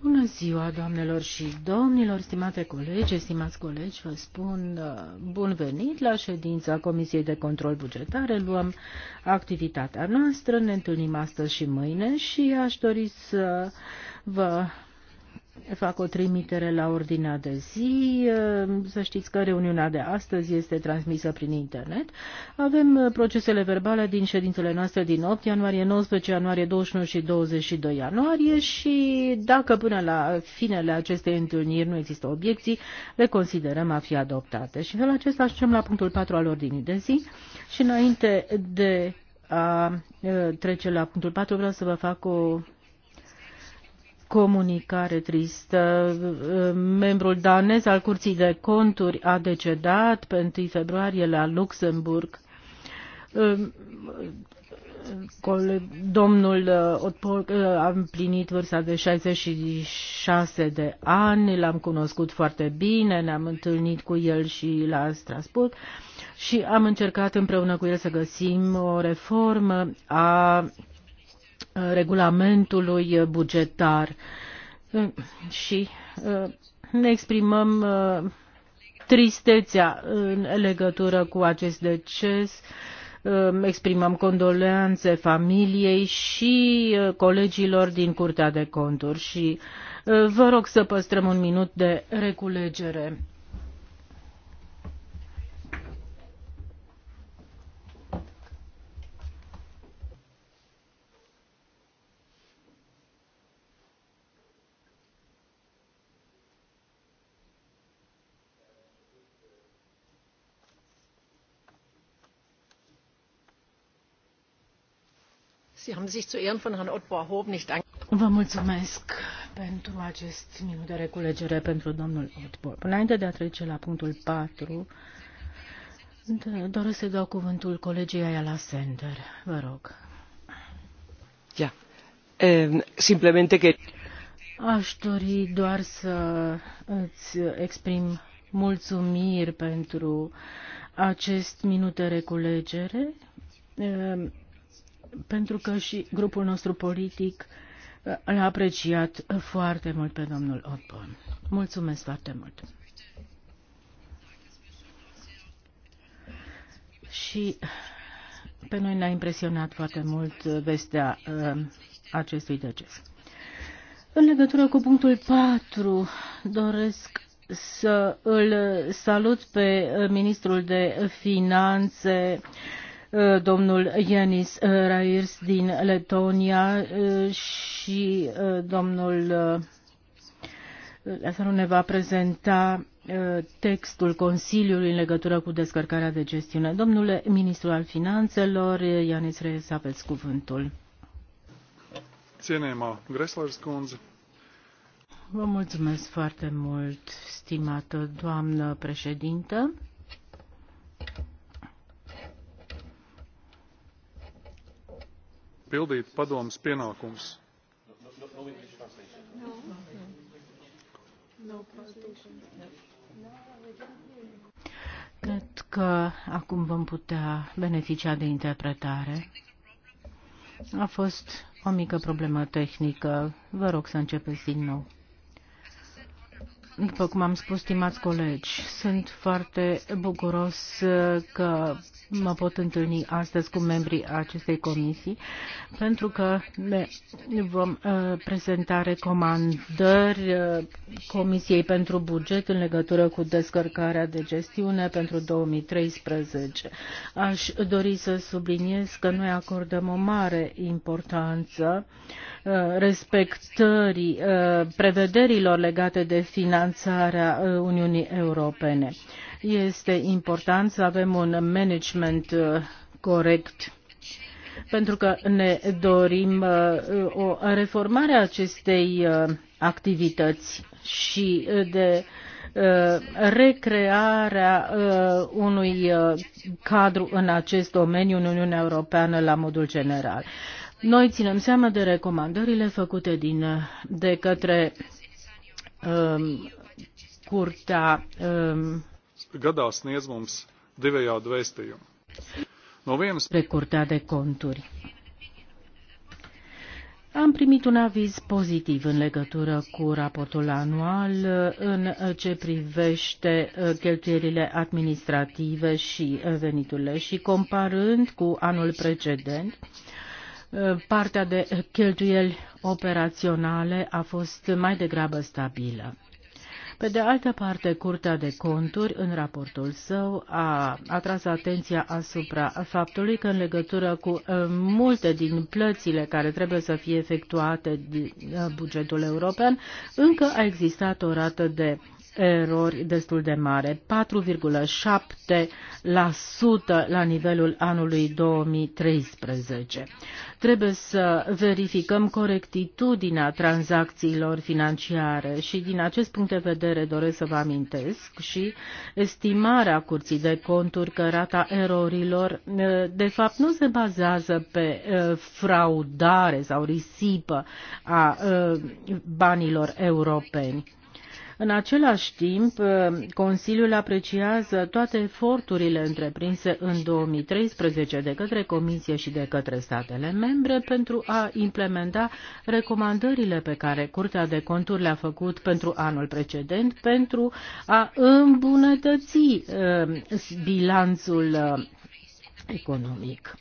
Bună ziua, doamnelor și domnilor, stimate colegi, stimați colegi, vă spun uh, bun venit la ședința Comisiei de Control Bugetar. Luăm activitatea noastră, ne întâlnim astăzi și mâine și aș dori să vă fac o trimitere la ordinea de zi. Să știți că reuniunea de astăzi este transmisă prin internet. Avem procesele verbale din ședințele noastre din 8 ianuarie, 19 ianuarie, 21 și 22 ianuarie și dacă până la finele acestei întâlniri nu există obiecții, le considerăm a fi adoptate. Și în felul acesta ajungem la punctul 4 al ordinii de zi și înainte de a trece la punctul 4 vreau să vă fac o comunicare tristă. Membrul danez al Curții de Conturi a decedat pe 1 februarie la Luxemburg. Domnul uh, Otpol uh, a împlinit vârsta de 66 de ani, l-am cunoscut foarte bine, ne-am întâlnit cu el și la Strasburg și am încercat împreună cu el să găsim o reformă a Uh, regulamentului bugetar uh, și uh, ne exprimăm tristețea în legătură cu acest deces exprimăm condoleanțe familiei și colegilor din Curtea de Conturi și vă rog să păstrăm un minut de reculegere. haben sich zu Ehren von Herrn Otto Ahob nicht Vă mulțumesc pentru acest minut de reculegere pentru domnul Otbor. Înainte de a trece la punctul 4, doresc să dau cuvântul colegii Ayala Sender. Vă rog. Ja. E, simplemente că... Aș dori doar să îți exprim mulțumiri pentru acest minut de reculegere pentru că și grupul nostru politic uh, l-a apreciat uh, foarte mult pe domnul Otbon. Mulțumesc foarte mult! Și pe noi ne-a impresionat foarte mult uh, vestea acestui deces. În legătură cu punctul 4, doresc să îl salut pe ministrul de finanțe Uh, domnul Janis uh, Rairs din Letonia uh, și domnul Lazaru ne va prezenta textul Consiliului în legătură cu descărcarea de gestiune. Domnule Ministru al Finanțelor, Ianis Rairs, aveți cuvântul. Cienējamā Greslers kundze. Vă mulțumesc foarte mult, stimată doamnă președintă. pildīt padomas pienākumus. Cred că acum vom putea beneficia de interpretare. A fost o mică problemă tehnică. Vă rog să începeți din nou. După cum am spus, stimați colegi, sunt foarte bucuros uh, că mă pot întâlni astăzi cu membrii acestei comisii, pentru că ne vom uh, prezenta recomandări uh, Comisiei pentru Buget în legătură cu descărcarea de gestiune pentru 2013. Aș dori să subliniez că noi acordăm o mare importanță respectării prevederilor legate de finanțare finanțarea uh, Uniunii Europene. Este important să avem un management uh, corect pentru că ne dorim uh, o reformare a acestei activități și de recrearea unui cadru în acest domeniu în Uniunea Europeană la modul general. Noi ținem seama de recomandările făcute din, de către um, Curtea um, gadās sniedz mums divējādu vēstījumu. No vienas spre de Conturi. Am primit un aviz pozitiv în legătură cu raportul anual în ce privește uh, cheltuielile administrative și uh, veniturile și comparând cu anul precedent, uh, partea de cheltuieli operaționale a fost mai degrabă stabilă. Pe de altă parte, Curtea de Conturi, în raportul său, a atras atenția asupra faptului că în legătură cu uh, multe din plățile care trebuie să fie efectuate din uh, bugetul european, încă a existat o rată de erori destul de mare, 4,7% la nivelul anului 2013. Trebuie să verificăm corectitudinea tranzacțiilor financiare și din acest punct de vedere doresc să vă amintesc și estimarea curții de conturi că rata erorilor eh, de fapt nu se bazează pe eh, fraudare sau risipă a eh, banilor europeni în același timp, uh, Consiliul apreciază toate eforturile întreprinse în 2013 de către Comisie și de către statele membre pentru a implementa recomandările pe care Curtea de Conturi le-a făcut pentru anul precedent pentru a îmbunătăți uh, bilanțul uh, economic.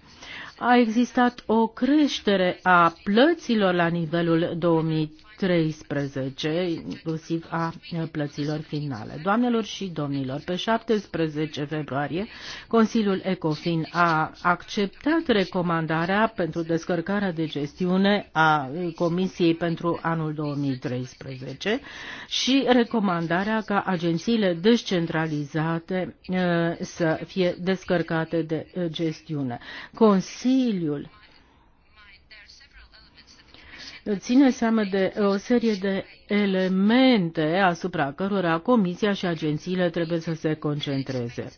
A existat o creștere a plăților la nivelul 2013 13, inclusiv a plăților finale. Doamnelor și domnilor, pe 17 februarie, Consiliul ECOFIN a acceptat recomandarea pentru descărcarea de gestiune a Comisiei pentru anul 2013 și recomandarea ca agențiile descentralizate eh, să fie descărcate de eh, gestiune. Consiliul ține seama de o serie de elemente asupra cărora Comisia și agențiile trebuie să se concentreze.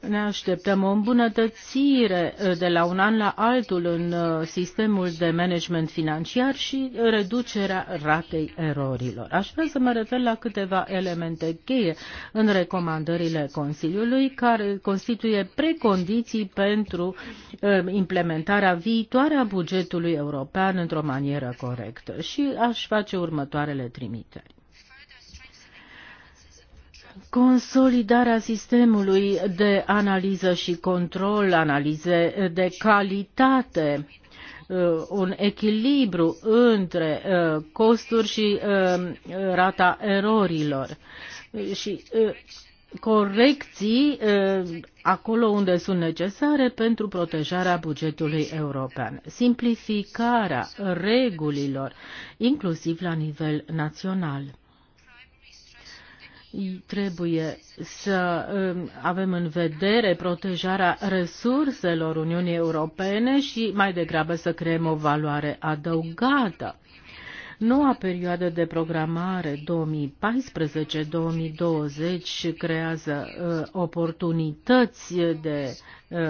Ne așteptăm o îmbunătățire uh, de la un an la altul în uh, sistemul de management financiar și reducerea ratei erorilor. Aș vrea să mă refer la câteva elemente cheie în recomandările Consiliului, care constituie precondiții pentru uh, implementarea viitoare a bugetului european într-o manieră corectă. Și aș face următoarele trimiteri consolidarea sistemului de analiză și control, analize de calitate, uh, un echilibru între uh, costuri și uh, rata erorilor și corecții acolo unde sunt necesare pentru protejarea bugetului european, simplificarea regulilor, inclusiv la nivel național. Trebuie să um, avem în vedere protejarea resurselor Uniunii Europene și mai degrabă să creăm o valoare adăugată. Noua perioadă de programare 2014-2020 creează uh, oportunități de uh,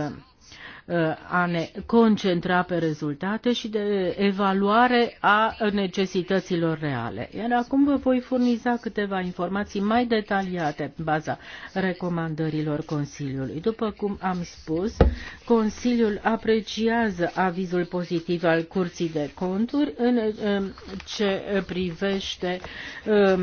a ne concentra pe rezultate și de evaluare a necesităților reale. Iar acum vă voi furniza câteva informații mai detaliate în baza recomandărilor Consiliului. După cum am spus, Consiliul apreciază avizul pozitiv al Curții de Conturi în ce privește um,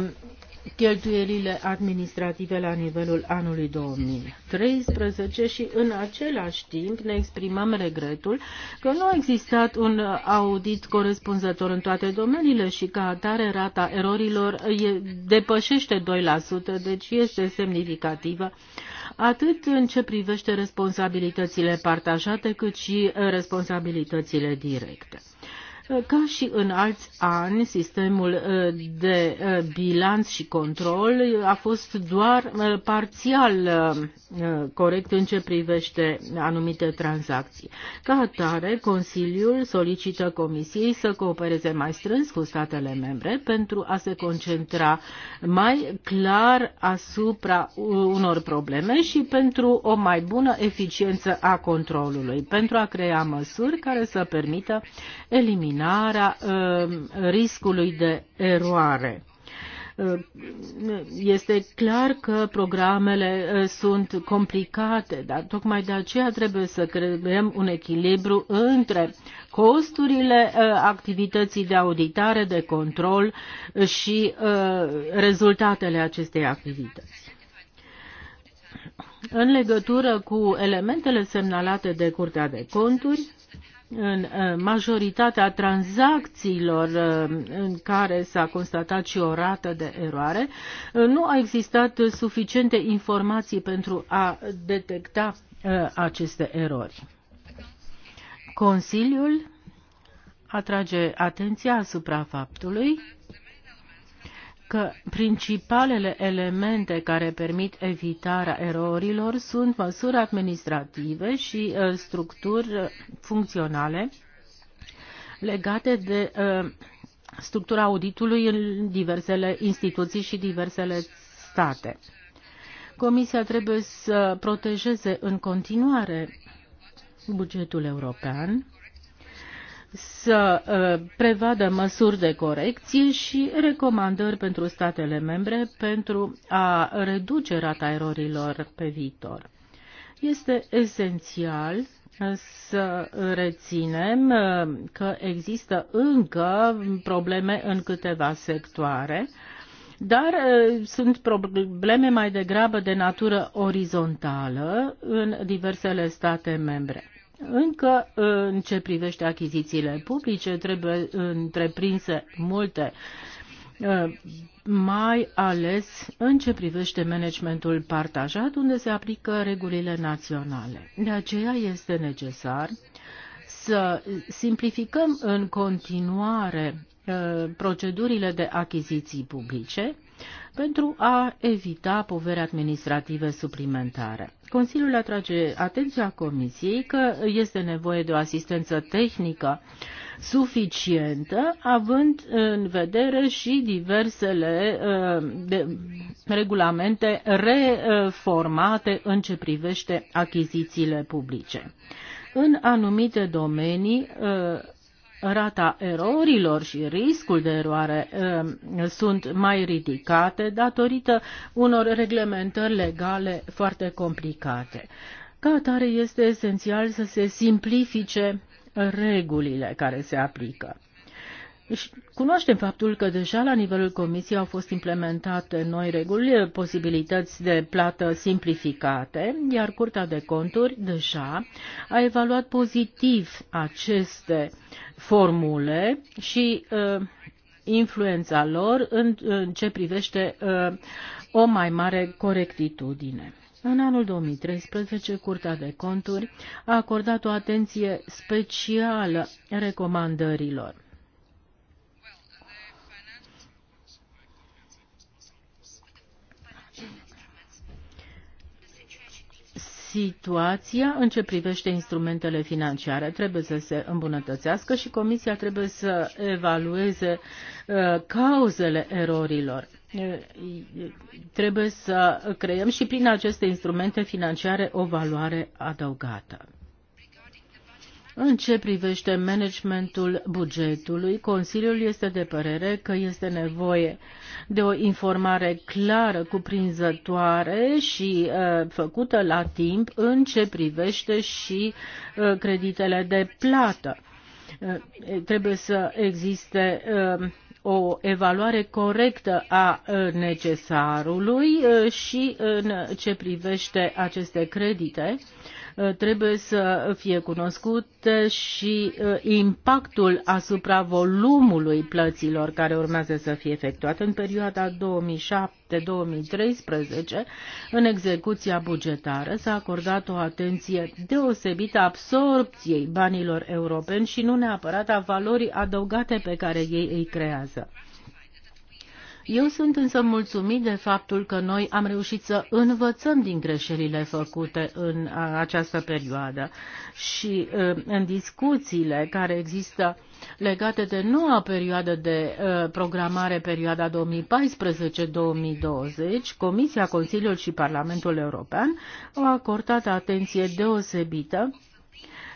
cheltuielile administrative la nivelul anului 2013 și în același timp ne exprimăm regretul că nu a existat un audit corespunzător în toate domeniile și ca atare rata erorilor depășește 2%, deci este semnificativă atât în ce privește responsabilitățile partajate cât și responsabilitățile directe. Ca și în alți ani, sistemul uh, de uh, bilanț și control uh, a fost doar parțial corect în ce privește anumite tranzacții. Ca atare, Consiliul solicită Comisiei să coopereze mai strâns cu statele membre pentru a se concentra mai clar asupra unor probleme și pentru o mai bună eficiență a controlului, pentru a crea măsuri care să permită eliminarea eliminarea uh, riscului de eroare. Uh, este clar că programele uh, sunt complicate, dar tocmai de aceea trebuie să creăm un echilibru între costurile activității de auditare, de control și rezultatele acestei activități. În legătură cu elementele semnalate de Curtea de Conturi, în uh, majoritatea tranzacțiilor uh, în care s-a constatat și o rată de eroare, uh, nu a existat suficiente informații pentru a detecta aceste erori. Consiliul atrage atenția asupra faptului că principalele elemente care permit evitarea erorilor sunt măsuri administrative și uh, structuri funcționale legate de uh, structura auditului în diversele instituții și diversele state. Comisia trebuie să protejeze în continuare bugetul european să uh, prevadă măsuri de corecție și recomandări pentru statele membre pentru a reduce rata erorilor pe viitor. Este esențial uh, să reținem uh, că există încă probleme în câteva sectoare, dar sunt probleme mai degrabă de natură orizontală în diversele state membre. Încă ă, în ce privește achizițiile publice trebuie întreprinse multe, ă, mai ales în ce privește managementul partajat, unde se aplică regulile naționale. De aceea este necesar să simplificăm în continuare ă, procedurile de achiziții publice pentru a evita povere administrative suplimentare. Consiliul atrage atenția Comisiei că este nevoie de o asistență tehnică suficientă, având în vedere și diversele uh, de, regulamente reformate în ce privește achizițiile publice. În anumite domenii, uh, rata erorilor și riscul de eroare um, sunt mai ridicate datorită unor reglementări legale foarte complicate. Ca atare este esențial să se simplifice regulile care se aplică. Cunoaștem faptul că deja la nivelul Comisiei au fost implementate noi reguli, posibilități de plată simplificate, iar Curtea de Conturi deja a evaluat pozitiv aceste formule și uh, influența lor în, în ce privește uh, o mai mare corectitudine. În anul 2013, Curtea de Conturi a acordat o atenție specială recomandărilor situația în ce privește instrumentele financiare. Trebuie să se îmbunătățească și Comisia trebuie să evalueze uh, cauzele erorilor. Uh, trebuie să creăm și prin aceste instrumente financiare o valoare adăugată. În ce privește managementul bugetului, Consiliul este de părere că este nevoie de o informare clară, cuprinzătoare și uh, făcută la timp în ce privește și uh, creditele de plată. Uh, trebuie să existe uh, o evaluare corectă a uh, necesarului uh, și în ce privește aceste credite. Uh, Uh, trebuie să fie cunoscute uh, și uh, impactul asupra volumului plăților care urmează să fie efectuat în perioada 2007-2013 în execuția bugetară s-a acordat o atenție deosebită absorpției banilor europeni și nu neapărat a valorii adăugate pe care ei îi creează. Eu sunt însă mulțumit de faptul că noi am reușit să învățăm din greșelile făcute în această perioadă și în discuțiile care există legate de noua perioadă de programare, perioada 2014-2020, Comisia, Consiliul și Parlamentul European au acordat atenție deosebită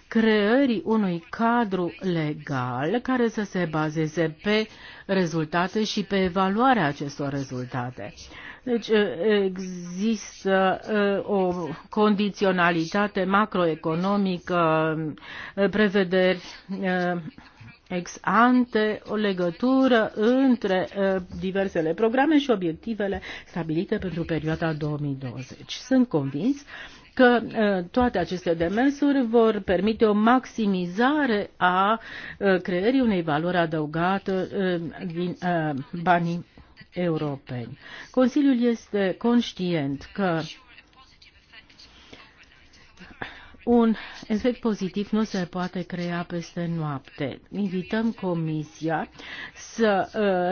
creării unui cadru legal care să se bazeze pe rezultate și pe evaluarea acestor rezultate. Deci există o condiționalitate macroeconomică, prevederi ex ante, o legătură între diversele programe și obiectivele stabilite pentru perioada 2020. Sunt convins că uh, toate aceste demersuri vor permite o maximizare a uh, creării unei valori adăugate uh, din banii europeni. Consiliul este conștient că un efect pozitiv nu se poate crea peste noapte. Invităm Comisia să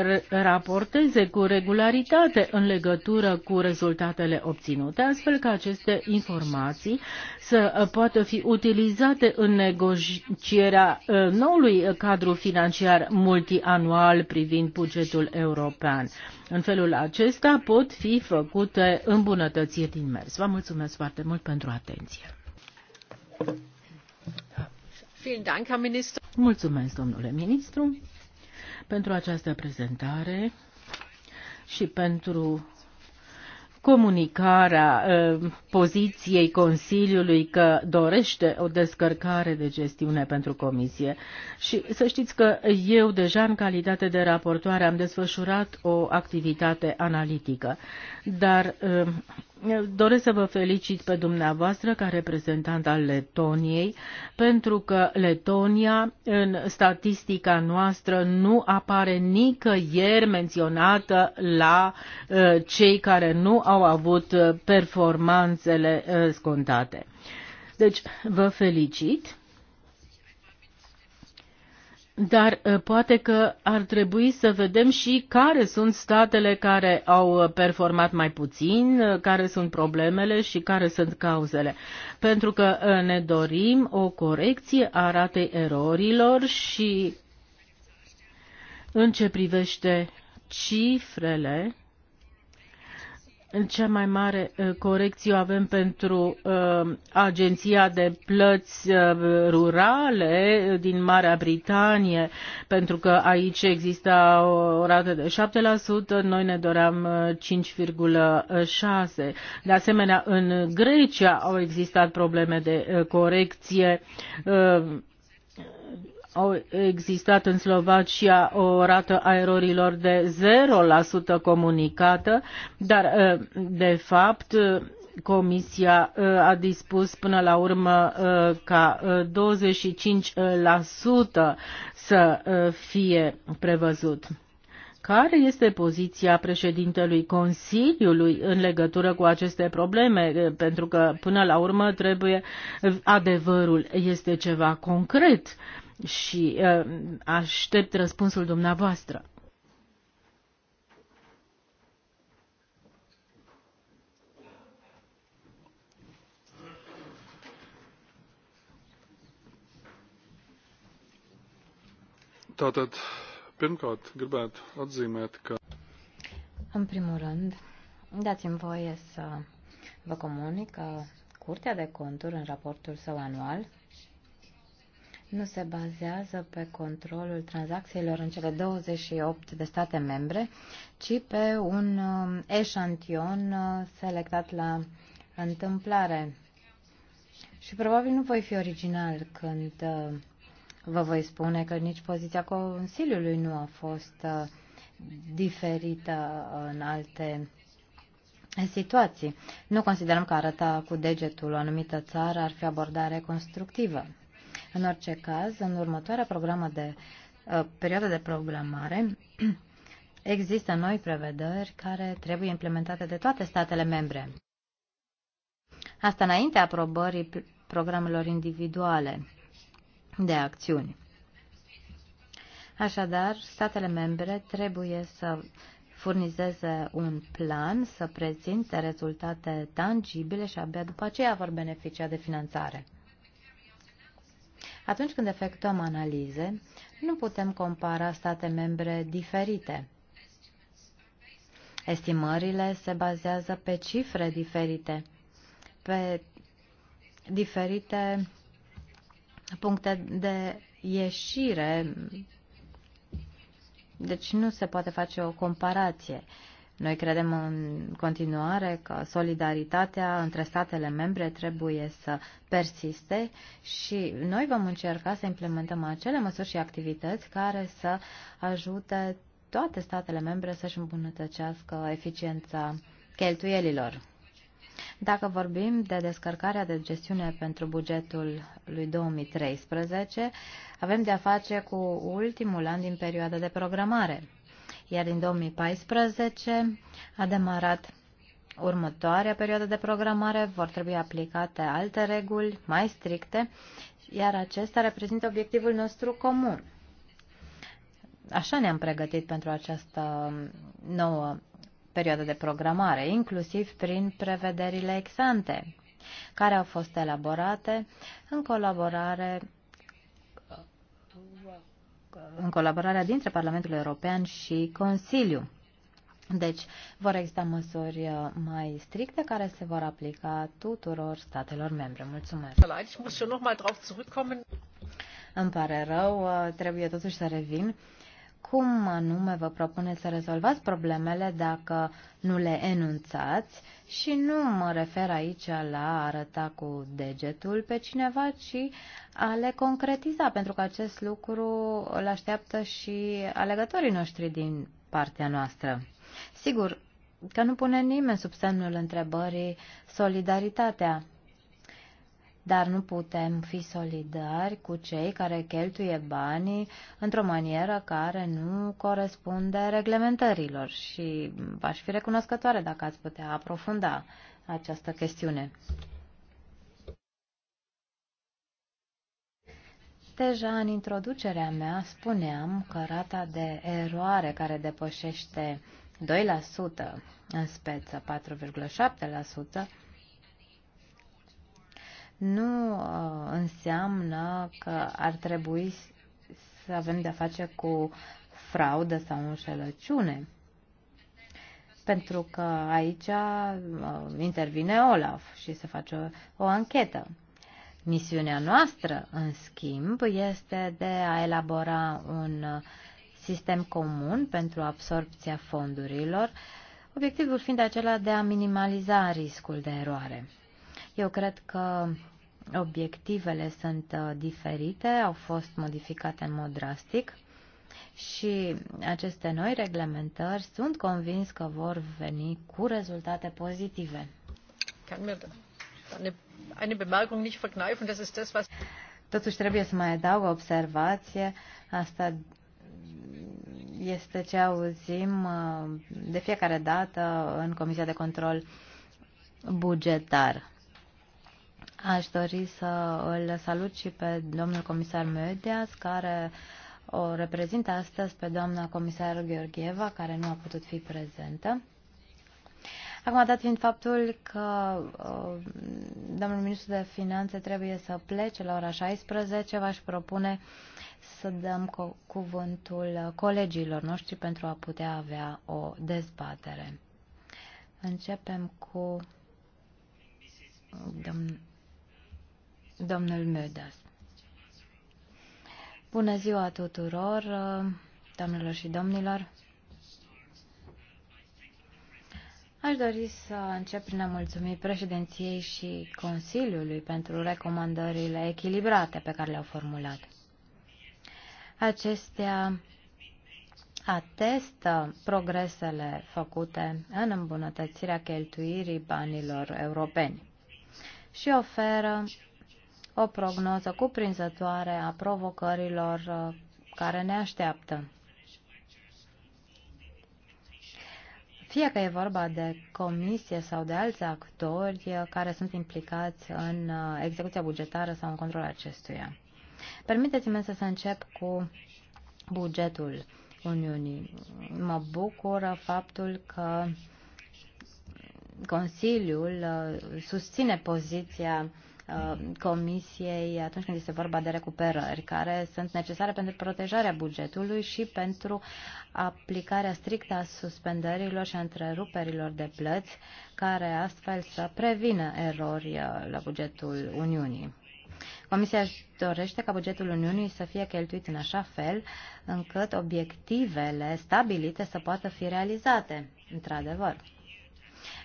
uh, raporteze cu regularitate în legătură cu rezultatele obținute, astfel ca aceste informații să uh, poată fi utilizate în negocierea uh, noului cadru financiar multianual privind bugetul european. În felul acesta pot fi făcute îmbunătățiri din mers. Vă mulțumesc foarte mult pentru atenție. Mulțumesc, domnule ministru, pentru această prezentare și pentru comunicarea ă, poziției Consiliului că dorește o descărcare de gestiune pentru Comisie. Și să știți că eu deja în calitate de raportoare am desfășurat o activitate analitică, dar ă, doresc să vă felicit pe dumneavoastră ca reprezentant al Letoniei, pentru că Letonia în statistica noastră nu apare nicăieri menționată la uh, cei care nu au avut uh, performanțele uh, scontate. Deci, vă felicit dar uh, poate că ar trebui să vedem și care sunt statele care au uh, performat mai puțin, uh, care sunt problemele și care sunt cauzele. Pentru că ne dorim o corecție a ratei erorilor și în ce privește cifrele, cea mai mare uh, corecție o avem pentru uh, Agenția de Plăți uh, Rurale din Marea Britanie, pentru că aici exista o rată de 7%, noi ne doream 5,6%. De asemenea, în Grecia au existat probleme de corecție au existat în Slovacia o rată a erorilor de 0% comunicată, dar ă, de fapt ă, Comisia ă, a dispus până la urmă ca 25% să fie prevăzut. Care este poziția președintelui Consiliului în legătură cu aceste probleme? Pentru că, până la urmă, trebuie adevărul este ceva concret și uh, aștept răspunsul dumneavoastră. Tātad, pirmkārt, gribētu atzīmēt, ka. În primul rând, dați-mi voie să vă comunic că Curtea de Conturi, în raportul său anual, nu se bazează pe controlul tranzacțiilor în cele 28 de state membre, ci pe un um, eșantion uh, selectat la întâmplare. Și probabil nu voi fi original când uh, vă voi spune că nici poziția Consiliului nu a fost uh, diferită în alte situații. Nu considerăm că arăta cu degetul o anumită țară ar fi abordare constructivă. În orice caz, în următoarea programă de, uh, perioadă de programare, există noi prevederi care trebuie implementate de toate statele membre. Asta înainte aprobării programelor individuale de acțiuni. Așadar, statele membre trebuie să furnizeze un plan, să prezinte rezultate tangibile și abia după aceea vor beneficia de finanțare. Atunci când efectuăm analize, nu putem compara state membre diferite. Estimările se bazează pe cifre diferite, pe diferite puncte de ieșire. Deci nu se poate face o comparație. Uh, noi credem în continuare că solidaritatea între statele membre trebuie să persiste și noi vom încerca să implementăm acele măsuri și activități care să ajute toate statele membre să-și îmbunătățească eficiența cheltuielilor. Dacă vorbim de descărcarea de gestiune pentru bugetul lui 2013, avem de-a face cu ultimul an din perioada de programare iar din 2014 a demarat următoarea perioadă de programare, vor trebui aplicate alte reguli mai stricte, iar acesta reprezintă obiectivul nostru comun. Așa ne-am pregătit pentru această nouă perioadă de programare, inclusiv prin prevederile exante, care au fost elaborate în colaborare în colaborarea dintre Parlamentul European și Consiliu. Deci vor exista măsuri uh, mai stricte care se vor aplica tuturor statelor membre. Mulțumesc. Îmi pare rău, uh, trebuie totuși să revin cum anume vă propuneți să rezolvați problemele dacă nu le enunțați și nu mă refer aici la a arăta cu degetul pe cineva, ci a le concretiza, pentru că acest lucru îl așteaptă și alegătorii noștri din partea noastră. Sigur că nu pune nimeni sub semnul întrebării solidaritatea dar nu putem fi solidari cu cei care cheltuie banii într-o manieră care nu corespunde reglementărilor și aș fi recunoscătoare dacă ați putea aprofunda această chestiune. Deja în introducerea mea spuneam că rata de eroare care depășește 2%, în speță 4,7%, nu uh, înseamnă că ar trebui să avem de-a face cu fraudă sau înșelăciune. Pentru că aici uh, intervine Olaf și se face o, o anchetă. Misiunea noastră, în schimb, este de a elabora un sistem comun pentru absorpția fondurilor, obiectivul fiind acela de a minimaliza riscul de eroare. Eu cred că obiectivele sunt uh, diferite, au fost modificate în mod drastic și aceste noi reglementări sunt convins că vor veni cu rezultate pozitive. Totuși trebuie să mai adaug o observație. Asta este ce auzim uh, de fiecare dată în Comisia de Control Bugetar. Aș dori să îl salut și pe domnul comisar Medias, care o reprezintă astăzi pe doamna comisar Gheorgheva, care nu a putut fi prezentă. Acum, dat fiind faptul că uh, domnul ministru de finanțe trebuie să plece la ora 16, v-aș propune să dăm cuvântul colegilor noștri pentru a putea avea o dezbatere. Începem cu domnul domnul Mödas. Bună ziua tuturor, doamnelor și domnilor. Aș dori să încep prin a mulțumi președinției și Consiliului pentru recomandările echilibrate pe care le-au formulat. Acestea atestă progresele făcute în îmbunătățirea cheltuirii banilor europeni și oferă o prognoză cuprinzătoare a provocărilor uh, care ne așteaptă. Fie că e vorba de comisie sau de alți actori uh, care sunt implicați în uh, execuția bugetară sau în controlul acestuia. Permiteți-mi însă să încep cu bugetul Uniunii. Mă bucură faptul că Consiliul susține poziția Uh, comisiei atunci când este vorba de recuperări, care sunt necesare pentru protejarea bugetului și pentru aplicarea strictă a suspendărilor și a întreruperilor de plăți, care astfel să prevină erori uh, la bugetul Uniunii. Comisia își dorește ca bugetul Uniunii să fie cheltuit în așa fel încât obiectivele stabilite să poată fi realizate, într-adevăr.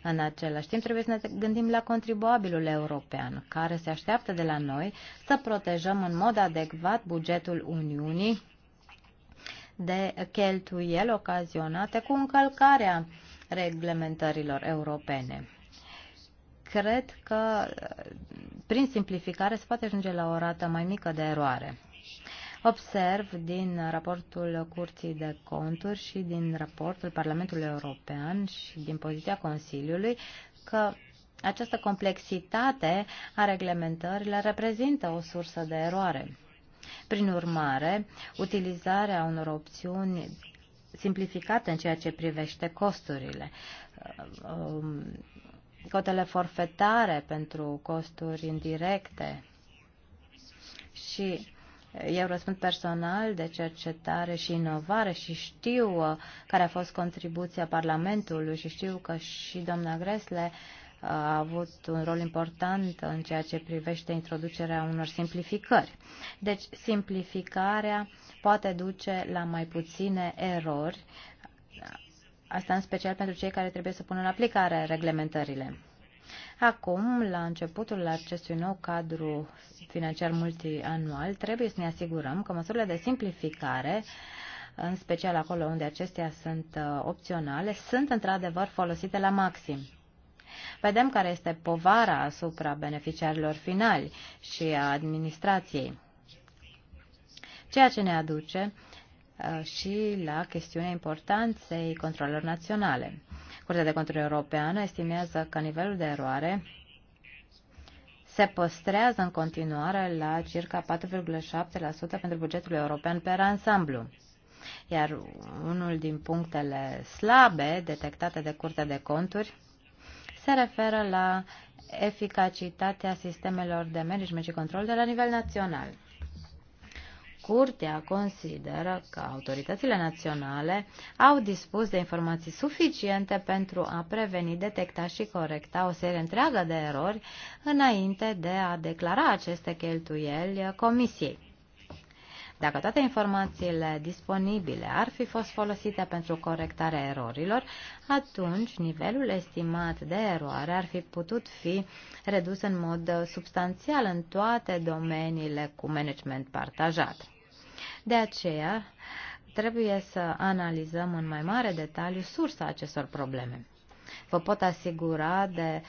În același timp, trebuie să ne gândim la contribuabilul european, care se așteaptă de la noi să protejăm în mod adecvat bugetul Uniunii de cheltuieli ocazionate cu încălcarea reglementărilor europene. Cred că prin simplificare se poate ajunge la o rată mai mică de eroare. Observ din raportul Curții de Conturi și din raportul Parlamentului European și din poziția Consiliului că această complexitate a reglementărilor reprezintă o sursă de eroare. Prin urmare, utilizarea unor opțiuni simplificate în ceea ce privește costurile, um, cotele forfetare pentru costuri indirecte și eu răspund personal de cercetare și inovare și știu uh, care a fost contribuția Parlamentului și știu că și doamna Gresle uh, a avut un rol important în ceea ce privește introducerea unor simplificări. Deci, simplificarea poate duce la mai puține erori, asta în special pentru cei care trebuie să pună în aplicare reglementările. Acum, la începutul acestui nou cadru financiar multianual, trebuie să ne asigurăm că măsurile de simplificare în special acolo unde acestea sunt uh, opționale, sunt într-adevăr folosite la maxim. Vedem care este povara asupra beneficiarilor finali și a administrației, ceea ce ne aduce uh, și la chestiunea importanței controlelor naționale. Curtea de control Europeană estimează că nivelul de eroare se păstrează în continuare la circa 4,7% pentru bugetul european per ansamblu. Iar unul din punctele slabe detectate de Curtea de Conturi se referă la eficacitatea sistemelor de management și control de la nivel național. Curtea consideră că autoritățile naționale au dispus de informații suficiente pentru a preveni, detecta și corecta o serie întreagă de erori înainte de a declara aceste cheltuieli Comisiei. Dacă toate informațiile disponibile ar fi fost folosite pentru corectarea erorilor, atunci nivelul estimat de eroare ar fi putut fi redus în mod substanțial în toate domeniile cu management partajat. De aceea, trebuie să analizăm în mai mare detaliu sursa acestor probleme. Vă pot asigura de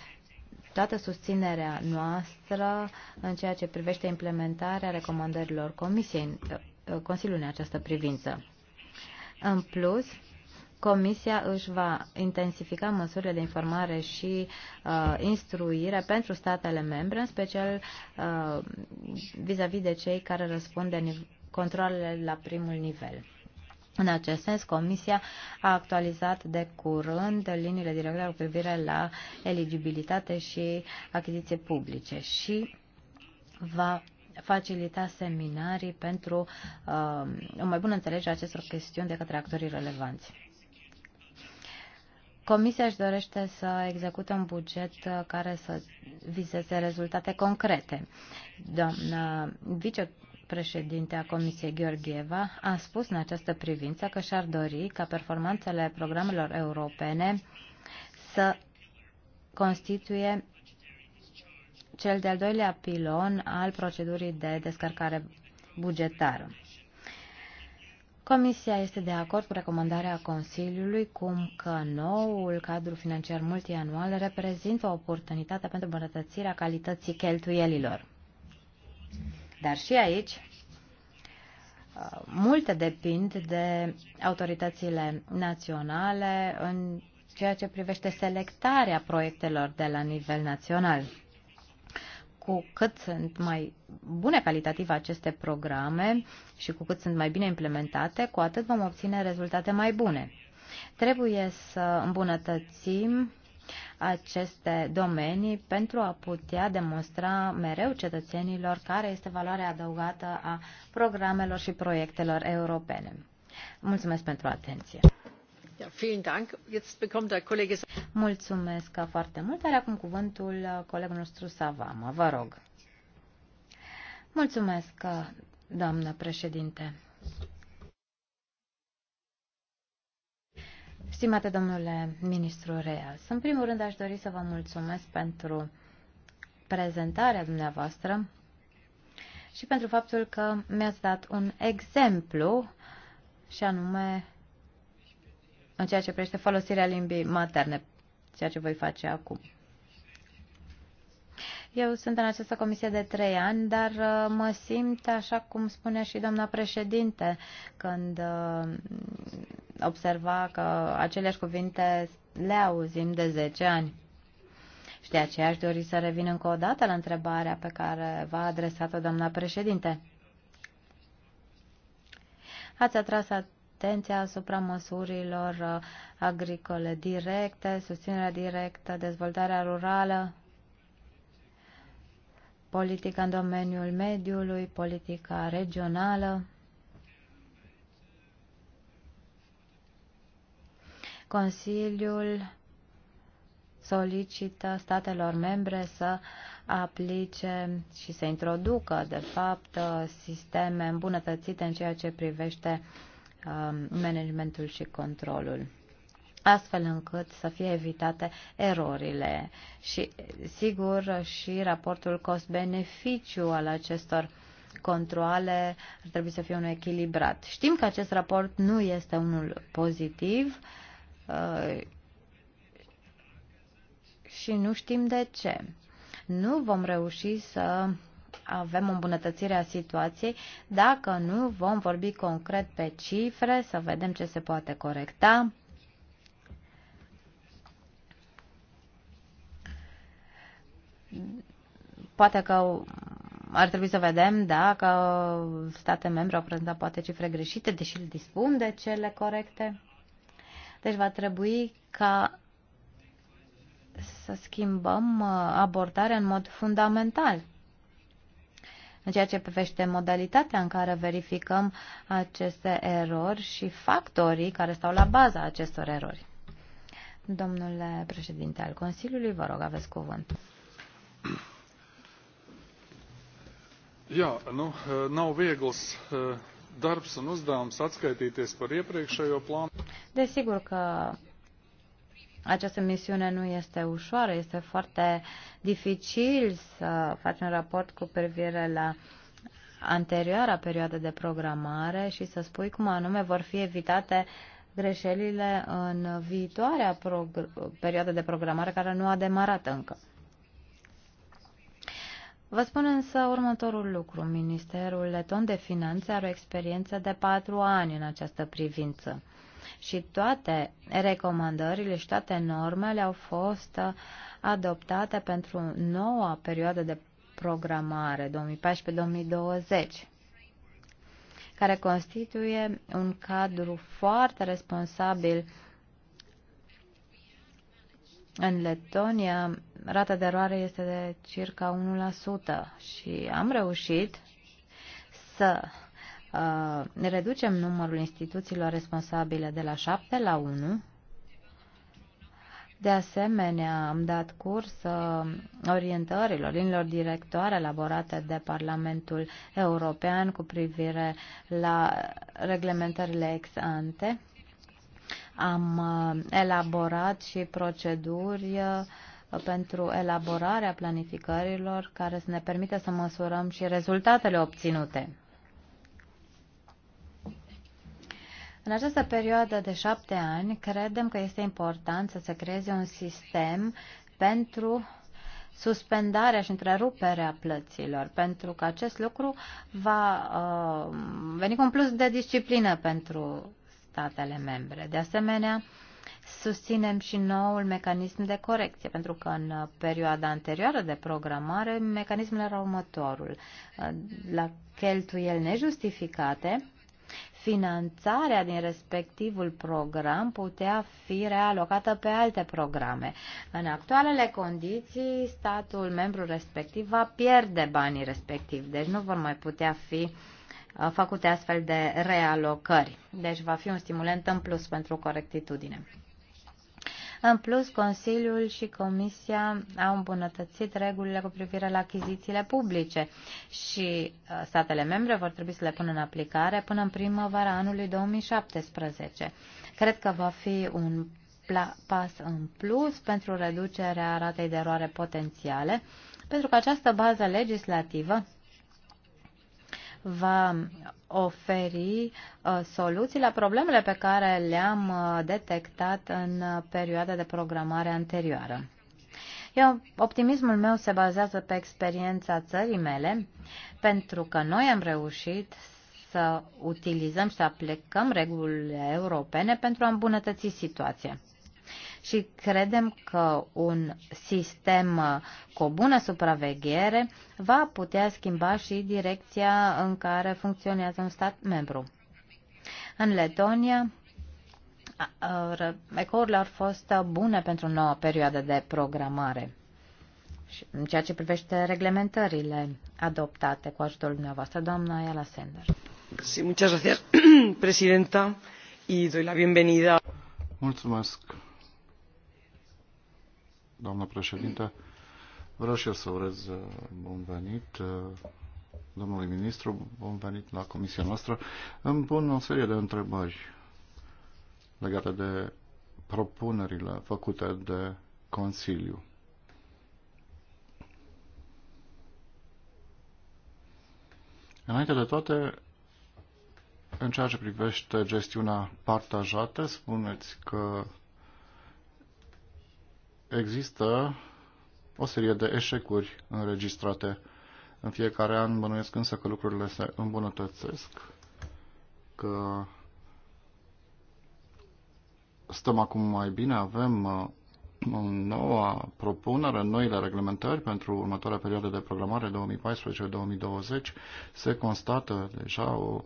toată susținerea noastră în ceea ce privește implementarea recomandărilor Comisiei uh, uh, Consiliului în această privință. În plus, Comisia își va intensifica măsurile de informare și uh, instruire pentru statele membre, în special uh, vis-a-vis uh, vis, de cei care răspund de nivel controlele la primul nivel. În acest sens, Comisia a actualizat de curând liniile directe cu privire la eligibilitate și achiziție publice și va facilita seminarii pentru uh, o mai bună înțelegere a acestor chestiuni de către actorii relevanți. Comisia își dorește să execute un buget care să vizeze rezultate concrete. Doamna vice președinte a Comisiei Gheorgheva a spus în această privință că și-ar dori ca performanțele programelor europene să constituie cel de-al doilea pilon al procedurii de descărcare bugetară. Comisia este de acord cu recomandarea Consiliului cum că noul cadru financiar multianual reprezintă o oportunitate pentru îmbunătățirea calității cheltuielilor. Dar și aici uh, multe depind de autoritățile naționale în ceea ce privește selectarea proiectelor de la nivel național. Cu cât sunt mai bune calitativ aceste programe și cu cât sunt mai bine implementate, cu atât vom obține rezultate mai bune. Trebuie să îmbunătățim aceste domenii pentru a putea demonstra mereu cetățenilor care este valoarea adăugată a programelor și proiectelor europene. Mulțumesc pentru atenție. Mulțumesc foarte mult. Are acum cuvântul colegul nostru Savama. Vă rog. Mulțumesc, doamnă președinte. Stimate domnule ministru Reas, în primul rând aș dori să vă mulțumesc pentru prezentarea dumneavoastră și pentru faptul că mi-ați dat un exemplu și anume în ceea ce privește folosirea limbii materne, ceea ce voi face acum. Eu sunt în această comisie de trei ani, dar uh, mă simt, așa cum spunea și doamna președinte, când uh, observa că aceleași cuvinte le auzim de 10 ani. Și de aceea aș dori să revin încă o dată la întrebarea pe care v-a adresat-o doamna președinte. Ați atras atenția asupra măsurilor agricole directe, susținerea directă, dezvoltarea rurală, politica în domeniul mediului, politica regională. Consiliul solicită statelor membre să aplice și să introducă, de fapt, sisteme îmbunătățite în ceea ce privește um, managementul și controlul astfel încât să fie evitate erorile. Și, sigur, și raportul cost-beneficiu al acestor controle ar trebui să fie unul echilibrat. Știm că acest raport nu este unul pozitiv, Uh, și nu știm de ce. Nu vom reuși să avem o îmbunătățire a situației dacă nu vom vorbi concret pe cifre, să vedem ce se poate corecta. Poate că ar trebui să vedem dacă state membre au prezentat poate cifre greșite, deși dispun de cele corecte. Deci va trebui ca să schimbăm uh, abordarea în mod fundamental în ceea ce privește modalitatea în care verificăm aceste erori și factorii care stau la baza acestor erori. Domnule președinte al Consiliului, vă rog, aveți cuvânt. Jā, nu, nav viegls eh, darbs un uzdevums atskaitīties par iepriekšējo plānu. Desigur că această misiune nu este ușoară, este foarte dificil să faci un raport cu privire la anterioara perioadă de programare și să spui cum anume vor fi evitate greșelile în viitoarea perioadă de programare care nu a demarat încă. Vă spun însă următorul lucru. Ministerul Leton de Finanțe are o experiență de patru ani în această privință și toate recomandările și toate normele au fost adoptate pentru noua perioadă de programare 2014-2020 care constituie un cadru foarte responsabil în Letonia, rata de eroare este de circa 1% și am reușit să uh, reducem numărul instituțiilor responsabile de la 7 la 1. De asemenea, am dat curs uh, orientărilor, linilor directoare elaborate de Parlamentul European cu privire la reglementările ex ante am uh, elaborat și proceduri uh, pentru elaborarea planificărilor care să ne permită să măsurăm și rezultatele obținute. În această perioadă de șapte ani, credem că este important să se creeze un sistem pentru suspendarea și întreruperea plăților, pentru că acest lucru va uh, veni cu un plus de disciplină pentru statele membre. De asemenea, susținem și noul mecanism de corecție, pentru că în perioada anterioară de programare, mecanismul era următorul. La cheltuieli nejustificate, finanțarea din respectivul program putea fi realocată pe alte programe. În actualele condiții, statul membru respectiv va pierde banii respectiv, deci nu vor mai putea fi uh, Uh, făcute astfel de realocări. Deci va fi un stimulent în plus pentru corectitudine. În plus, Consiliul și Comisia au îmbunătățit regulile cu privire la achizițiile publice și uh, statele membre vor trebui să le pună în aplicare până în primăvara anului 2017. Cred că va fi un pas în plus pentru reducerea ratei de eroare potențiale, pentru că această bază legislativă va oferi uh, soluții la problemele pe care le-am uh, detectat în uh, perioada de programare anterioară. Eu, optimismul meu se bazează pe experiența țării mele, pentru că noi am reușit să utilizăm și să aplicăm regulile europene pentru a îmbunătăți situația și credem că un sistem cu o bună supraveghere va putea schimba și direcția în care funcționează un stat membru. În Letonia, ecourile au fost bune pentru nouă perioadă de programare în ceea ce privește reglementările adoptate cu ajutorul dumneavoastră, doamna Ayala Sender. Sí, muchas gracias, presidenta, y doy la bienvenida. Mulțumesc, doamnă președinte. Vreau și eu să urez uh, bun venit uh, domnului ministru, bun venit la comisia noastră. Îmi pun o serie de întrebări legate de propunerile făcute de Consiliu. Înainte de toate, în ceea ce privește gestiunea partajată, spuneți că există o serie de eșecuri înregistrate în fiecare an. Bănuiesc însă că lucrurile se îmbunătățesc, că stăm acum mai bine, avem o uh, nouă uh, propunere, noile reglementări pentru următoarea perioadă de programare 2014-2020. Se constată deja o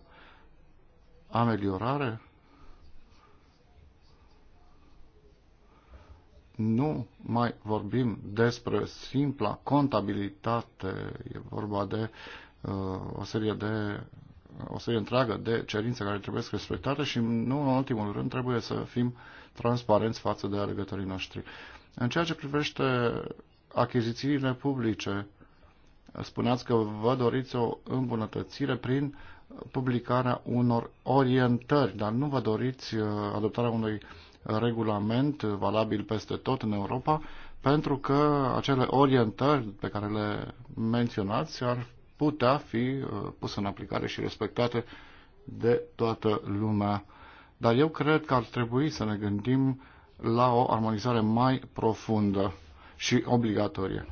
ameliorare nu mai vorbim despre simpla contabilitate, e vorba de uh, o serie de o serie întreagă de cerințe care trebuie respectate și nu în ultimul rând trebuie să fim transparenți față de alegătorii noștri. În ceea ce privește achizițiile publice, spuneați că vă doriți o îmbunătățire prin publicarea unor orientări, dar nu vă doriți uh, adoptarea unui regulament valabil peste tot în Europa, pentru că acele orientări pe care le menționați ar putea fi uh, puse în aplicare și respectate de toată lumea. Dar eu cred că ar trebui să ne gândim la o armonizare mai profundă și obligatorie.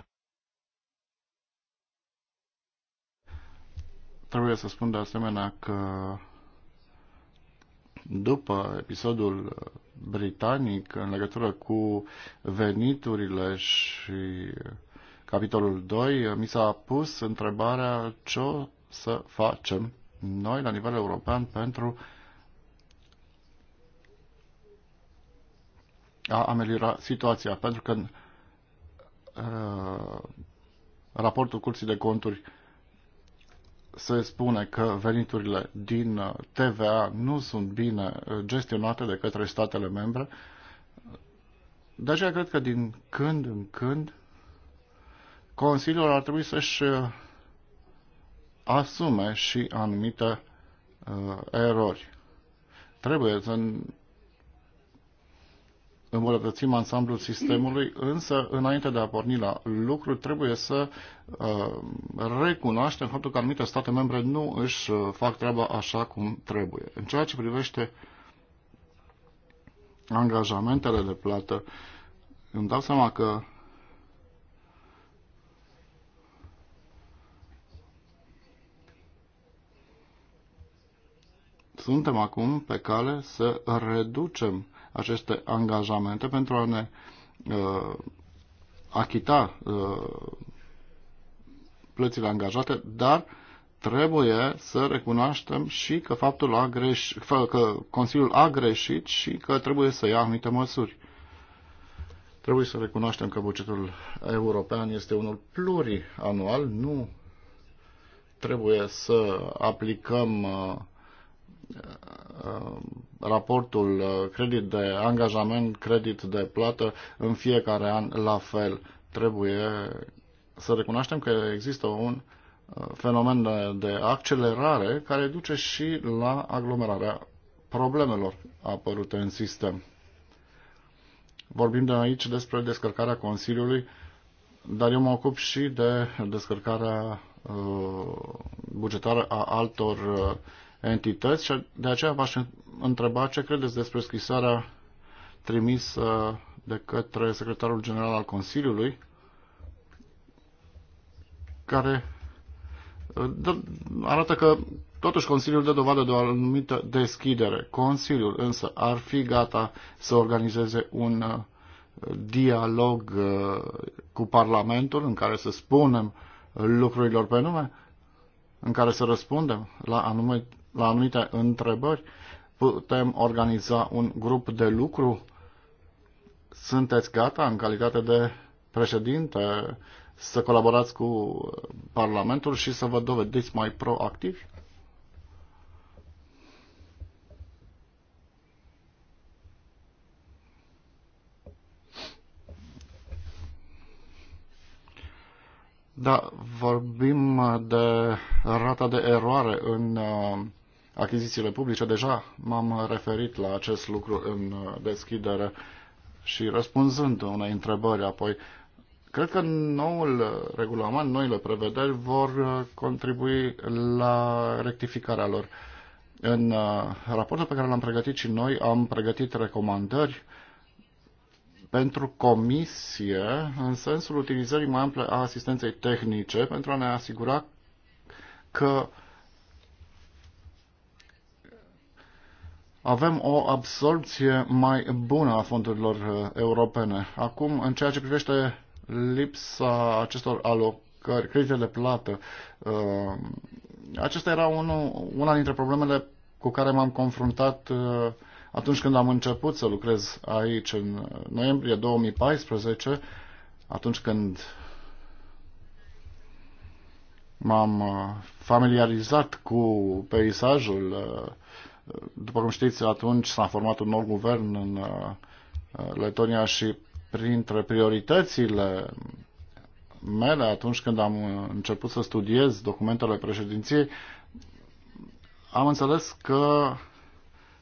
Trebuie să spun de asemenea că după episodul uh, britanic în legătură cu veniturile și capitolul 2, mi s-a pus întrebarea ce o să facem noi la nivel european pentru a ameliora situația, pentru că în uh, raportul Curții de Conturi uh, se spune că veniturile din uh, TVA nu sunt bine uh, gestionate de către statele membre. De aceea cred că din când în când Consiliul ar trebui să-și uh, asume și anumite uh, erori. Trebuie să îmbunătățim ansamblul sistemului, însă înainte de a porni la lucru trebuie să uh, recunoaștem faptul că anumite state membre nu își uh, fac treaba așa cum trebuie. În ceea ce privește angajamentele de plată, îmi dau seama că suntem acum pe cale să reducem aceste angajamente pentru a ne uh, achita uh, plățile angajate, dar trebuie să recunoaștem și că faptul a greș, că Consiliul a greșit și că trebuie să ia anumite măsuri. Trebuie să recunoaștem că bugetul european este unul plurianual, nu trebuie să aplicăm uh, uh raportul uh, credit de angajament, credit de plată în fiecare an la fel. Trebuie să recunoaștem că există un uh, fenomen de accelerare care duce și la aglomerarea problemelor apărute în sistem. Vorbim de aici despre descărcarea Consiliului, dar eu mă ocup și de descărcarea uh, bugetară a altor entități și de aceea v-aș întreba ce credeți despre scrisoarea trimisă de către secretarul general al Consiliului care uh, arată că totuși Consiliul dă dovadă de o anumită deschidere. Consiliul însă ar fi gata să organizeze un uh, dialog uh, cu Parlamentul în care să spunem lucrurilor pe nume, în care să răspundem la anumite la anumite întrebări, putem organiza un grup de lucru? Sunteți gata în calitate de președinte să colaborați cu Parlamentul și să vă dovediți mai proactivi? Da, vorbim de rata de eroare în uh, achizițiile publice. Deja m-am referit la acest lucru în deschidere și răspunzând unei întrebări apoi. Cred că noul regulament, noile prevederi vor contribui la rectificarea lor. În uh, raportul pe care l-am pregătit și noi am pregătit recomandări pentru comisie în sensul utilizării mai ample a asistenței tehnice pentru a ne asigura că uh, avem o absorpție mai bună a fondurilor uh, europene. Acum, în ceea ce privește lipsa acestor alocări, credite de plată, uh, acesta era unul, una dintre problemele cu care m-am confruntat uh, atunci când am început să lucrez aici, în noiembrie 2014, atunci când m-am familiarizat cu peisajul după cum știți, atunci s-a format un nou guvern în uh, Letonia și printre prioritățile mele atunci când am uh, început să studiez documentele președinției, am înțeles că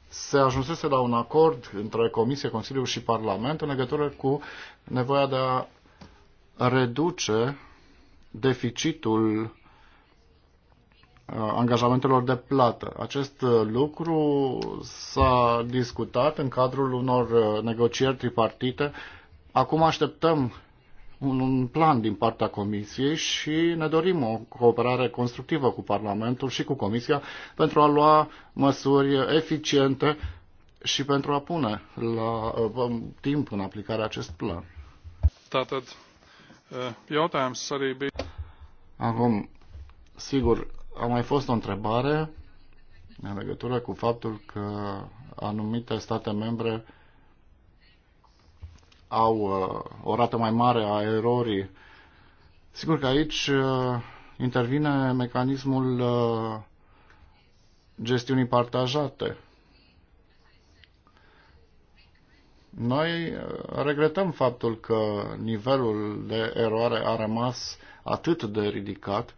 se ajunsese la un acord între Comisie, Consiliu și Parlament în legătură cu nevoia de a reduce deficitul Uh, angajamentelor de plată. Acest uh, lucru s-a discutat în cadrul unor uh, negocieri tripartite. Acum așteptăm un plan din partea Comisiei și ne dorim o cooperare constructivă cu Parlamentul și cu Comisia pentru a lua măsuri eficiente și pentru a pune la timp în aplicare acest plan. Tātad, jautājums arī bija. Acum, sigur, a mai fost o întrebare în legătură cu faptul că anumite state membre au uh, o rată mai mare a erorii. Sigur că aici uh, intervine mecanismul uh, gestiunii partajate. Noi regretăm faptul că nivelul de eroare a rămas atât de ridicat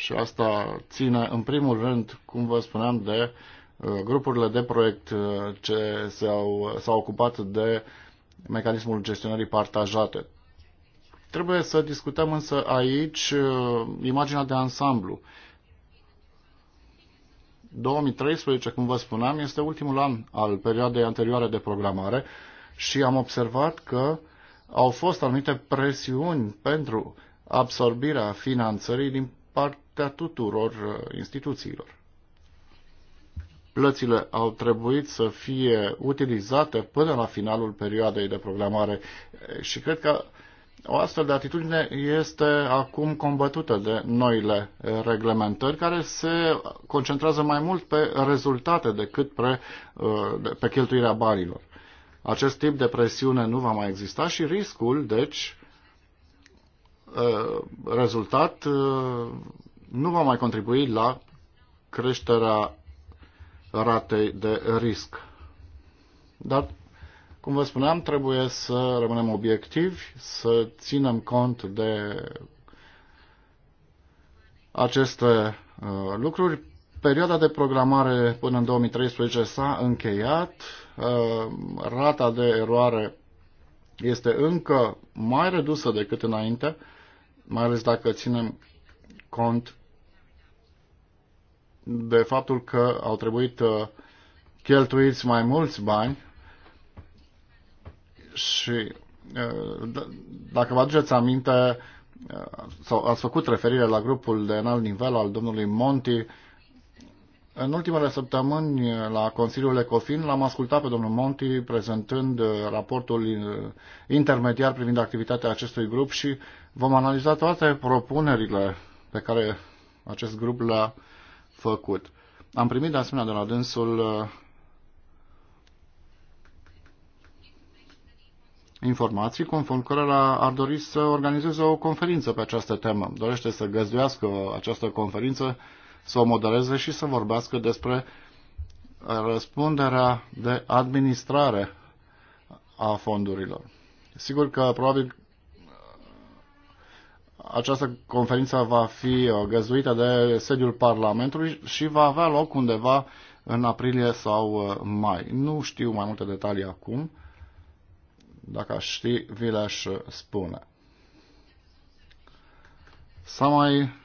și asta ține, în primul rând, cum vă spuneam, de uh, grupurile de proiect uh, ce s-au, s-au ocupat de mecanismul gestionării partajate. Trebuie să discutăm însă aici uh, imaginea de ansamblu. 2013, cum vă spuneam, este ultimul an al perioadei anterioare de programare și am observat că au fost anumite presiuni pentru absorbirea finanțării din partea tuturor uh, instituțiilor. Plățile au trebuit să fie utilizate până la finalul perioadei de programare și cred că o astfel de atitudine este acum combătută de noile uh, reglementări care se concentrează mai mult pe rezultate decât pe, uh, pe cheltuirea banilor. Acest tip de presiune nu va mai exista și riscul, deci, Uh, rezultat uh, nu va mai contribui la creșterea ratei de risc. Dar, cum vă spuneam, trebuie să rămânem obiectivi, să ținem cont de aceste uh, lucruri. Perioada de programare până în 2013 s-a încheiat, rata de eroare este încă mai redusă decât înainte, mai ales dacă ținem cont de faptul că au trebuit uh, cheltuiți mai mulți bani și uh, dacă vă aduceți aminte, uh, sau ați făcut referire la grupul de înalt nivel al domnului Monti, în ultimele săptămâni la Consiliul Ecofin l-am ascultat pe domnul Monti prezentând uh, raportul uh, intermediar privind activitatea acestui grup și vom analiza toate propunerile pe care acest grup le-a făcut. Am primit de asemenea de la dânsul uh, informații conform cărora ar dori să organizeze o conferință pe această temă. Dorește să găzduiască această conferință să o modereze și să vorbească despre răspunderea de administrare a fondurilor. Sigur că probabil această conferință va fi găzduită de sediul Parlamentului și va avea loc undeva în aprilie sau uh, mai. Nu știu mai multe detalii acum. Dacă aș ști, vi le-aș spune. S-a mai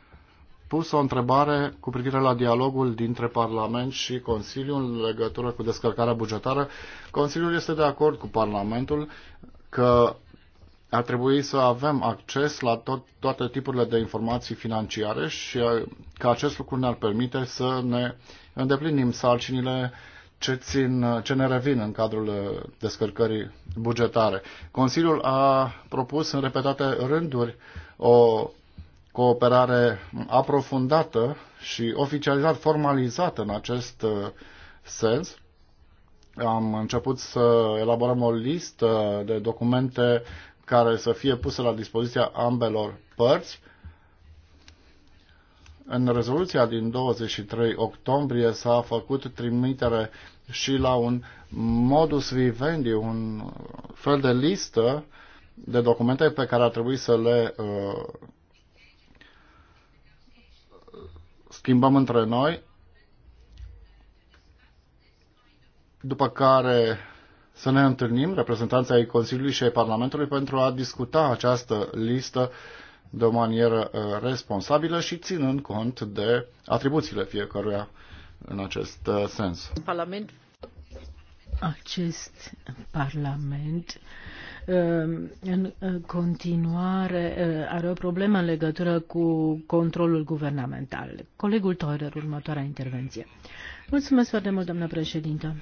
pus o întrebare cu privire la dialogul dintre Parlament și Consiliu în legătură cu descărcarea bugetară. Consiliul este de acord cu Parlamentul că ar trebui să avem acces la tot, toate tipurile de informații financiare și uh, că acest lucru ne-ar permite să ne îndeplinim sarcinile ce, țin, uh, ce ne revin în cadrul uh, descărcării bugetare. Consiliul a propus în repetate rânduri o cooperare aprofundată și oficializat, formalizată în acest uh, sens. Am început să elaborăm o listă de documente care să fie puse la dispoziția ambelor părți. În rezoluția din 23 octombrie s-a făcut trimitere și la un modus vivendi, un fel de listă de documente pe care ar trebui să le uh, schimbăm între noi, după care să ne întâlnim, reprezentanții ai Consiliului și ai Parlamentului, pentru a discuta această listă de o manieră uh, responsabilă și ținând cont de atribuțiile fiecăruia în acest uh, sens. Parlament. Acest Parlament Ehm, în continuare eh, are o problemă în legătură cu controlul guvernamental. Colegul Toirer, următoarea intervenție. Mulțumesc foarte mult, doamnă președintă.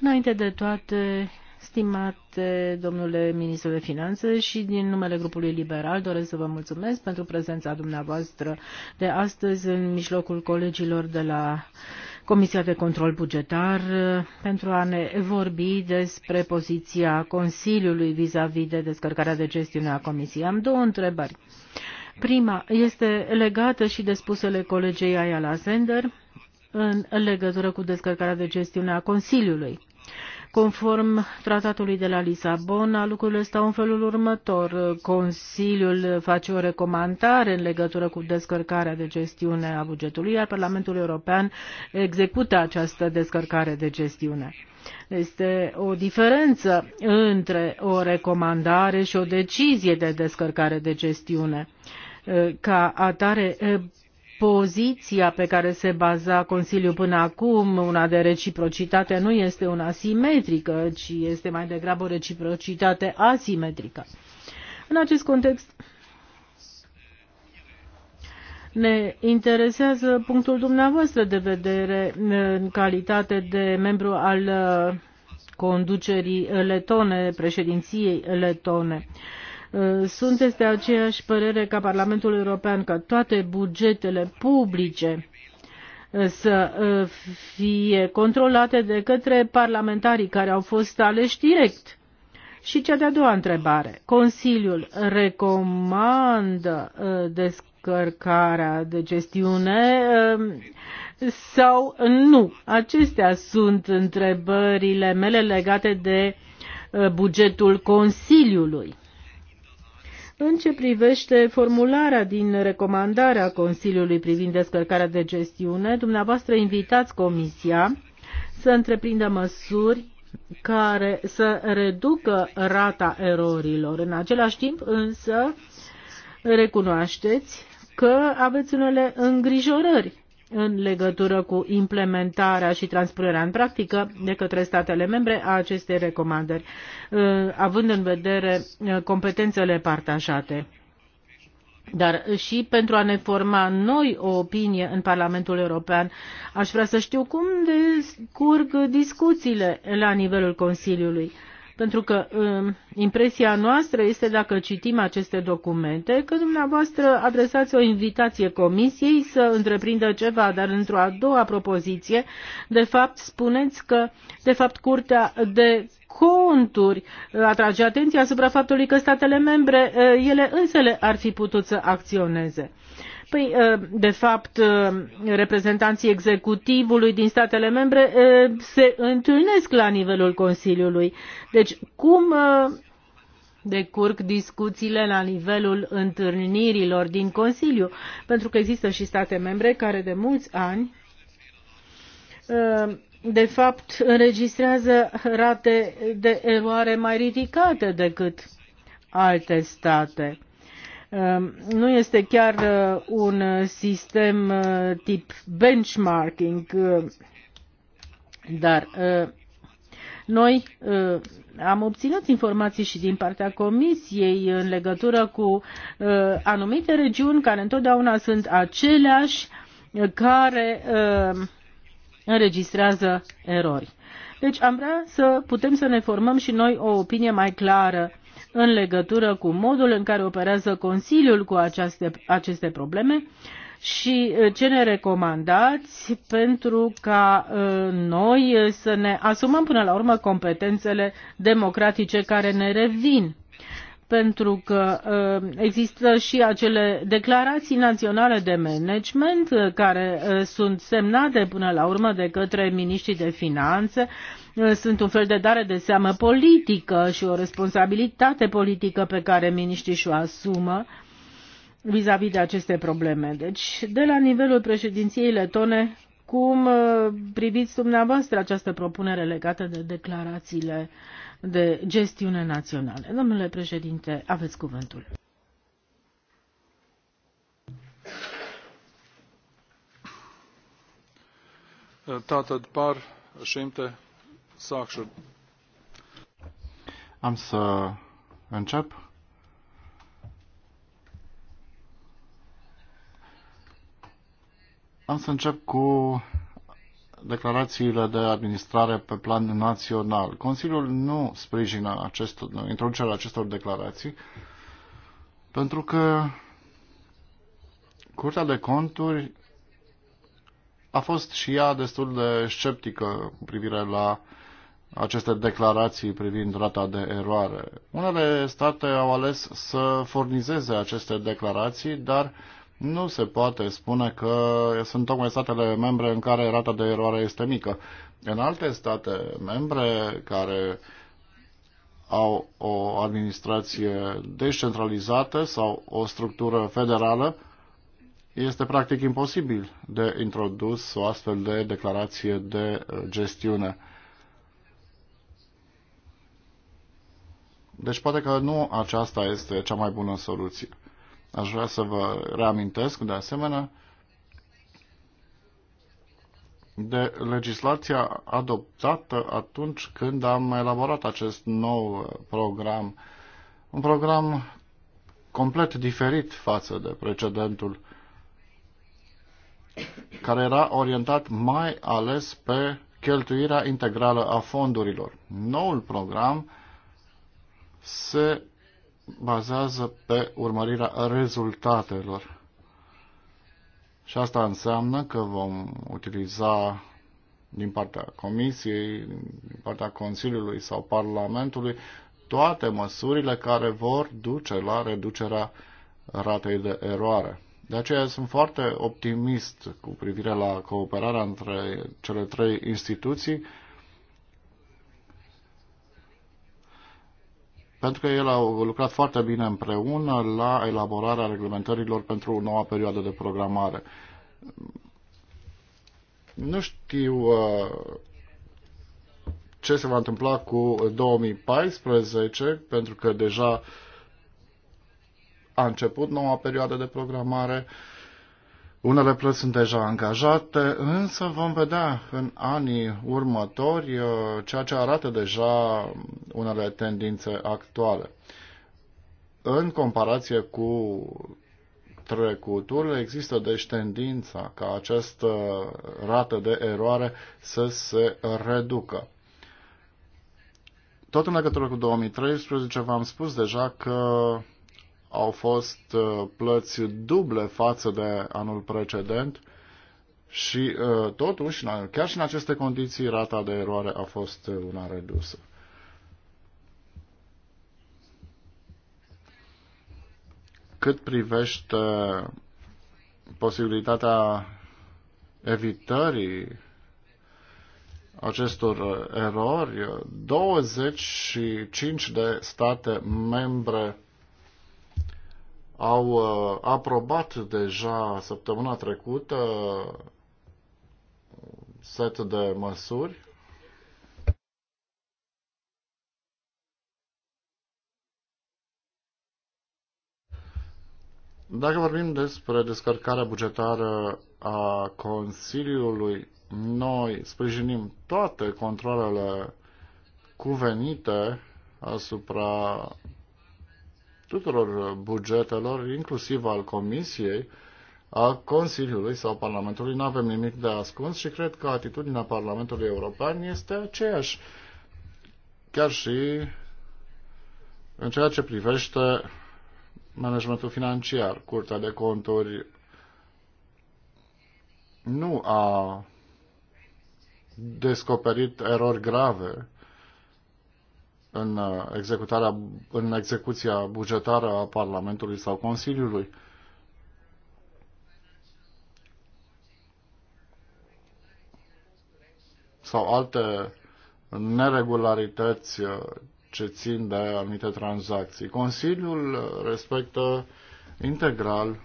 Înainte de toate, Stimate domnule ministru de finanțe și din numele grupului liberal doresc să vă mulțumesc pentru prezența dumneavoastră de astăzi în mijlocul colegilor de la Comisia de Control Bugetar pentru a ne vorbi despre poziția Consiliului vis-a-vis -vis de descărcarea de gestiune a Comisiei. Am două întrebări. Prima este legată și de spusele colegei Ayala Sender în legătură cu descărcarea de gestiune a Consiliului Conform tratatului de la Lisabona, lucrurile stau în felul următor. Consiliul face o recomandare în legătură cu descărcarea de gestiune a bugetului, iar Parlamentul European execută această descărcare de gestiune. Este o diferență între o recomandare și o decizie de descărcare de gestiune. Ca atare, poziția pe care se baza Consiliul până acum, una de reciprocitate, nu este una simetrică, ci este mai degrabă o reciprocitate asimetrică. În acest context, ne interesează punctul dumneavoastră de vedere în calitate de membru al conducerii letone, președinției letone. Uh, Uh, sunteți de aceeași părere ca Parlamentul European că toate bugetele publice uh, să uh, fie controlate de către parlamentarii care au fost aleși direct. Și cea de-a doua întrebare. Consiliul recomandă descărcarea de gestiune sau nu? Acestea sunt întrebările mele legate de bugetul Consiliului. În ce privește formularea din recomandarea Consiliului privind descărcarea de gestiune, dumneavoastră invitați Comisia să întreprindă măsuri care să reducă rata erorilor. În același timp, însă, recunoașteți că aveți unele îngrijorări în legătură cu implementarea și transpunerea în practică de către statele membre a acestei recomandări, uh, având în vedere uh, competențele partajate. Dar și pentru a ne forma noi o opinie în Parlamentul European, aș vrea să știu cum curg discuțiile la nivelul Consiliului pentru că um, impresia noastră este, dacă citim aceste documente, că dumneavoastră adresați o invitație comisiei să întreprindă ceva, dar într-o a doua propoziție, de fapt, spuneți că, de fapt, Curtea de conturi atrage atenția asupra faptului că statele membre uh, ele însele ar fi putut să acționeze. Păi, ă, de fapt, ă, reprezentanții executivului din statele membre ă, se întâlnesc la nivelul Consiliului. Deci, cum decurg discuțiile la nivelul întâlnirilor din Consiliu? Pentru că există și state membre care de mulți ani de fapt înregistrează rate de eroare mai ridicate decât alte state. Um, nu este chiar uh, un sistem uh, tip benchmarking, uh, dar noi am obținut informații și din partea Comisiei în legătură cu anumite regiuni care întotdeauna sunt aceleași care înregistrează erori. Deci am vrea să putem să ne formăm și noi o opinie mai clară în legătură cu modul în care operează Consiliul cu aceste, aceste probleme și uh, ce ne recomandați pentru ca uh, noi uh, să ne asumăm până la urmă competențele democratice care ne revin pentru că există și acele declarații naționale de management care sunt semnate până la urmă de către miniștrii de finanțe sunt un fel de dare de seamă politică și o responsabilitate politică pe care miniștrii și-o asumă vis-a-vis -vis de aceste probleme. Deci, de la nivelul președinției letone, cum uh, priviți dumneavoastră această propunere legată de declarațiile de gestiune naționale? Domnule președinte, aveți cuvântul. Tātad par šīm te am să încep. Am să încep cu declarațiile de administrare pe plan național. Consiliul nu sprijină acest, introducerea acestor declarații pentru că Curtea de Conturi a fost și ea destul de sceptică cu privire la aceste declarații privind rata de eroare. Unele state au ales să furnizeze aceste declarații, dar nu se poate spune că sunt tocmai statele membre în care rata de eroare este mică. În alte state membre care au o administrație descentralizată sau o structură federală, este practic imposibil de introdus o astfel de declarație de gestiune. Deci poate că nu aceasta este cea mai bună soluție. Aș vrea să vă reamintesc de asemenea de legislația adoptată atunci când am elaborat acest nou program. Un program complet diferit față de precedentul, care era orientat mai ales pe cheltuirea integrală a fondurilor. Noul program se bazează pe urmărirea rezultatelor. Și asta înseamnă că vom utiliza din partea Comisiei, din partea Consiliului sau Parlamentului toate măsurile care vor duce la reducerea ratei de eroare. De aceea sunt foarte optimist cu privire la cooperarea între cele trei instituții pentru că el au lucrat foarte bine împreună la elaborarea reglementărilor pentru noua perioadă de programare. Nu știu uh, ce se va întâmpla cu 2014, pentru că deja a început noua perioadă de programare. Uh, unele plăți sunt deja angajate, însă vom vedea în anii următori uh, ceea ce arată deja unele tendințe actuale. În comparație cu trecutul, există deci tendința ca această rată de eroare să se reducă. Tot în legătură cu 2013 v-am spus deja că au fost uh, plăți duble față de anul precedent și uh, totuși, chiar și în aceste condiții, rata de eroare a fost uh, una redusă. Cât privește posibilitatea evitării acestor erori, 25 de state membre au uh, aprobat deja săptămâna trecută uh, set de măsuri Dacă vorbim despre descărcarea bugetară a Consiliului, noi sprijinim toate controlele cuvenite asupra tuturor uh, bugetelor, inclusiv al Comisiei, a Consiliului sau Parlamentului. Nu avem nimic de ascuns și cred că atitudinea Parlamentului European este aceeași, chiar și în ceea ce privește managementul financiar. Curtea de conturi nu a descoperit erori grave în uh, executarea, în execuția bugetară a Parlamentului sau Consiliului. sau alte neregularități uh, ce țin de anumite tranzacții. Consiliul respectă integral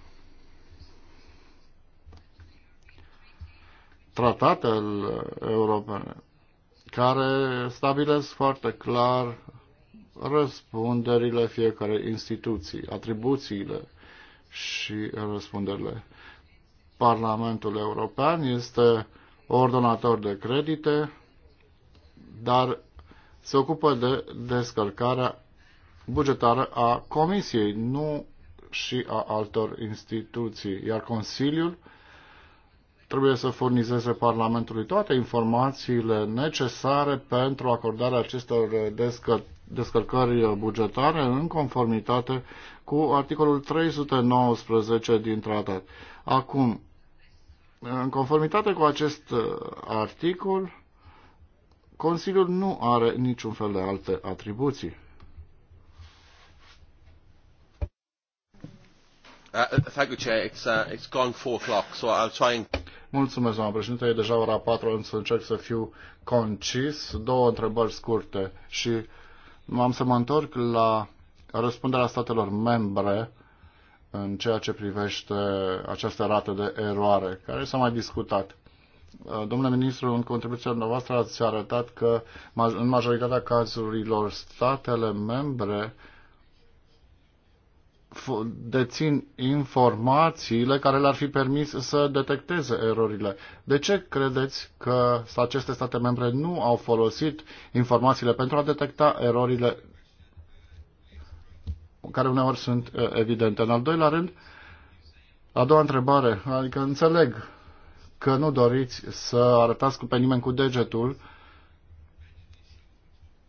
tratatele europene care stabilesc foarte clar răspunderile fiecare instituții, atribuțiile și răspunderile. Parlamentul European este ordonator de credite, dar se ocupă de descărcarea bugetară a Comisiei, nu și a altor instituții, iar Consiliul trebuie să furnizeze Parlamentului toate informațiile necesare pentru acordarea acestor descărcări bugetare în conformitate cu articolul 319 din tratat. Acum, în conformitate cu acest uh, articol, Consiliul nu are niciun fel de alte atribuții. Uh, thank you, Chair. It's, uh, it's gone four o'clock, so I'll try and... Mulțumesc, doamna președinte. E deja ora 4, însă încerc să fiu concis. Două întrebări scurte și am să mă întorc la răspunderea statelor membre în ceea ce privește această rată de eroare, care s-a mai discutat. Domnule ministru, în contribuția noastră ați arătat că în majoritatea cazurilor statele membre uh, dețin informațiile care le-ar fi permis să detecteze erorile. De ce credeți că aceste state membre nu au folosit informațiile pentru a detecta erorile care uneori sunt uh, evidente? În al doilea rând, a doua întrebare, adică înțeleg că nu doriți să arătați cu pe nimeni cu degetul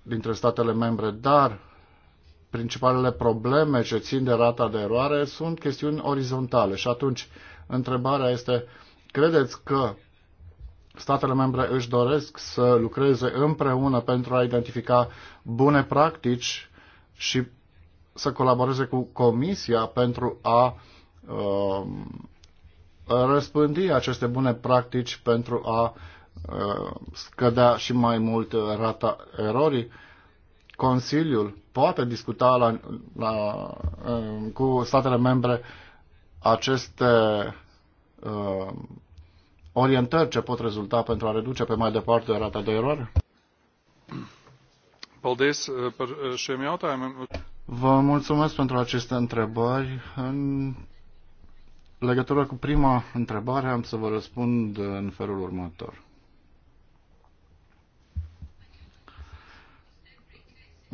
dintre statele membre, dar principalele probleme ce țin de rata de eroare sunt chestiuni orizontale și atunci întrebarea este, credeți că statele membre își doresc să lucreze împreună pentru a identifica bune practici și să colaboreze cu Comisia pentru a uh, răspândi aceste bune practici pentru a uh, scădea și mai mult rata erorii. Consiliul poate discuta la, la, um, cu statele membre aceste uh, orientări ce pot rezulta pentru a reduce pe mai departe rata de eroare? Uh, uh, vă mulțumesc pentru aceste întrebări. În legătură cu prima întrebare am să vă răspund în felul următor.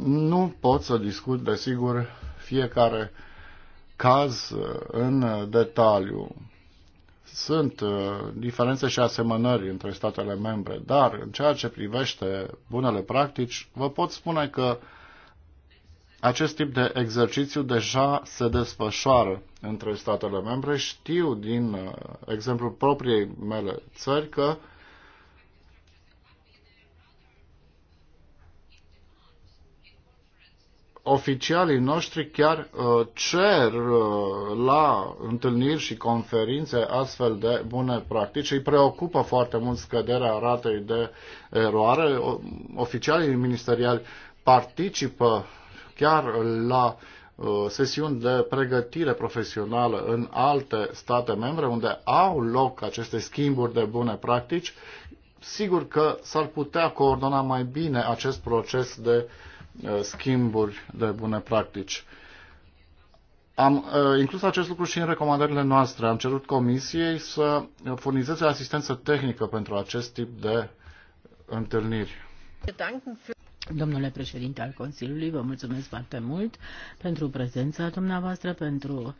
Nu pot să discut, desigur, fiecare caz uh, în uh, detaliu. Sunt uh, diferențe și asemănări între statele membre, dar în ceea ce privește bunele practici, vă pot spune că acest tip de exercițiu deja se desfășoară între statele membre. Știu din exemplul propriei mele țări că oficialii noștri chiar uh, cer uh, la întâlniri și conferințe astfel de bune practici. Îi preocupă foarte mult scăderea ratei de eroare. Oficialii ministeriali participă chiar la uh, sesiuni de pregătire profesională în alte state membre unde au loc aceste schimburi de bune practici, sigur că s-ar putea coordona mai bine acest proces de uh, Uh, schimburi de bune practici. Am uh, inclus acest lucru și în recomandările noastre. Am cerut comisiei să furnizeze asistență tehnică pentru acest tip de întâlniri. Domnule președinte al Consiliului, vă mulțumesc foarte mult pentru prezența dumneavoastră, pentru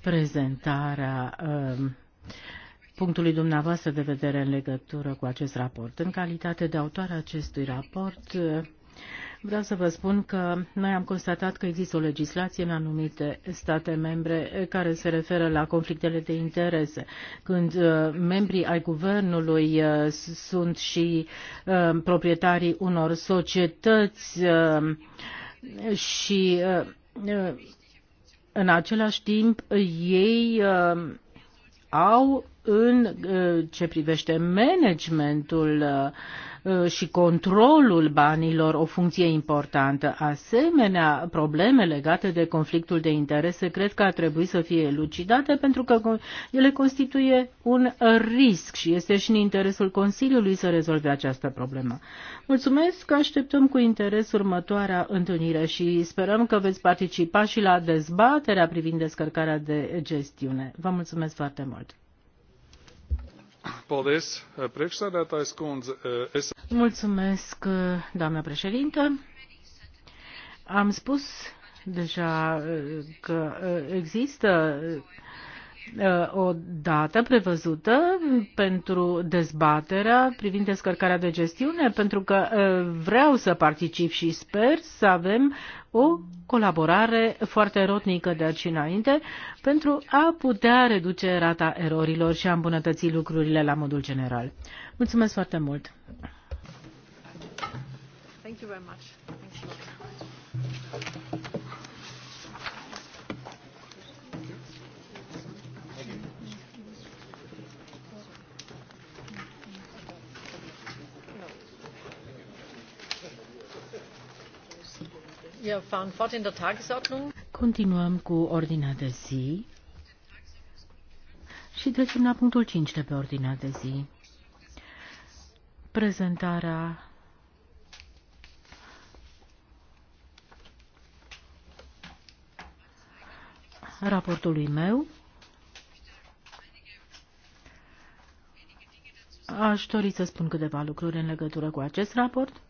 prezentarea uh, punctului dumneavoastră de vedere în legătură cu acest raport. În calitate de autoare acestui raport, uh, Vreau să vă spun că noi am constatat că există o legislație în anumite state membre care se referă la conflictele de interese. Când uh, membrii ai guvernului uh, sunt și uh, proprietarii unor societăți și în același timp ei au în ce privește managementul uh, Uh, și controlul banilor o funcție importantă. Asemenea, probleme legate de conflictul de interese cred că ar trebui să fie elucidate pentru că ele constituie un risc și este și în interesul Consiliului să rezolve această problemă. Mulțumesc că așteptăm cu interes următoarea întâlnire și sperăm că veți participa și la dezbaterea privind descărcarea de gestiune. Vă mulțumesc foarte mult! Eh, eh, Mulțumesc, eh, doamnă președintă. Am spus deja că există o dată prevăzută pentru dezbaterea privind descărcarea de gestiune, pentru că vreau să particip și sper să avem o colaborare foarte rotnică de aici înainte pentru a putea reduce rata erorilor și a îmbunătăți lucrurile la modul general. Mulțumesc foarte mult! Thank you very much. Thanks a lot. Continuăm cu ordinea de zi și trecem la punctul 5 de pe ordinea de zi. Prezentarea raportului meu Aș dori să spun câteva lucruri în legătură cu acest raport.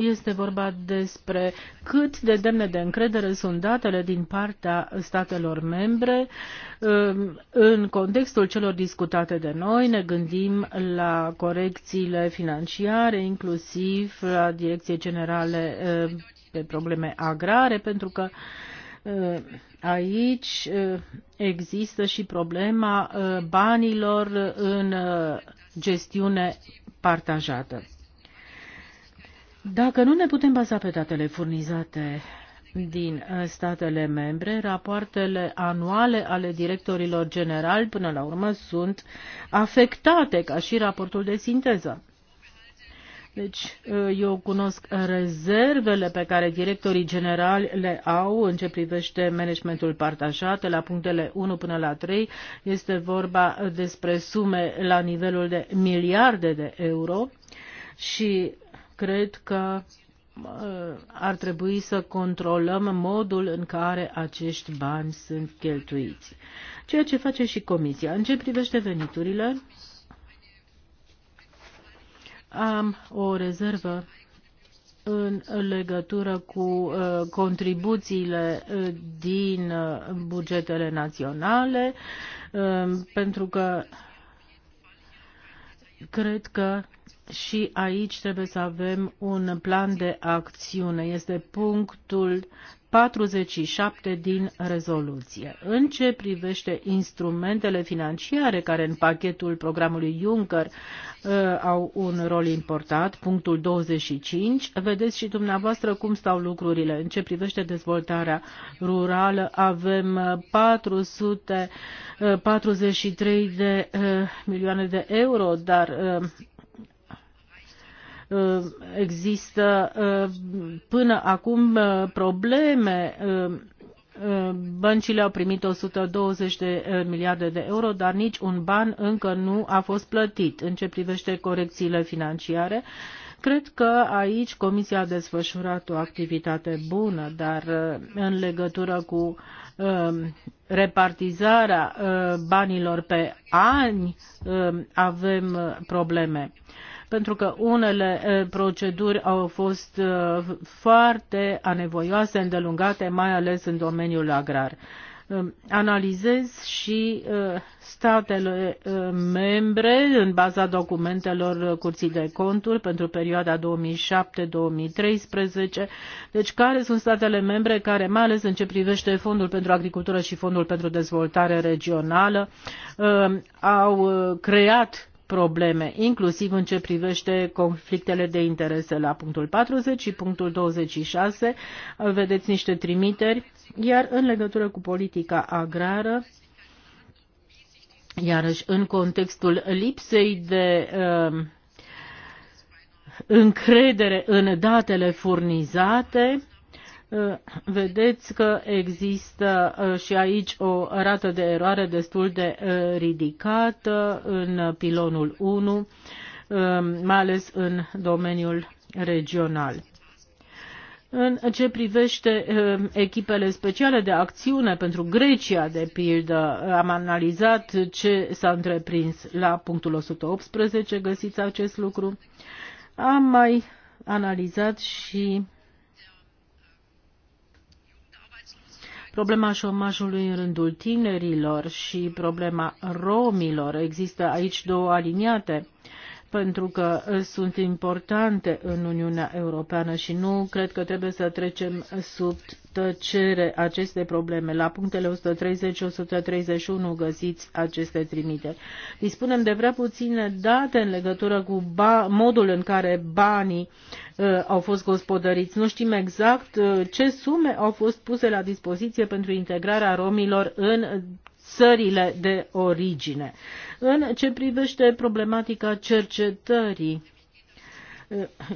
Este vorba despre cât de demne de încredere sunt datele din partea statelor membre. Um, în contextul celor discutate de noi, ne gândim la corecțiile financiare, inclusiv la Direcție Generale pe um, probleme agrare, pentru că um, aici există și problema uh, banilor în uh, gestiune partajată. Dacă nu ne putem baza pe datele furnizate din uh, statele membre, rapoartele anuale ale directorilor generali până la urmă sunt afectate ca și raportul de sinteză. Deci uh, eu cunosc rezervele pe care directorii generali le au în ce privește managementul partajat. La punctele 1 până la 3 este vorba despre sume la nivelul de miliarde de euro și cred că uh, ar trebui să controlăm modul în care acești bani sunt cheltuiți. Ceea ce face și Comisia. În ce privește veniturile, am o rezervă în legătură cu uh, contribuțiile uh, din bugetele naționale, pentru că cred că și aici trebuie să avem un plan de acțiune. Este punctul 47 din rezoluție. În ce privește instrumentele financiare care în pachetul programului Juncker uh, au un rol important, punctul 25, vedeți și dumneavoastră cum stau lucrurile. În ce privește dezvoltarea rurală avem 443 uh, uh, de uh, milioane de euro, dar uh, Uh, există uh, până acum uh, probleme băncile au primit 120 de miliarde de euro, dar nici un ban încă nu a fost plătit. În ce privește corecțiile financiare, cred că aici Comisia a desfășurat o activitate bună, dar în legătură cu repartizarea banilor pe ani avem probleme pentru că unele proceduri au fost foarte anevoioase, îndelungate, mai ales în domeniul agrar analizez și statele membre în baza documentelor Curții de Conturi pentru perioada 2007-2013. Deci care sunt statele membre care, mai ales în ce privește Fondul pentru Agricultură și Fondul pentru Dezvoltare Regională, au creat probleme, inclusiv în ce privește conflictele de interese la punctul 40 și punctul 26. Vedeți niște trimiteri, iar în legătură cu politica agrară, iarăși în contextul lipsei de uh, încredere în datele furnizate, Uh, vedeți că există uh, și aici o rată de eroare destul de uh, ridicată în pilonul 1, mai ales în domeniul regional. În ce privește echipele speciale de acțiune pentru Grecia, de pildă, am analizat ce s-a întreprins la punctul 118, găsiți acest lucru. Am mai analizat și Problema șomajului în rândul tinerilor și problema romilor. Există aici două aliniate pentru că uh, sunt importante în Uniunea Europeană și nu cred că trebuie să trecem sub tăcere aceste probleme. La punctele 130 și 131 găsiți aceste trimiteri. Dispunem de prea puține date în legătură cu modul în care banii uh, au fost gospodăriți. Nu știm exact uh, ce sume au fost puse la dispoziție pentru integrarea romilor în țările de origine. În ce privește problematica cercetării,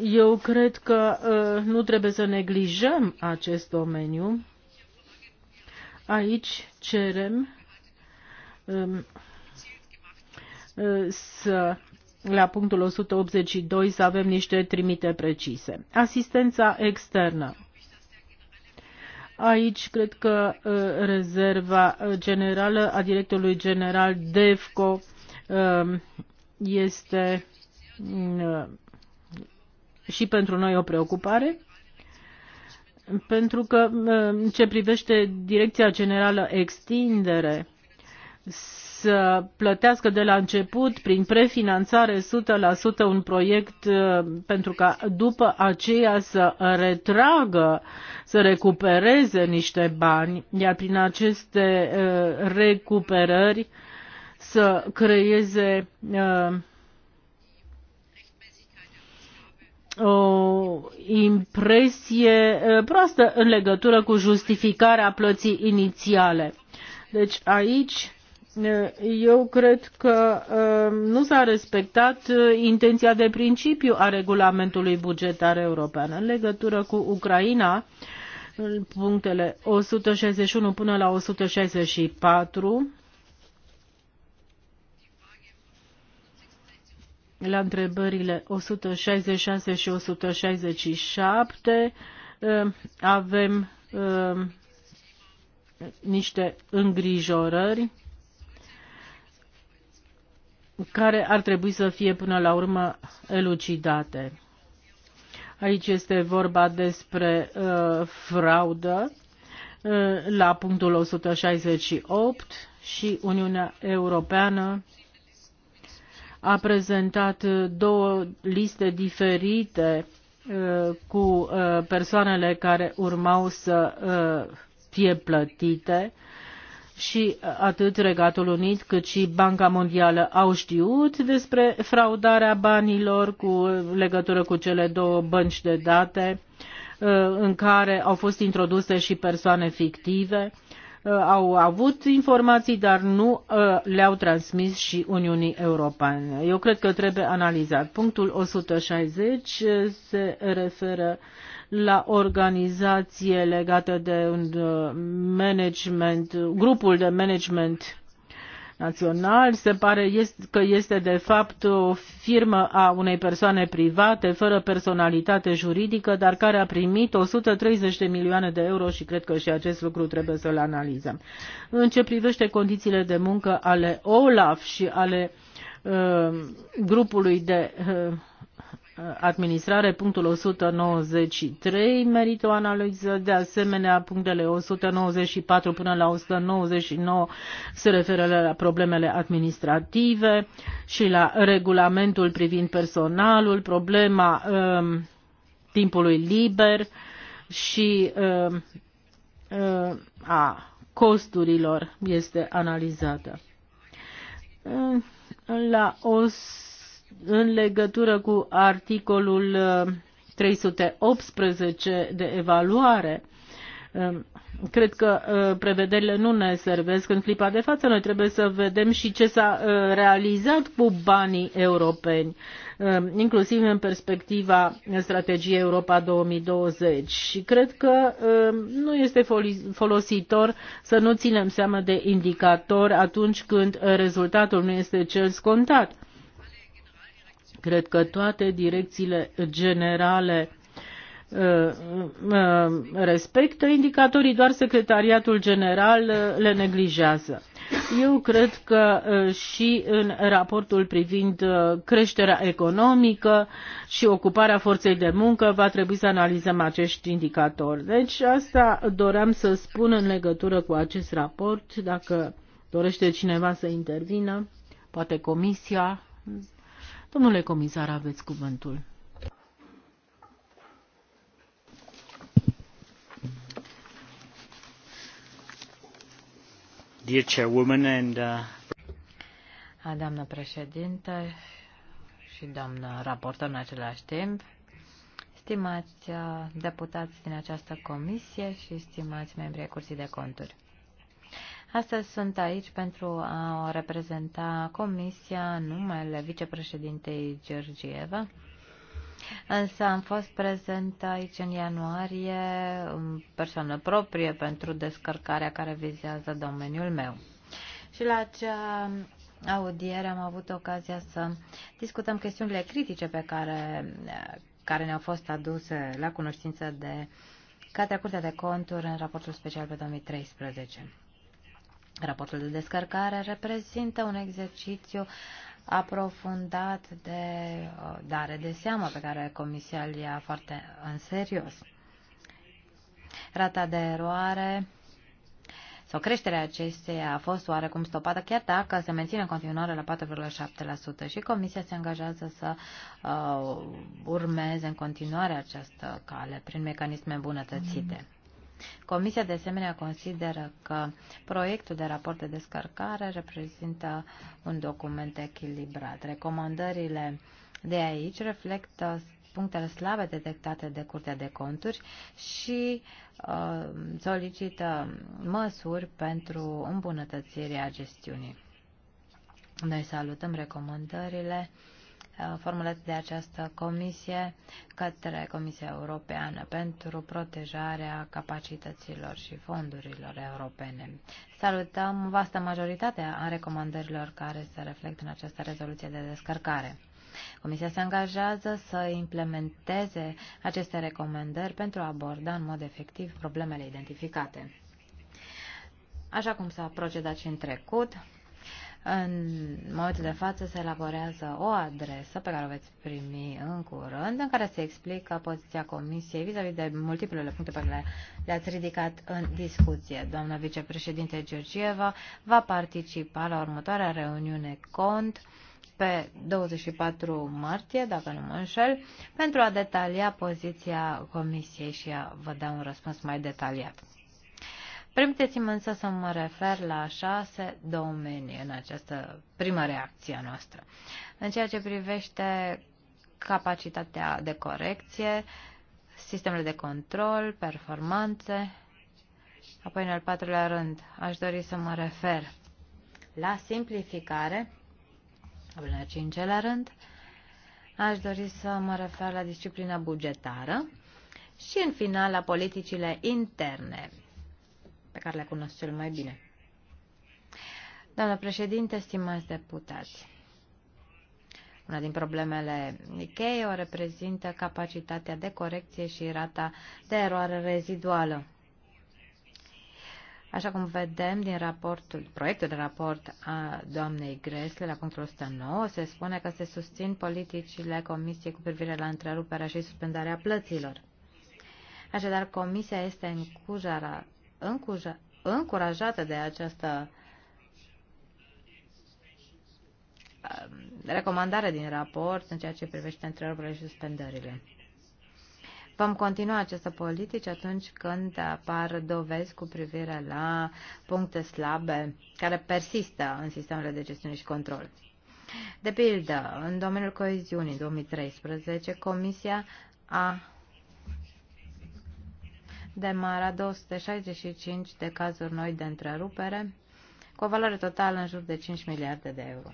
eu cred că uh, nu trebuie să neglijăm acest domeniu. Aici cerem um, uh, să la punctul 182 să avem niște trimite precise. Asistența externă. Aici cred că uh, rezerva uh, generală a directorului general DEFCO um, este mm, uh, și pentru noi o preocupare, pentru că ce privește Direcția Generală Extindere, să plătească de la început, prin prefinanțare 100% un proiect uh, pentru ca după aceea să retragă, să recupereze niște bani, iar prin aceste uh, recuperări să creeze uh, o impresie proastă în legătură cu justificarea plății inițiale. Deci aici eu cred că uh, nu s-a respectat uh, intenția de principiu a regulamentului bugetar european. În legătură cu Ucraina, punctele 161 până la 164, la întrebările 166 și 167 uh, avem niște îngrijorări care ar trebui să fie până la urmă elucidate. Aici este vorba despre uh, fraudă uh, la punctul 168 și Uniunea Europeană a prezentat două liste diferite uh, cu uh, persoanele care urmau să uh, fie plătite uh, și atât Regatul Unit cât și Banca Mondială au știut despre fraudarea banilor cu legătură cu cele două bănci de date uh, în care au fost introduse și persoane fictive. Uh, au avut informații, dar nu uh, le-au transmis și Uniunii Europene. Eu cred că trebuie analizat. Punctul 160 se referă la organizație legată de un uh, management, grupul de management național. Se pare că este de fapt o firmă a unei persoane private, fără personalitate juridică, dar care a primit 130 de milioane de euro și cred că și acest lucru trebuie să-l analizăm. În ce privește condițiile de muncă ale OLAF și ale uh, grupului de uh, administrare, punctul 193 merită o analiză, de asemenea punctele 194 până la 199 se referă la problemele administrative și la regulamentul privind personalul, problema um, timpului liber și um, um a costurilor este analizată. Uh, la 100 în legătură cu articolul 318 uh, de evaluare, um, cred că uh, prevederile nu ne servesc în clipa de față. Noi trebuie să vedem și ce s-a uh, realizat cu banii europeni, um, inclusiv în perspectiva strategiei Europa 2020. Și cred că um, nu este folositor să nu ținem seama de indicator atunci când rezultatul nu este cel scontat. Cred că toate direcțiile generale uh, uh, respectă indicatorii, doar secretariatul general uh, le neglijează. Eu cred că și în raportul privind creșterea economică și ocuparea forței de muncă va trebui să analizăm acești indicatori. Deci asta doream să spun în legătură cu acest raport. Dacă dorește cineva să intervină, poate comisia Domnule comisar, aveți cuvântul. Dear Chairwoman and, uh... Doamnă președintă și doamnă raportor în același timp, stimați uh, deputați din această comisie și stimați membrii Curții de Conturi. Astăzi sunt aici pentru a o reprezenta Comisia numele vicepreședintei Georgieva. Însă am fost prezent aici în ianuarie în persoană proprie pentru descărcarea care vizează domeniul meu. Și la acea audiere am avut ocazia să discutăm chestiunile critice pe care, care ne-au fost aduse la cunoștință de către Curtea de Conturi în raportul special pe 2013. Raportul de descărcare reprezintă un exercițiu aprofundat de dare de seamă pe care Comisia îl ia foarte în serios. Rata de eroare sau creșterea acesteia a fost oarecum stopată, chiar dacă se menține în continuare la 4,7% și Comisia se angajează să uh, urmeze în continuare această cale prin mecanisme îmbunătățite. Mm. Comisia de asemenea consideră că proiectul de raport de descărcare reprezintă un document echilibrat. Recomandările de aici reflectă punctele slabe detectate de Curtea de Conturi și uh, solicită măsuri pentru îmbunătățirea gestiunii. Noi salutăm recomandările uh, Uh, formulat de această comisie către Comisia Europeană pentru protejarea capacităților și fondurilor europene. Salutăm vasta majoritate a recomandărilor care se reflectă în această rezoluție de descărcare. Comisia se angajează să implementeze aceste recomandări pentru a aborda în mod efectiv problemele identificate. Așa cum s-a procedat și în trecut, în momentul de față se elaborează o adresă pe care o veți primi în curând, în care se explică poziția Comisiei vis-a-vis de multiplele puncte pe care le-ați ridicat în discuție. Doamna vicepreședinte Georgieva va participa la următoarea reuniune CONT pe 24 martie, dacă nu mă înșel, pentru a detalia poziția Comisiei și a vă da un răspuns mai detaliat. Permiteți-mi însă să mă refer la șase domenii în această primă reacție a noastră. În ceea ce privește capacitatea de corecție, sistemele de control, performanțe, apoi în al patrulea rând aș dori să mă refer la simplificare, în al cincelea rând aș dori să mă refer la disciplina bugetară și în final la politicile interne pe care le cunosc cel mai bine. Doamna președinte, stimați deputați, una din problemele Nikkei o reprezintă capacitatea de corecție și rata de eroare reziduală. Așa cum vedem din raportul, proiectul de raport a doamnei Gresle la punctul 109, se spune că se susțin politicile Comisiei cu privire la întreruperea și suspendarea plăților. Așadar, Comisia este încurajată încurajată de această um, recomandare din raport în ceea ce privește întrebările și suspendările. Vom continua aceste politici atunci când apar dovezi cu privire la puncte slabe care persistă în sistemele de gestiune și control. De pildă, în domeniul coeziunii 2013, Comisia a demara 265 de cazuri noi de întrerupere, cu o valoare totală în jur de 5 miliarde de euro.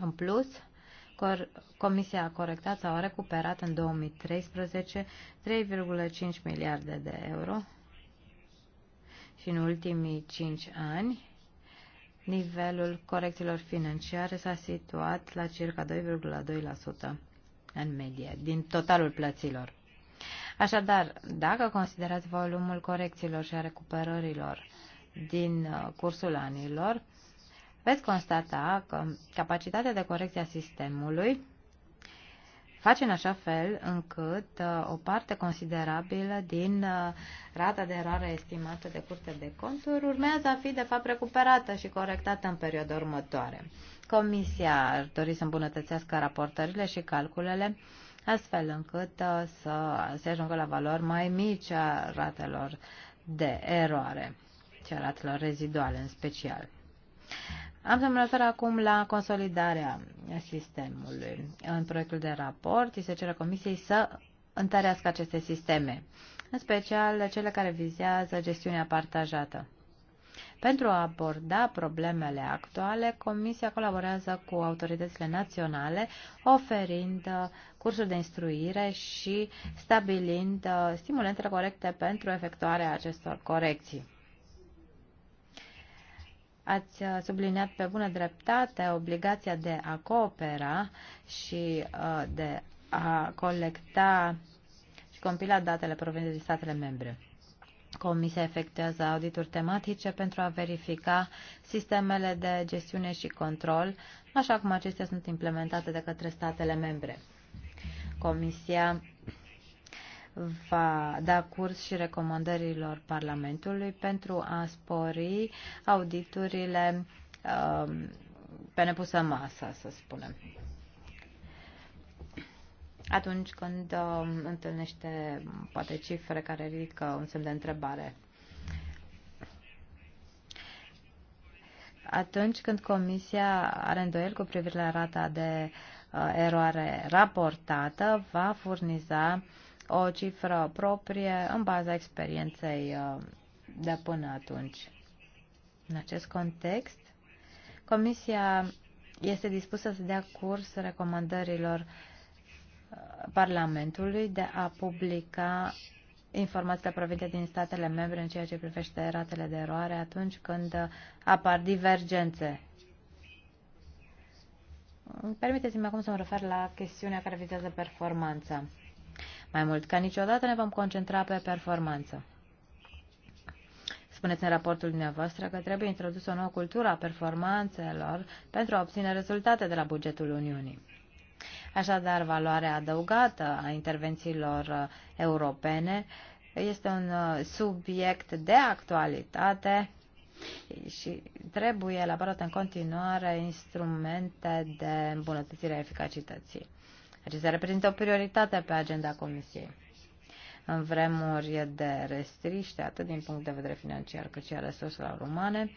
În plus, Comisia a corectat sau a recuperat în 2013 3,5 miliarde de euro și în ultimii 5 ani nivelul corecțiilor financiare s-a situat la circa 2,2% în medie din totalul plăților. Așadar, dacă considerați volumul corecțiilor și a recuperărilor din uh, cursul anilor, veți constata că capacitatea de corecție a sistemului face în așa fel încât uh, o parte considerabilă din uh, rata de eroare estimată de curte de conturi urmează a fi de fapt recuperată și corectată în perioada următoare. Comisia ar dori să îmbunătățească raportările și calculele astfel încât uh, să se ajungă la valori mai mici a ratelor de eroare și a ratelor reziduale în special. Am să mă refer acum la consolidarea sistemului. În proiectul de raport îi se cere Comisiei să întărească aceste sisteme, în special cele care vizează gestiunea partajată. Pentru a aborda problemele actuale, Comisia colaborează cu autoritățile naționale, oferind uh, cursuri de instruire și stabilind uh, stimulente corecte pentru efectuarea acestor corecții. Ați uh, subliniat pe bună dreptate obligația de a coopera și de a colecta și compila datele provenite din statele membre. Comisia efectuează audituri tematice pentru a verifica sistemele de gestiune și control, așa cum acestea sunt implementate de către statele membre. Comisia va da curs și recomandărilor Parlamentului pentru a spori auditurile um, pe nepusă masă, să spunem atunci când uh, întâlnește poate cifre care ridică un semn de întrebare. Atunci când Comisia are îndoieli cu privire la rata de uh, eroare raportată, va furniza o cifră proprie în baza experienței uh, de până atunci. În acest context, Comisia este dispusă să dea curs recomandărilor uh, Parlamentului de a publica informațiile provenite din statele membre în ceea ce privește ratele de eroare atunci când apar divergențe. Permiteți-mi acum să mă refer la chestiunea care vizează performanța. Mai mult ca niciodată ne vom concentra pe performanță. Spuneți în raportul dumneavoastră că trebuie introdusă o nouă cultură a performanțelor pentru a obține rezultate de la bugetul Uniunii. Așadar, valoarea adăugată a intervențiilor uh, europene este un uh, subiect de actualitate și trebuie elaborat în continuare instrumente de îmbunătățire a eficacității. Acestea reprezintă o prioritate pe agenda Comisiei. În vremuri de restriște, atât din punct de vedere financiar cât și a resurselor umane,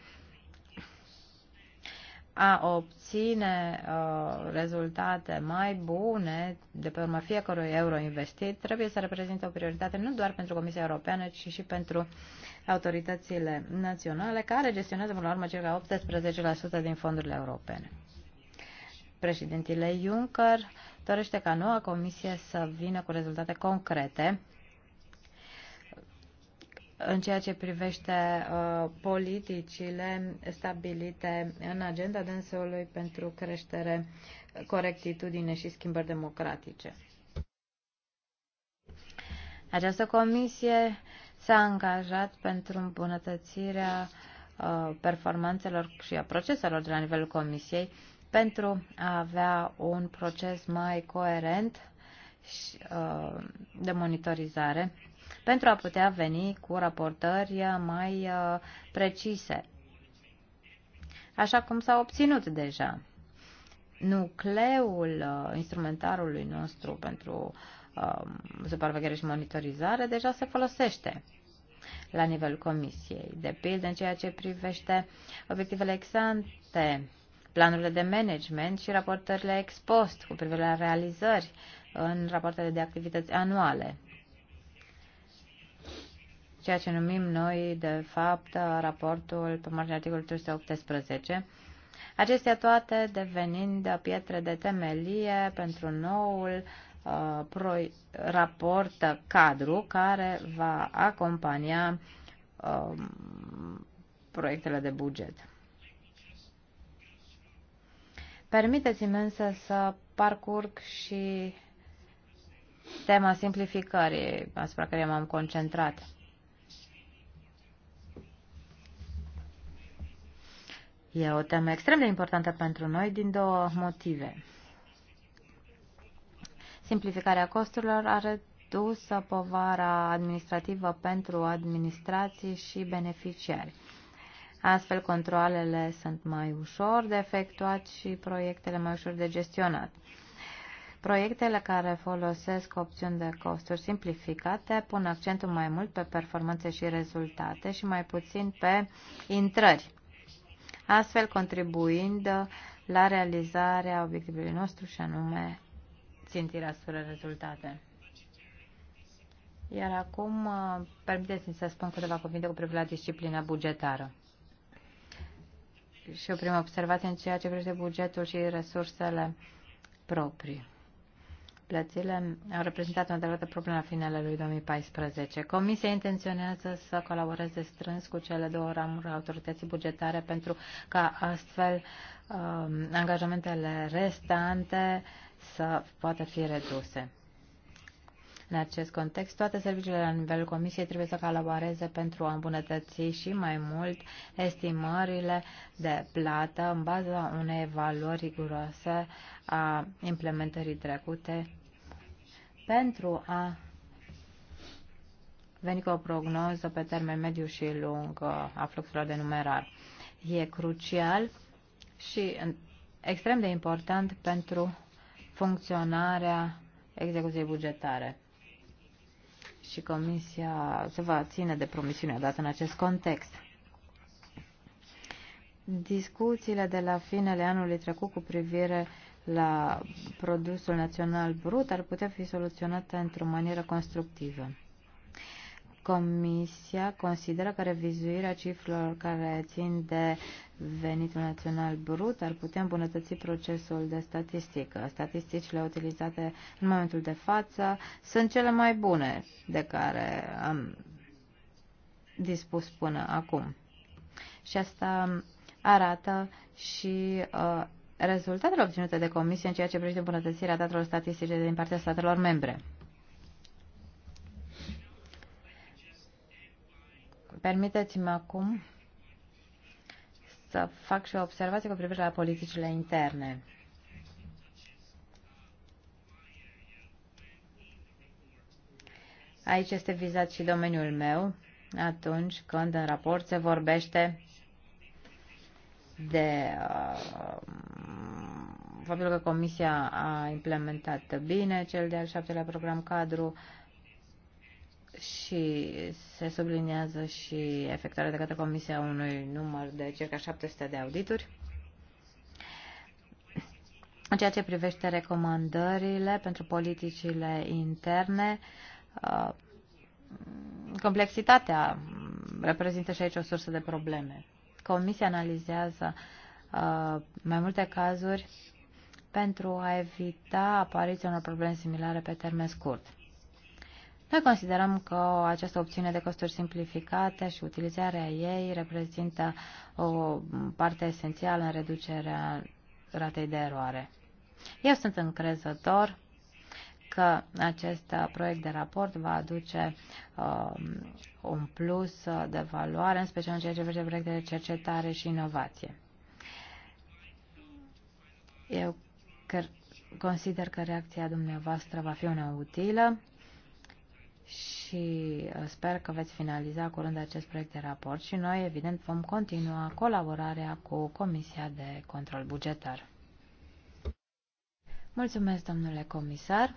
a obține uh, rezultate mai bune de pe urma fiecărui euro investit trebuie să reprezinte o prioritate nu doar pentru Comisia Europeană, ci și pentru autoritățile naționale care gestionează până la urmă circa 18% din fondurile europene. Președintele Juncker dorește ca noua Comisie să vină cu rezultate concrete în ceea ce privește uh, politicile stabilite în agenda dânsului pentru creștere, corectitudine și schimbări democratice. Această comisie s-a angajat pentru îmbunătățirea uh, performanțelor și a proceselor de la nivelul comisiei pentru a avea un proces mai coerent și, uh, de monitorizare pentru a putea veni cu raportări mai uh, precise, așa cum s-a obținut deja. Nucleul uh, instrumentarului nostru pentru um, supraveghere și monitorizare deja se folosește la nivel comisiei. De pildă, în ceea ce privește obiectivele exante, planurile de management și raportările ex post cu privire la realizări în rapoartele de activități anuale ceea ce numim noi, de fapt, raportul pe marginea articolului 318, acestea toate devenind pietre de temelie pentru noul uh, pro, raport cadru care va acompania uh, proiectele de buget. Permiteți-mi însă să parcurg și tema simplificării asupra care m-am concentrat. E o temă extrem de importantă pentru noi din două motive. Simplificarea costurilor a redus povara administrativă pentru administrații și beneficiari. Astfel, controlele sunt mai ușor de efectuat și proiectele mai ușor de gestionat. Proiectele care folosesc opțiuni de costuri simplificate pun accentul mai mult pe performanțe și rezultate și mai puțin pe intrări astfel contribuind la realizarea obiectivului nostru și anume țintirea spre rezultate. Iar acum, uh, permiteți-mi să spun câteva cuvinte cu privire la disciplina bugetară. Și o primă observație în ceea ce privește bugetul și resursele proprii. Plățile au reprezentat o adevărată problemă la finele lui 2014. Comisia intenționează să colaboreze strâns cu cele două ramuri autorității bugetare pentru ca astfel um, angajamentele restante să poată fi reduse. În acest context, toate serviciile la nivelul Comisiei trebuie să colaboreze pentru a îmbunătăți și mai mult estimările de plată în baza unei evaluări riguroase a implementării trecute pentru a veni cu o prognoză pe termen mediu și lung uh, a fluxurilor de numerar. E crucial și extrem de important pentru funcționarea execuției bugetare. Și Comisia se va ține de promisiunea dată în acest context. Discuțiile de la finele anului trecut cu privire la produsul național brut ar putea fi soluționată într-o manieră constructivă. Comisia consideră că revizuirea cifrelor care țin de venitul național brut ar putea îmbunătăți procesul de statistică. Statisticile utilizate în momentul de față sunt cele mai bune de care am dispus până acum. Și asta arată și uh, rezultatele obținute de comisie în ceea ce privește îmbunătățirea datelor statistice din partea statelor membre. Permiteți-mi acum să fac și o observație cu privire la politicile interne. Aici este vizat și domeniul meu atunci când în raport se vorbește de uh, faptul că Comisia a implementat bine cel de-al șaptelea program cadru și se subliniază și efectuarea de către Comisia unui număr de circa 700 de audituri. În ceea ce privește recomandările pentru politicile interne, uh, complexitatea reprezintă și aici o sursă de probleme. Comisia analizează uh, mai multe cazuri pentru a evita apariția unor probleme similare pe termen scurt. Noi considerăm că această opțiune de costuri simplificate și utilizarea ei reprezintă o parte esențială în reducerea ratei de eroare. Eu sunt încrezător că acest uh, proiect de raport va aduce uh, un plus uh, de valoare, în special în ceea ce privește proiectele de cercetare și inovație. Eu consider că reacția dumneavoastră va fi una utilă și uh, sper că veți finaliza curând acest proiect de raport și noi, evident, vom continua colaborarea cu Comisia de Control Bugetar. Mulțumesc, domnule comisar.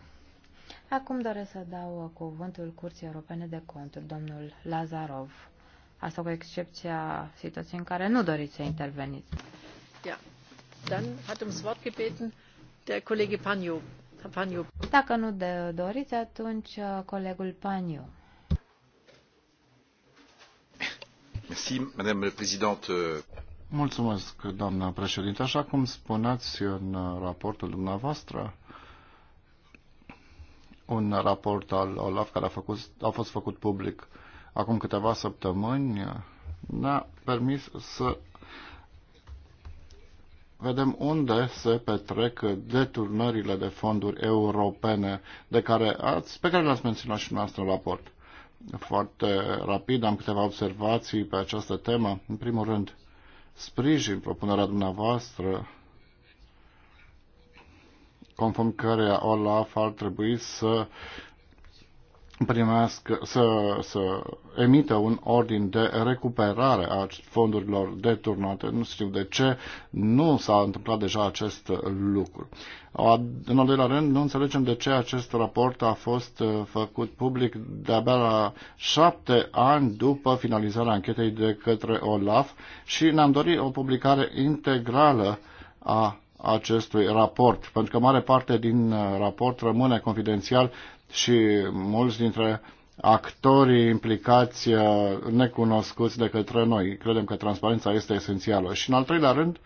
Acum doresc să dau cuvântul Curții Europene de Conturi, domnul Lazarov. Asta cu excepția situației în care nu doriți să interveniți. Ja. Dann hat ums Wort gebeten der Kollege Pagno. Dacă nu de doriți, atunci uh, colegul Paniu. Merci, Madame la Présidente. Mulțumesc, doamna președinte. Așa cum spuneați în uh, raportul dumneavoastră, un raport al OLAF care a, făcut, a fost făcut public acum câteva săptămâni ne-a permis să vedem unde se petrec deturnările de fonduri europene de care ați, pe care le-ați menționat și noastră în raport. Foarte rapid am câteva observații pe această temă. În primul rând, sprijin propunerea dumneavoastră conform căreia OLAF ar trebui să primească, să, să emită un ordin de recuperare a fondurilor deturnate. Nu știu de ce nu s-a întâmplat deja acest lucru. În al doilea rând, nu înțelegem de ce acest raport a fost uh, făcut public de-abia la șapte ani după finalizarea anchetei de către OLAF și ne-am dorit o publicare integrală a acestui raport, pentru că mare parte din uh, raport rămâne confidențial și mulți dintre actorii implicați uh, necunoscuți de către noi. Credem că transparența este esențială. Și în al treilea rând,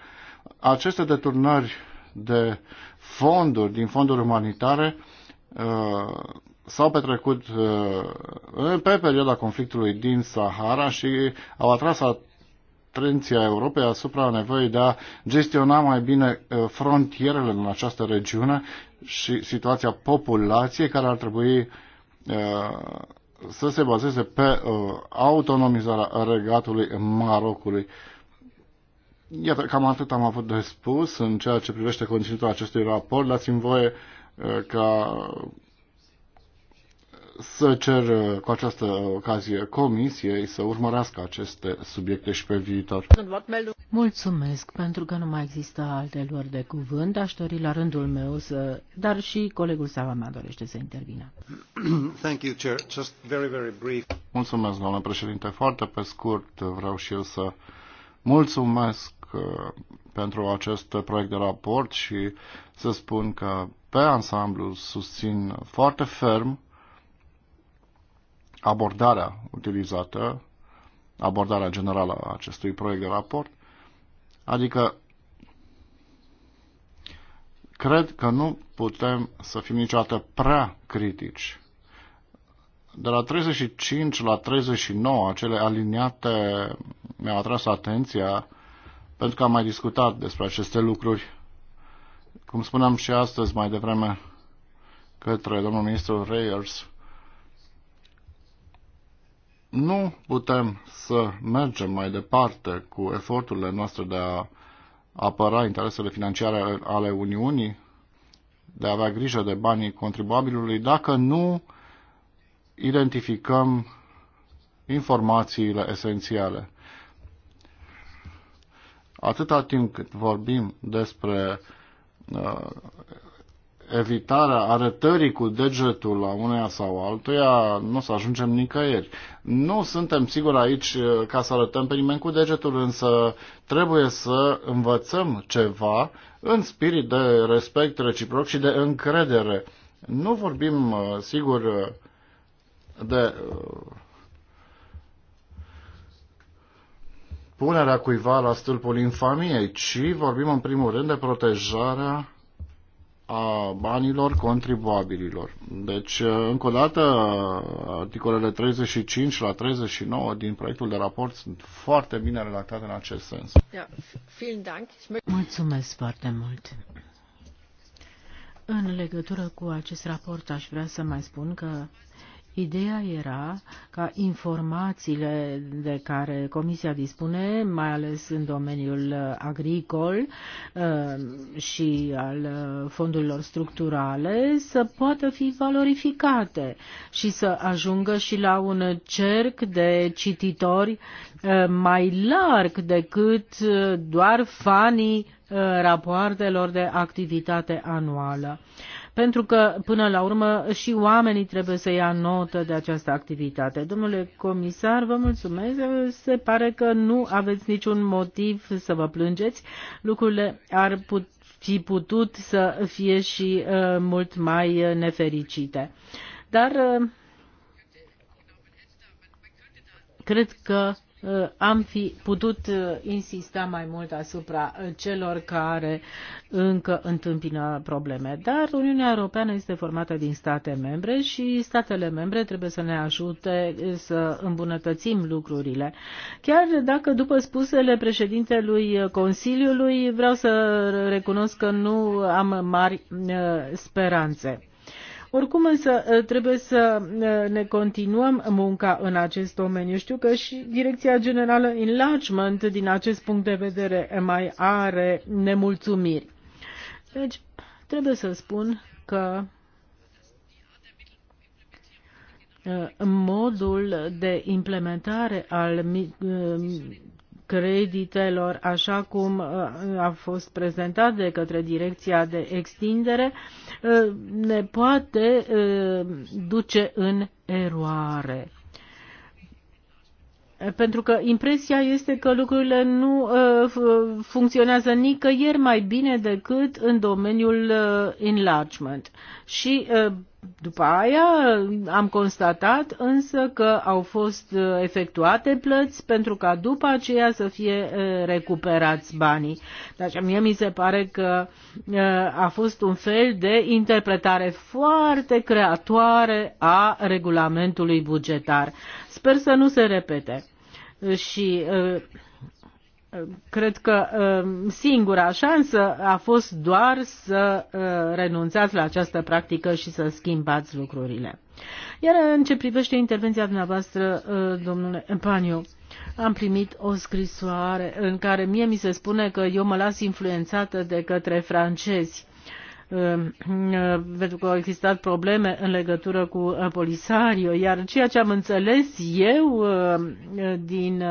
aceste deturnări de fonduri, din fonduri umanitare, uh, s-au petrecut pe perioada conflictului din Sahara și au atras atenția Europei asupra nevoii de a gestiona mai bine uh, frontierele în această regiune și situația populației care ar trebui uh, să se bazeze pe uh, autonomizarea regatului Marocului. Iată, cam atât am avut de spus în ceea ce privește conținutul acestui raport. Dați-mi voie ca să cer uh, cu această ocazie comisiei să urmărească aceste subiecte și pe viitor. Mulțumesc pentru că nu mai există alte lor de cuvânt. Aș dori la rândul meu să... Dar și colegul Sava mea dorește să intervină. Thank you, Chair. Just very, very brief. Mulțumesc, doamnă președinte. Foarte pe scurt uh, vreau și eu să mulțumesc uh, pentru acest proiect de raport și să spun că pe ansamblu susțin foarte ferm abordarea utilizată, abordarea generală a acestui proiect de raport, adică cred că nu putem să fim niciodată prea critici. De la 35 la 39, acele aliniate mi-au atras atenția pentru că am mai discutat despre aceste lucruri. Cum spuneam și astăzi mai devreme către domnul ministru Reyers, nu putem să mergem mai departe cu eforturile noastre de a apăra interesele financiare ale Uniunii, de a avea grijă de banii contribuabilului, dacă nu identificăm informațiile esențiale. Atâta timp cât vorbim despre uh, evitarea arătării cu degetul la uneia sau altuia, nu o să ajungem nicăieri. Nu suntem siguri aici uh, ca să arătăm pe nimeni cu degetul, însă trebuie să învățăm ceva în spirit de respect reciproc și de încredere. Nu vorbim, uh, sigur, uh, de punerea cuiva la stâlpul infamiei, ci vorbim în primul rând de protejarea a banilor contribuabililor. Deci, uh, încă o dată, articolele 35 la 39 din proiectul de raport sunt foarte bine relatate în acest sens. Mulțumesc foarte mult! În legătură cu acest raport aș vrea să mai spun că Ideea era ca informațiile de care Comisia dispune, mai ales în domeniul uh, agricol uh, și al uh, fondurilor structurale, să poată fi valorificate și să ajungă și la un cerc de cititori mai larg decât doar fanii rapoartelor de activitate anuală pentru că, până la urmă, și oamenii trebuie să ia notă de această activitate. Domnule comisar, vă mulțumesc. Se pare că nu aveți niciun motiv să vă plângeți. Lucrurile ar put, fi putut să fie și uh, mult mai uh, nefericite. Dar uh, cred că Uh, am fi putut uh, insista mai mult asupra uh, celor care încă întâmpină probleme. Dar Uniunea Europeană este formată din state membre și statele membre trebuie să ne ajute să îmbunătățim lucrurile. Chiar dacă după spusele președintelui Consiliului vreau să recunosc că nu am mari speranțe. Oricum însă ă, trebuie să ă, ne continuăm munca în acest domeniu. Știu că și Direcția Generală Enlargement din acest punct de vedere mai are nemulțumiri. Deci trebuie să spun că ă, modul de implementare al creditelor, așa cum uh, a fost prezentat de către Direcția de Extindere, uh, ne poate uh, duce în eroare. Pentru că impresia este că lucrurile nu funcționează nicăieri mai bine decât în domeniul enlargement. Și după aia am constatat însă că au fost uh, efectuate plăți pentru ca după aceea să fie uh, recuperați banii. Deci mie mi se pare că uh, a fost un fel de interpretare foarte creatoare a regulamentului bugetar. Sper să nu se repete. Și cred că uh, singura șansă a fost doar să uh, renunțați la această practică și să schimbați lucrurile. Iar în ce privește intervenția dumneavoastră, uh, domnule Paniu, am primit o scrisoare în care mie mi se spune că eu mă las influențată de către francezi pentru că au existat probleme în legătură cu Polisario, iar ceea ce am înțeles eu din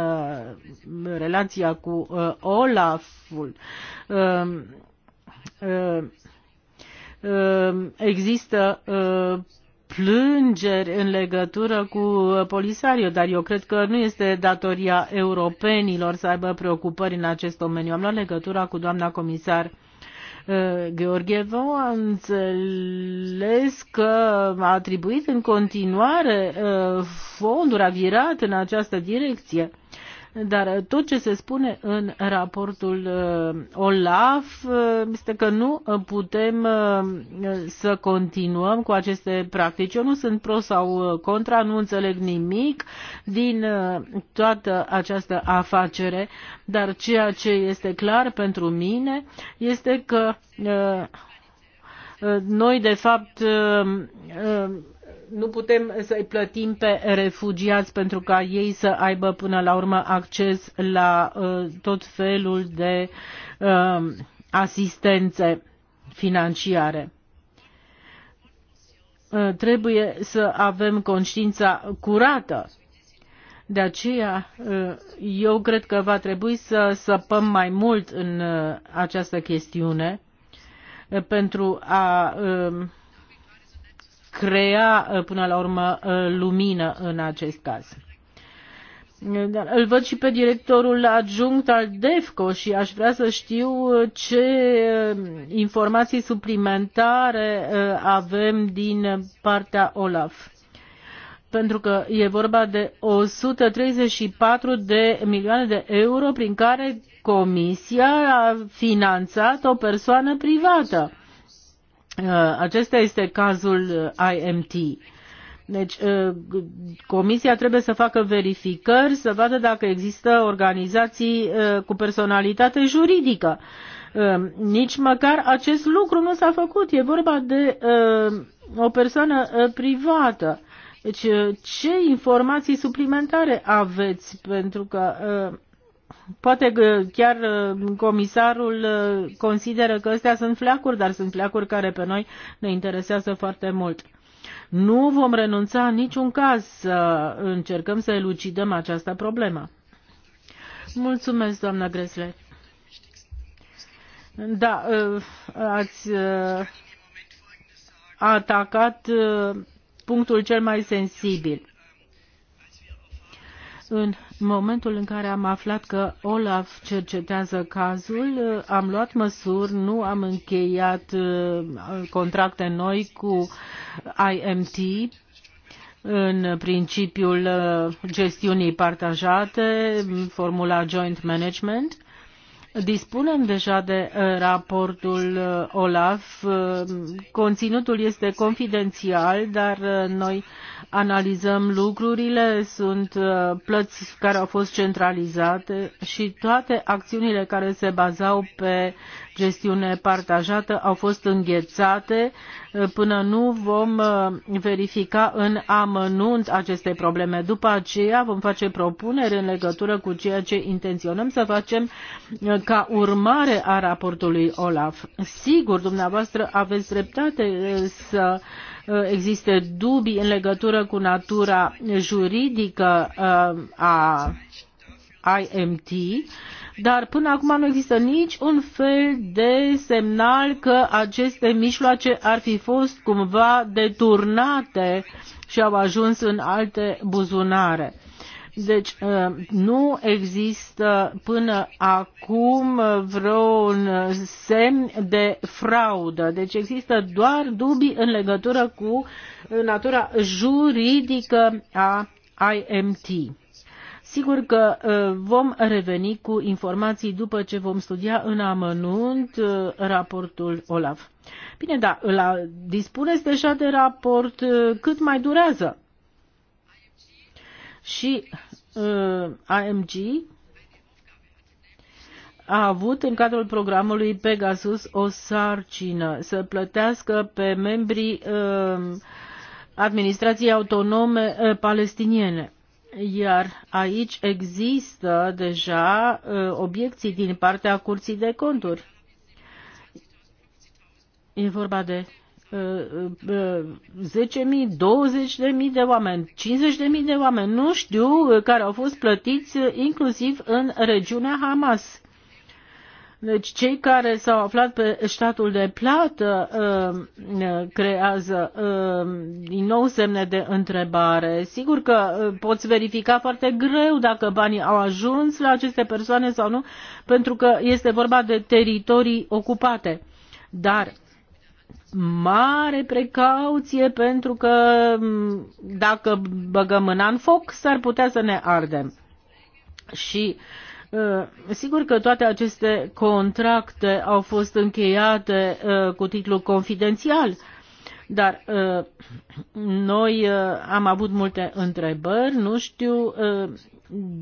relația cu uh, Olaful. Uh, uh, uh, există uh, plângeri în legătură cu uh, Polisario, dar eu cred că nu este datoria europenilor să aibă preocupări în acest domeniu. Am luat legătura cu doamna comisar uh, Gheorgheva, a înțeles că a atribuit în continuare uh, fonduri avirate în această direcție. Dar tot ce se spune în raportul uh, OLAF uh, este că nu uh, putem să continuăm cu aceste practici. Eu nu sunt pro sau contra, nu înțeleg nimic din toată această afacere, dar ceea ce este clar pentru mine este că noi, de fapt, nu putem să îi plătim pe refugiați pentru ca ei să aibă până la urmă acces la uh, tot felul de um, asistențe financiare uh, trebuie să avem conștiința curată. De aceea, uh, eu cred că va trebui să săpăm mai mult în această chestiune pentru a um, crea uh, până la urmă uh, lumină în acest caz. Dar îl văd și pe directorul adjunct al DEFCO și aș vrea să știu uh, ce informații suplimentare avem din partea OLAF pentru că e vorba de 134 de milioane de euro prin care Comisia a finanțat o persoană privată. Uh, acesta este cazul uh, IMT. Deci, uh, comisia trebuie să facă verificări, să vadă dacă există organizații cu personalitate juridică. Nici măcar acest lucru nu s-a făcut. E vorba de o persoană privată. Deci, ce informații suplimentare aveți? Pentru că Poate că chiar uh, comisarul uh, consideră că astea sunt fleacuri, dar sunt fleacuri care pe noi ne interesează foarte mult. Nu vom renunța în niciun caz să încercăm să elucidăm această problemă. Mulțumesc, doamna Gresle. Da, uh, ați atacat punctul cel mai sensibil. În în momentul în care am aflat că Olaf cercetează cazul, am luat măsuri, nu am încheiat uh, contracte noi cu IMT, în principiul uh, gestiunii partajate, formula joint management Dispunem deja de uh, raportul uh, OLAF. Uh, conținutul este confidențial, dar noi analizăm lucrurile. Sunt plăți care au fost centralizate și toate acțiunile care se bazau pe gestiune partajată au fost înghețate uh, până nu vom uh, verifica în amănunt aceste probleme. După aceea vom face propuneri în legătură cu ceea ce intenționăm să facem uh, ca urmare a raportului Olaf. Sigur, dumneavoastră aveți dreptate să existe dubii în legătură cu natura juridică a IMT, dar până acum nu există nici un fel de semnal că aceste mijloace ar fi fost cumva deturnate și au ajuns în alte buzunare. Deci uh, nu există până acum vreun semn de fraudă. Deci există doar dubii în legătură cu natura juridică a IMT. Sigur că uh, vom reveni cu informații după ce vom studia în amănunt uh, raportul OLAF. Bine, da, la, dispuneți deja de raport uh, cât mai durează. Și uh, AMG a avut în cadrul programului Pegasus o sarcină să plătească pe membrii uh, administrației autonome palestiniene. Iar aici există deja uh, obiecții din partea Curții de Conturi. E vorba de 10.000, uh, 20.000 uh, de oameni, 50.000 de oameni, nu știu, care au fost plătiți inclusiv în regiunea Hamas. Deci cei care s-au aflat pe statul de plată uh, uh, creează uh, din nou semne de întrebare. Sigur că poți verifica foarte greu dacă banii au ajuns la aceste persoane sau nu, pentru că este vorba de teritorii ocupate. Dar mare precauție pentru că mm, dacă băgăm mâna în foc, s-ar putea să ne ardem. Și uh, Uh, sigur că toate aceste contracte au fost încheiate uh, cu titlu confidențial, dar uh, noi am avut multe întrebări, nu știu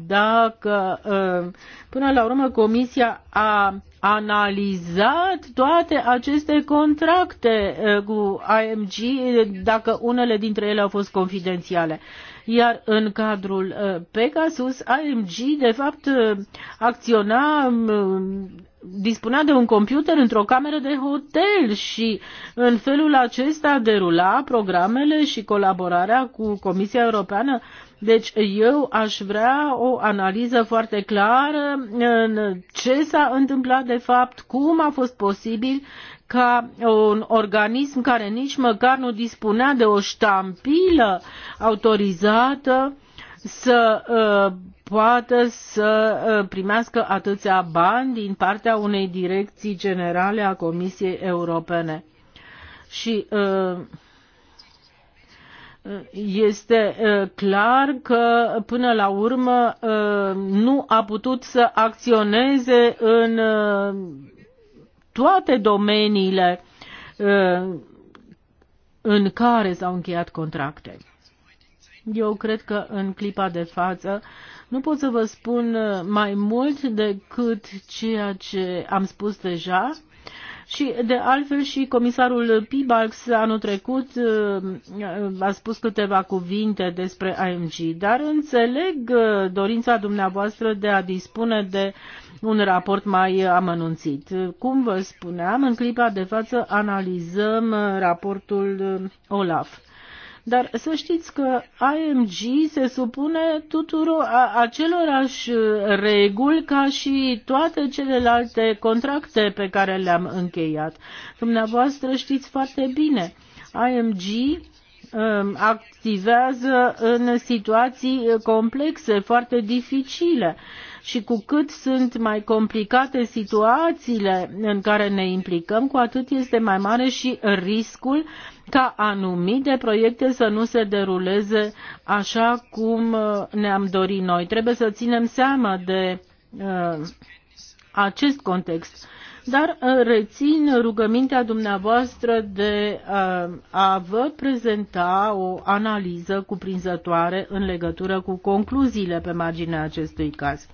dacă până la urmă Comisia a analizat toate aceste contracte cu AMG, dacă unele dintre ele au fost confidențiale. Iar în cadrul uh, Pegasus, AMG, de fapt, uh, acționa um, dispunea de un computer într-o cameră de hotel și în felul acesta derula programele și colaborarea cu Comisia Europeană. Deci eu aș vrea o analiză foarte clară uh, în ce s-a întâmplat de fapt, cum a fost posibil ca un organism care nici măcar nu dispunea de o ștampilă autorizată să uh, poată să uh, primească atâția bani din partea unei direcții generale a Comisiei Europene. Și uh, este uh, clar că până la urmă uh, nu a putut să acționeze în toate domeniile uh, în care s-au încheiat contracte. Eu cred că în clipa de față nu pot să vă spun uh, mai mult decât ceea ce am spus deja și de altfel și comisarul Pibalx anul trecut uh, uh, a spus câteva cuvinte despre AMG, dar înțeleg uh, dorința dumneavoastră de a dispune de un raport mai amănunțit. Cum vă spuneam, în clipa de față analizăm raportul OLAF. Dar să știți că IMG se supune tuturor acelorași uh, reguli ca și toate celelalte contracte pe care le-am încheiat. Dumneavoastră știți foarte bine. IMG um, activează în situații complexe, foarte dificile și cu cât sunt mai complicate situațiile în care ne implicăm, cu atât este mai mare și riscul ca anumite proiecte să nu se deruleze așa cum uh, ne-am dorit noi. Trebuie să ținem seama de uh, acest context dar uh, rețin rugămintea dumneavoastră de uh, a vă prezenta o analiză cuprinzătoare în legătură cu concluziile pe marginea acestui caz.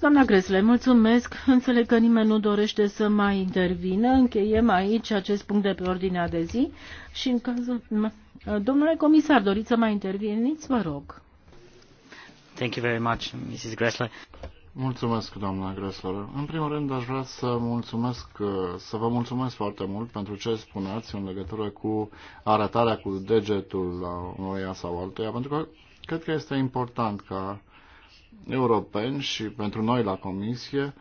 Doamna Gresle, mulțumesc. Înțeleg că nimeni nu dorește să mai intervină. Încheiem aici acest punct de pe ordinea de zi și în cazul... Uh, domnule comisar, doriți să mai interveniți? Vă rog. Thank you very much, Mrs. Gressler. Mulțumesc, doamna Gresler. În primul rând, aș vrea să, mulțumesc, să vă mulțumesc foarte mult pentru ce spuneați în legătură cu arătarea cu degetul la unuia sau altuia, pentru că cred că este important ca europeni și pentru noi la Comisie,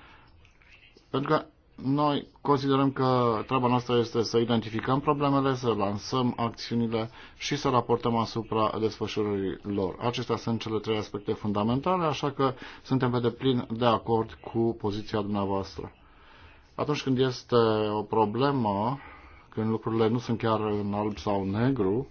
pentru că noi considerăm că treaba noastră este să identificăm problemele, să lansăm acțiunile și să raportăm asupra desfășurării lor. Acestea sunt cele trei aspecte fundamentale, așa că suntem pe deplin de acord cu poziția dumneavoastră. Atunci când este o problemă, când lucrurile nu sunt chiar în alb sau negru,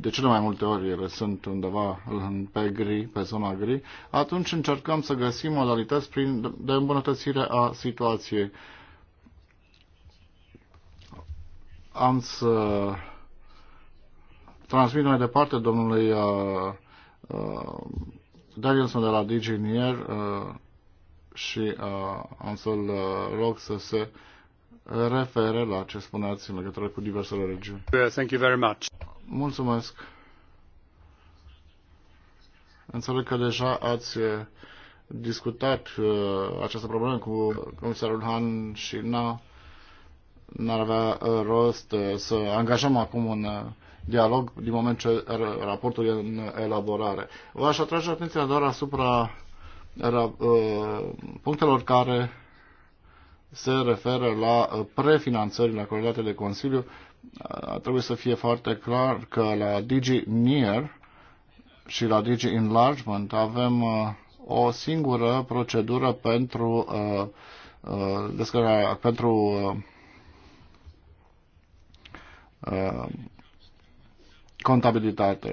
de cele mai multe ori ele sunt undeva în, pe gri, pe zona gri, atunci încercăm să găsim modalități prin, de îmbunătățire a situației. Am să transmit mai departe domnului uh, uh, Danielson de la Diginier uh, și uh, am să-l uh, rog să se refere la ce spuneați în legătură cu diversele regiuni. Thank you very much. Mulțumesc. Înțeleg că deja ați eh, discutat uh, această problemă cu comisarul Han și n-a, n-ar avea eh, rost uh, să angajăm acum un dialog din moment ce raportul e în elaborare. V-aș atrage atenția doar asupra uh, punctelor care se referă la prefinanțările acordate de Consiliu trebuie să fie foarte clar că la Digi Near și la Digi Enlargement avem uh, o singură procedură pentru uh, uh, descărcarea, pentru contabilitate.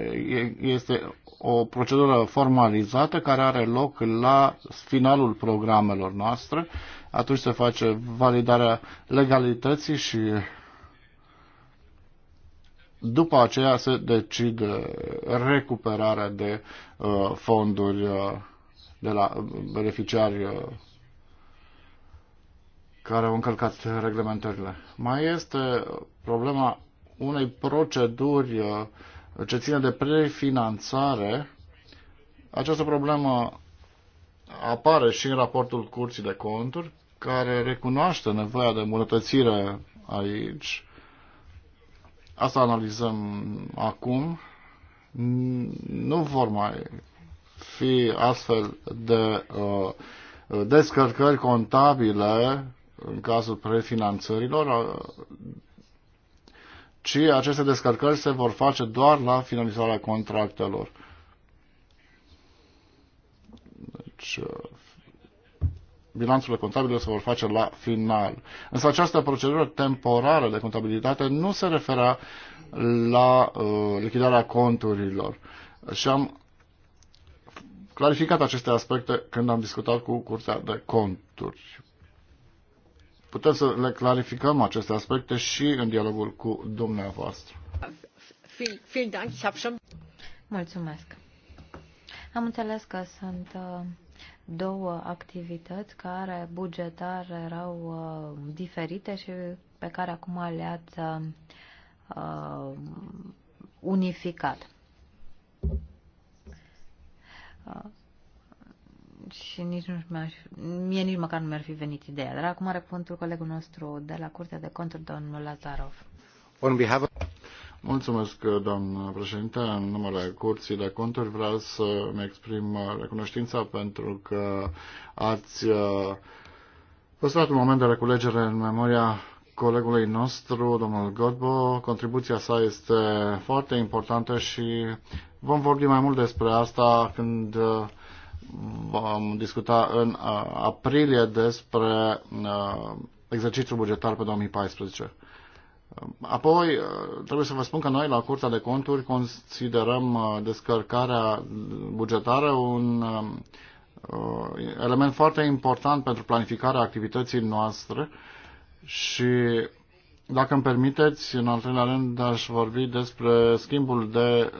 Este o procedură formalizată care are loc la finalul programelor noastre. Atunci se face validarea legalității și după aceea se decide recuperarea de uh, fonduri uh, de la uh, beneficiari uh, care au încălcat reglementările. Mai este problema unei proceduri uh, ce ține de prefinanțare. Această problemă apare și în raportul Curții de Conturi, care recunoaște nevoia de îmbunătățire aici Asta analizăm acum. Nu vor mai fi astfel de uh, descărcări contabile în cazul prefinanțărilor, uh, ci aceste descărcări se vor face doar la finalizarea contractelor. Deci, uh, bilanțurile contabile se vor face la final. Însă această procedură temporară de contabilitate nu se referea la uh, lichidarea conturilor. Și am clarificat aceste aspecte când am discutat cu Curtea de Conturi. Putem să le clarificăm aceste aspecte și în dialogul cu dumneavoastră. Mulțumesc. Am înțeles că sunt uh, două activități care bugetar erau uh, diferite și pe care acum le-ați uh, unificat. Uh, și nici nu mi-aș, mie nici măcar nu mi-ar fi venit ideea. Dar acum are cuvântul colegul nostru de la Curtea de Conturi, domnul Lazarov. On behalf of... Mulțumesc, doamnă președinte. În numele Curții de Conturi vreau să-mi exprim recunoștința pentru că ați uh, păstrat un moment de reculegere în memoria colegului nostru, domnul Godbo. Contribuția sa este foarte importantă și vom vorbi mai mult despre asta când uh, vom discuta în uh, aprilie despre exercițiul bugetar pe 2014. Apoi, uh, trebuie să vă spun că noi la Curtea de Conturi considerăm uh, descărcarea bugetară un um, uh, element foarte important pentru planificarea activității noastre și dacă îmi permiteți, în al treilea rând aș vorbi despre schimbul de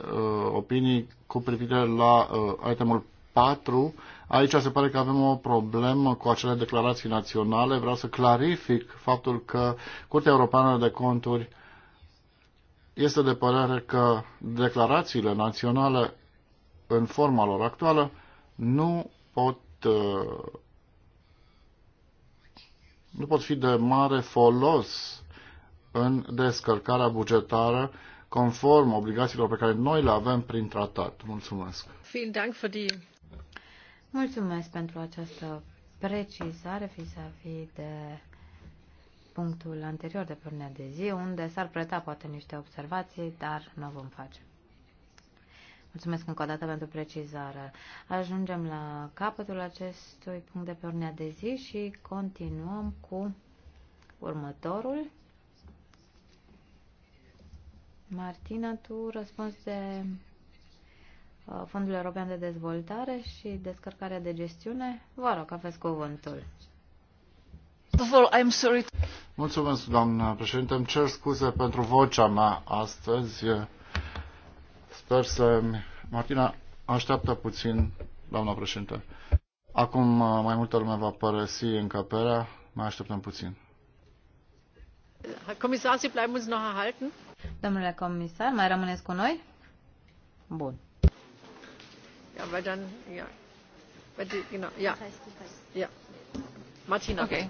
opinii cu privire la itemul 4 Aici se pare că avem o problemă cu acele declarații naționale. Vreau să clarific faptul că Curtea Europeană de Conturi este de părere că declarațiile naționale în forma lor actuală nu pot uh, nu pot fi de mare folos în descărcarea bugetară conform obligațiilor pe care noi le avem prin tratat. Mulțumesc. Mulțumesc pentru această precizare vis-a-vis de punctul anterior de pornea de zi, unde s-ar preta poate niște observații, dar nu vom face. Mulțumesc încă o dată pentru precizare. Ajungem la capătul acestui punct de pe ordinea de zi și continuăm cu următorul. Martina, tu răspunzi de Uh, Fondul European de Dezvoltare și Descărcarea de Gestiune. Vă rog, aveți cuvântul. Mulțumesc, doamnă președinte. Îmi cer scuze pentru vocea mea astăzi. Sper să... Martina, așteaptă puțin, doamnă președinte. Acum uh, mai multă lume va părăsi încăperea. Mai așteptăm puțin. Comisar, Sie bleiben uns noch erhalten? Domnule comisar, mai rămâneți cu noi? Bun. Ja, weil dann, ja. Weil die, genau, ja. Ja. Martina. Okay.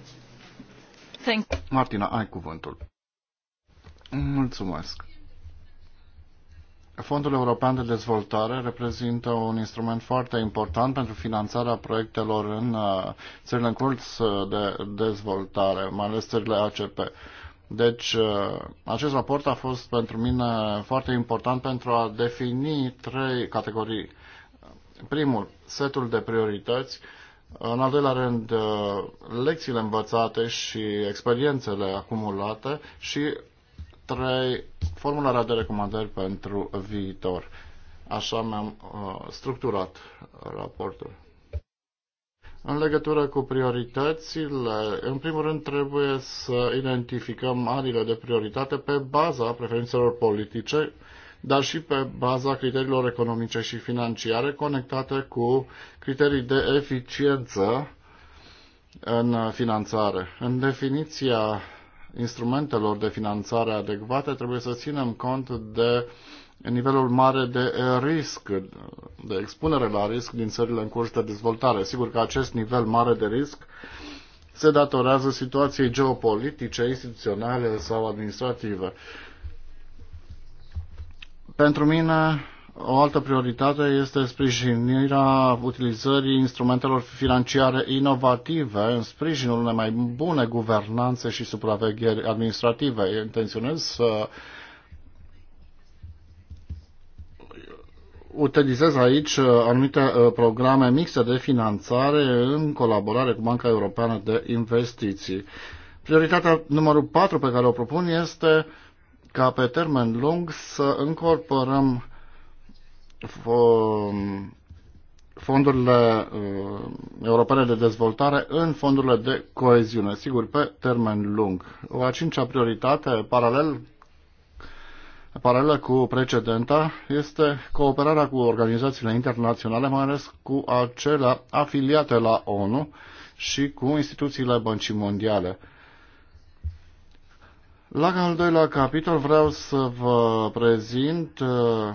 Thank Martina, ai cuvântul. Mulțumesc. Fondul European de Dezvoltare reprezintă un instrument foarte important pentru finanțarea proiectelor în uh, țările în curs uh, de dezvoltare, mai ales țările ACP. Deci, uh, acest raport a fost pentru mine foarte important pentru a defini trei categorii primul, setul de priorități, în al doilea rând, uh, lecțiile învățate și experiențele acumulate și trei, formularea de recomandări pentru viitor. Așa mi-am uh, structurat uh, raportul. În legătură cu prioritățile, în primul rând trebuie să identificăm arile de prioritate pe baza preferințelor politice dar și pe baza criteriilor economice și financiare conectate cu criterii de eficiență în finanțare. În definiția instrumentelor de finanțare adecvate trebuie să ținem cont de nivelul mare de risc, de expunere la risc din țările în curs de dezvoltare. Sigur că acest nivel mare de risc se datorează situației geopolitice, instituționale sau administrative. Pentru mine, o altă prioritate este sprijinirea utilizării instrumentelor financiare inovative în sprijinul unei mai bune guvernanțe și supravegheri administrative. Eu intenționez să utilizez aici uh, anumite uh, programe mixte de finanțare în colaborare cu Banca Europeană de Investiții. Prioritatea numărul 4 pe care o propun este uh, ca pe termen lung să încorporăm fondurile uh, europene de dezvoltare în fondurile de coeziune, sigur, pe termen lung. O a cincea prioritate, paralel, paralelă cu precedenta, este cooperarea cu organizațiile internaționale, mai ales cu acelea afiliate la ONU și cu instituțiile băncii mondiale. La al doilea capitol vreau să vă prezint uh,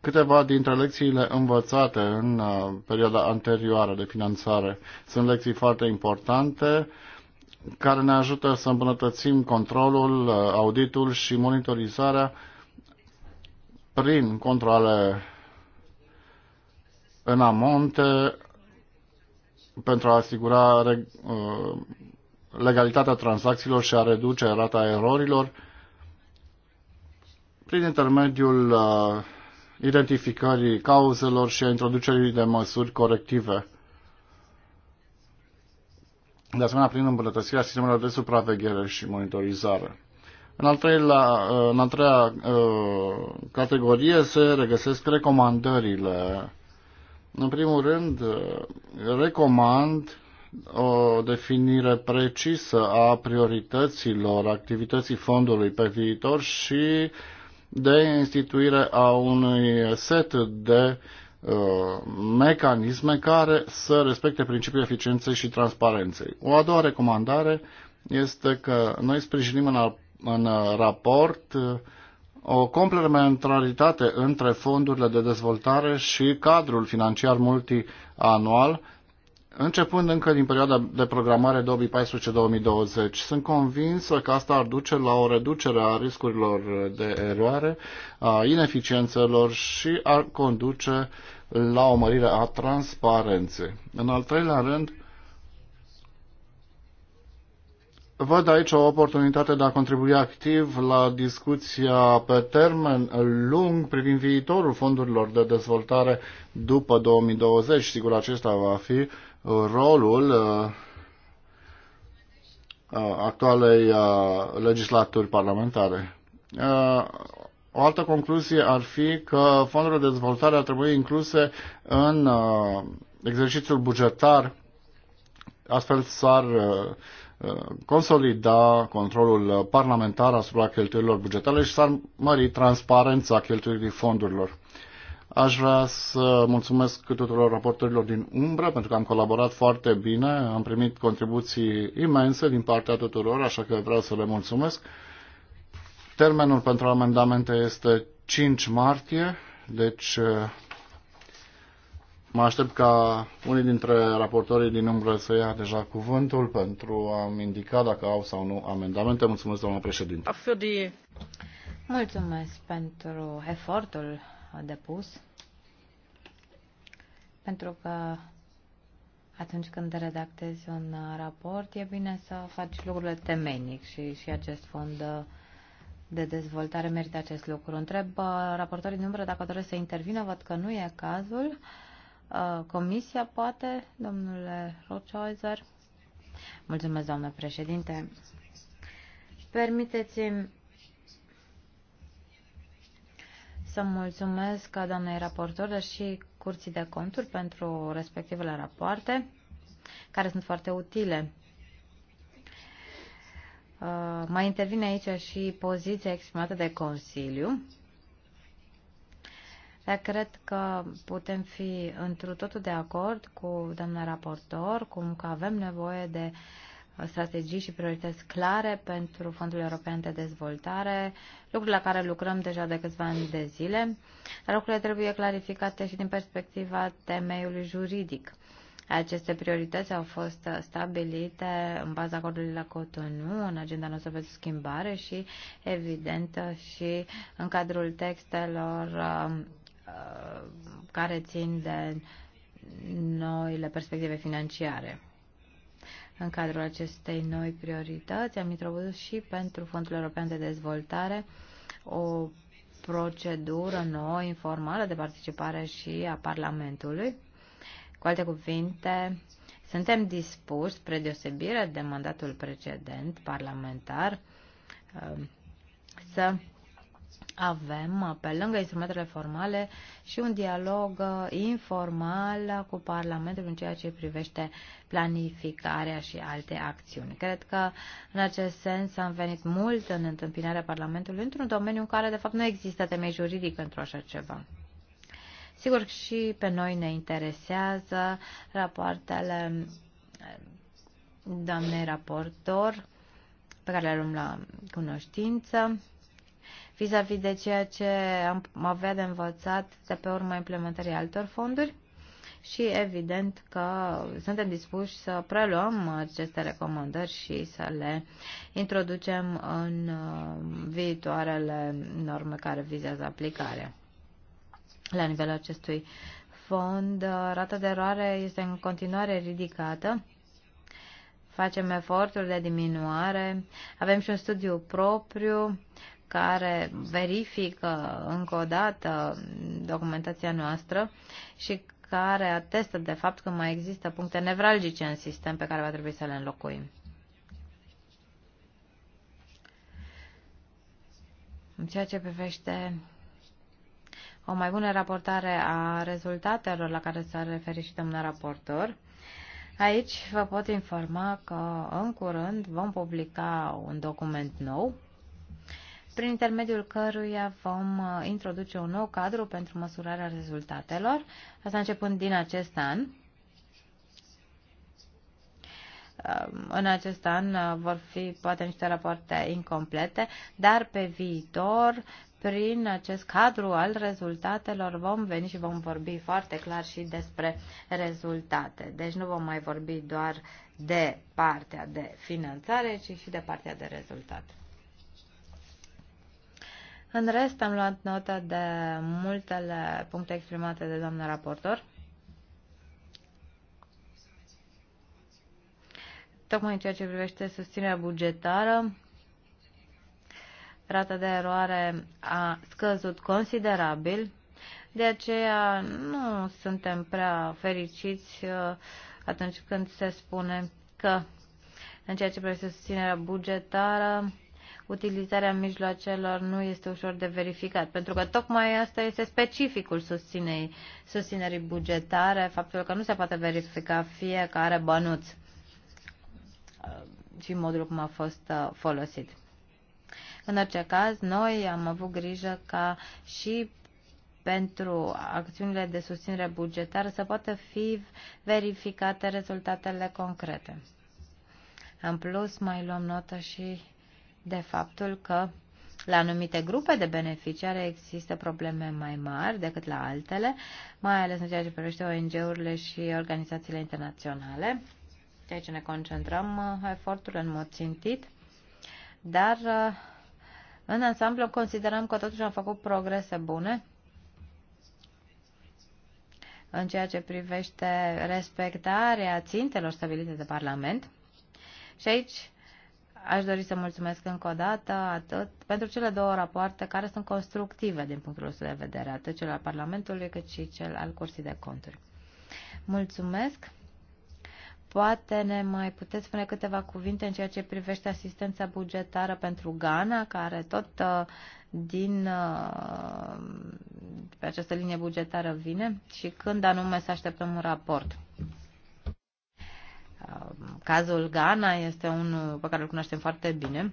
câteva dintre lecțiile învățate în uh, perioada anterioară de finanțare. Sunt lecții foarte importante care ne ajută să îmbunătățim controlul, uh, auditul și monitorizarea prin controle în amonte pentru a asigura legalitatea tranzacțiilor și a reduce rata erorilor prin intermediul uh, identificării cauzelor și a introducerii de măsuri corective. De asemenea, prin îmbunătățirea sistemelor de supraveghere și monitorizare. În, al treilea, uh, în a treia uh, categorie se regăsesc recomandările. În primul rând, recomand o definire precisă a priorităților activității fondului pe viitor și de instituire a unui set de uh, mecanisme care să respecte principiul eficienței și transparenței. O a doua recomandare este că noi sprijinim în, în raport uh, o complementaritate între fondurile de dezvoltare și cadrul financiar multianual începând încă din perioada de programare 2014-2020. Sunt convins că asta ar duce la o reducere a riscurilor de eroare, a ineficiențelor și ar conduce la o mărire a transparenței. În al treilea rând, Văd aici o oportunitate de a contribui activ la discuția pe termen lung privind viitorul fondurilor de dezvoltare după 2020. Sigur, acesta va fi rolul uh, uh, actualei uh, legislaturi parlamentare. O altă concluzie ar fi că fondurile de dezvoltare ar trebui incluse în exercițiul bugetar, astfel s-ar consolida controlul parlamentar asupra cheltuielilor bugetare și s-ar mări transparența cheltuielii fondurilor. Aș vrea să mulțumesc tuturor raportorilor din umbră pentru că am colaborat foarte bine, am primit contribuții imense din partea tuturor, așa că vreau să le mulțumesc. Termenul pentru amendamente este 5 martie, deci uh, mă aștept ca unii dintre raportorii din umbră să ia deja cuvântul pentru a-mi indica dacă au sau nu amendamente. Mulțumesc, doamna președinte. Mulțumesc pentru efortul depus, pentru că atunci când redactezi un uh, raport, e bine să faci lucrurile temenic și, și acest fond uh, de dezvoltare merită acest lucru. Întreb uh, raportorii din umbră dacă doresc să intervină, văd că nu e cazul. Comisia poate, domnule Rochhäuser. Mulțumesc, doamnă președinte. Permiteți-mi să mulțumesc doamnei raportor, dar și curții de conturi pentru respectivele rapoarte, care sunt foarte utile. Uh, mai intervine aici și poziția exprimată de Consiliu. Dar cred că putem fi întru totul de acord cu doamna raportor, cum că avem nevoie de uh, strategii și priorități clare pentru Fondul European de Dezvoltare, lucruri la care lucrăm deja de câțiva ani de zile, dar lucrurile trebuie clarificate și din perspectiva temeiului juridic. Aceste priorități au fost stabilite în baza acordului la Cotonou, în agenda noastră pentru schimbare și, evident, și în cadrul textelor um, uh, care țin de noile perspective financiare. În cadrul acestei noi priorități am introdus și pentru Fondul European de Dezvoltare o procedură nouă, informală de participare și a Parlamentului. Cu alte cuvinte, suntem dispuși, spre deosebire de mandatul precedent parlamentar, să avem, uh, pe lângă instrumentele formale, și un dialog uh, informal cu Parlamentul în ceea ce privește planificarea și alte acțiuni. Cred că, în acest sens, am venit mult în întâmpinarea Parlamentului într-un domeniu în care, de fapt, nu există temei juridic pentru așa ceva. Sigur, și pe noi ne interesează rapoartele uh, doamnei raportor, pe care le luăm la cunoștință vis-a-vis -vis de ceea ce am avea de învățat de pe urma implementării altor fonduri și evident că suntem dispuși să preluăm aceste recomandări și să le introducem în uh, viitoarele norme care vizează aplicarea. La nivelul acestui fond, uh, rata de eroare este în continuare ridicată. Facem eforturi de diminuare. Avem și un studiu propriu care verifică încă o dată documentația noastră și care atestă de fapt că mai există puncte nevralgice în sistem pe care va trebui să le înlocuim. În ceea ce privește o mai bună raportare a rezultatelor la care s-a referit și domnul raportor, aici vă pot informa că în curând vom publica un document nou prin intermediul căruia vom uh, introduce un nou cadru pentru măsurarea rezultatelor, asta începând din acest an. Um, în acest an uh, vor fi poate niște rapoarte incomplete, dar pe viitor, prin acest cadru al rezultatelor, vom veni și vom vorbi foarte clar și despre rezultate. Deci nu vom mai vorbi doar de partea de finanțare, ci și de partea de rezultate. În rest, am luat notă de multele puncte exprimate de doamna raportor. Tocmai în ceea ce privește susținerea bugetară, rata de eroare a scăzut considerabil, de aceea nu suntem prea fericiți uh, atunci când se spune că în ceea ce privește susținerea bugetară, utilizarea mijloacelor nu este ușor de verificat, pentru că tocmai asta este specificul susținerii, susținerii bugetare, faptul că nu se poate verifica fiecare bănuț uh, și modul cum a fost uh, folosit. În orice caz, noi am avut grijă ca și pentru acțiunile de susținere bugetară să poată fi verificate rezultatele concrete. În plus, mai luăm notă și de faptul că la anumite grupe de beneficiare există probleme mai mari decât la altele, mai ales în ceea ce privește ONG-urile și organizațiile internaționale. De aici ne concentrăm uh, efortul în mod țintit, dar uh, în ansamblu considerăm că totuși am făcut progrese bune în ceea ce privește respectarea țintelor stabilite de Parlament. Și aici Aș dori să mulțumesc încă o dată atât pentru cele două rapoarte care sunt constructive din punctul nostru de vedere, atât cel al Parlamentului cât și cel al Cursii de Conturi. Mulțumesc! Poate ne mai puteți spune câteva cuvinte în ceea ce privește asistența bugetară pentru Ghana, care tot uh, din uh, pe această linie bugetară vine și când anume să așteptăm un raport. Um, cazul Ghana este unul uh, pe care îl cunoaștem foarte bine.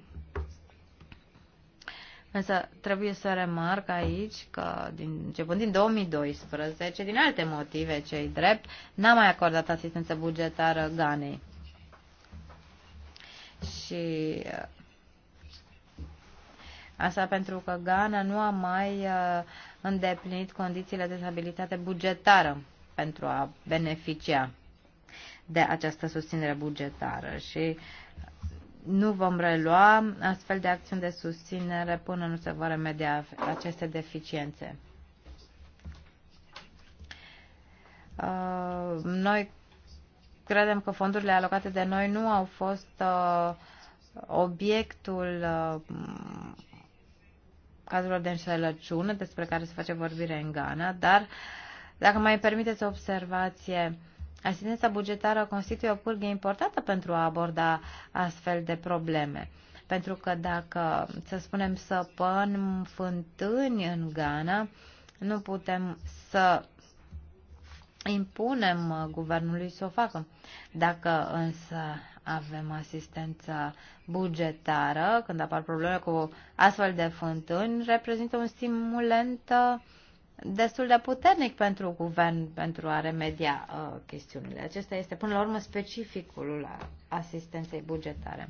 Însă trebuie să remarc aici că din, începând din 2012, din alte motive cei drept, n-a mai acordat asistență bugetară Ganei. Și uh, asta pentru că Ghana nu a mai uh, îndeplinit condițiile de stabilitate bugetară pentru a beneficia de această susținere bugetară și nu vom relua astfel de acțiuni de susținere până nu se vor remedia aceste deficiențe. Uh, noi credem că fondurile alocate de noi nu au fost uh, obiectul uh, cazurilor de înșelăciune despre care se face vorbire în Ghana, dar dacă mai permiteți o observație Asistența bugetară constituie o pârghie importantă pentru a aborda astfel de probleme. Pentru că dacă, să spunem, săpăm fântâni în Ghana, nu putem să impunem guvernului să o facă. Dacă însă avem asistență bugetară, când apar probleme cu astfel de fântâni, reprezintă un stimulant uh, destul de puternic pentru guvern pentru a remedia uh, chestiunile. Acesta este, până la urmă, specificul la asistenței bugetare.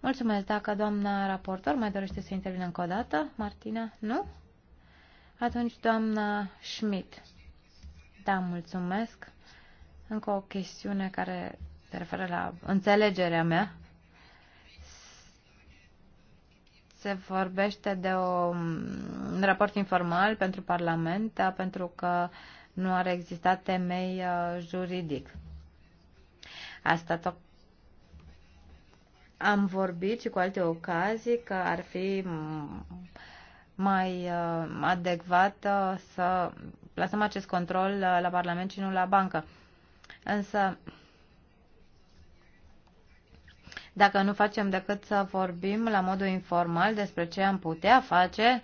Mulțumesc. Dacă doamna raportor mai dorește să intervină încă o dată, Martina, nu? Atunci doamna Schmidt. Da, mulțumesc. Încă o chestiune care se referă la înțelegerea mea. se vorbește de o, mm, un raport informal pentru Parlament, da, pentru că nu ar exista temei uh, juridic. Asta tot am vorbit și cu alte ocazii că ar fi mm, mai uh, adecvat uh, să plasăm acest control uh, la Parlament și nu la bancă. Însă, dacă nu facem decât să vorbim la modul informal despre ce am putea face,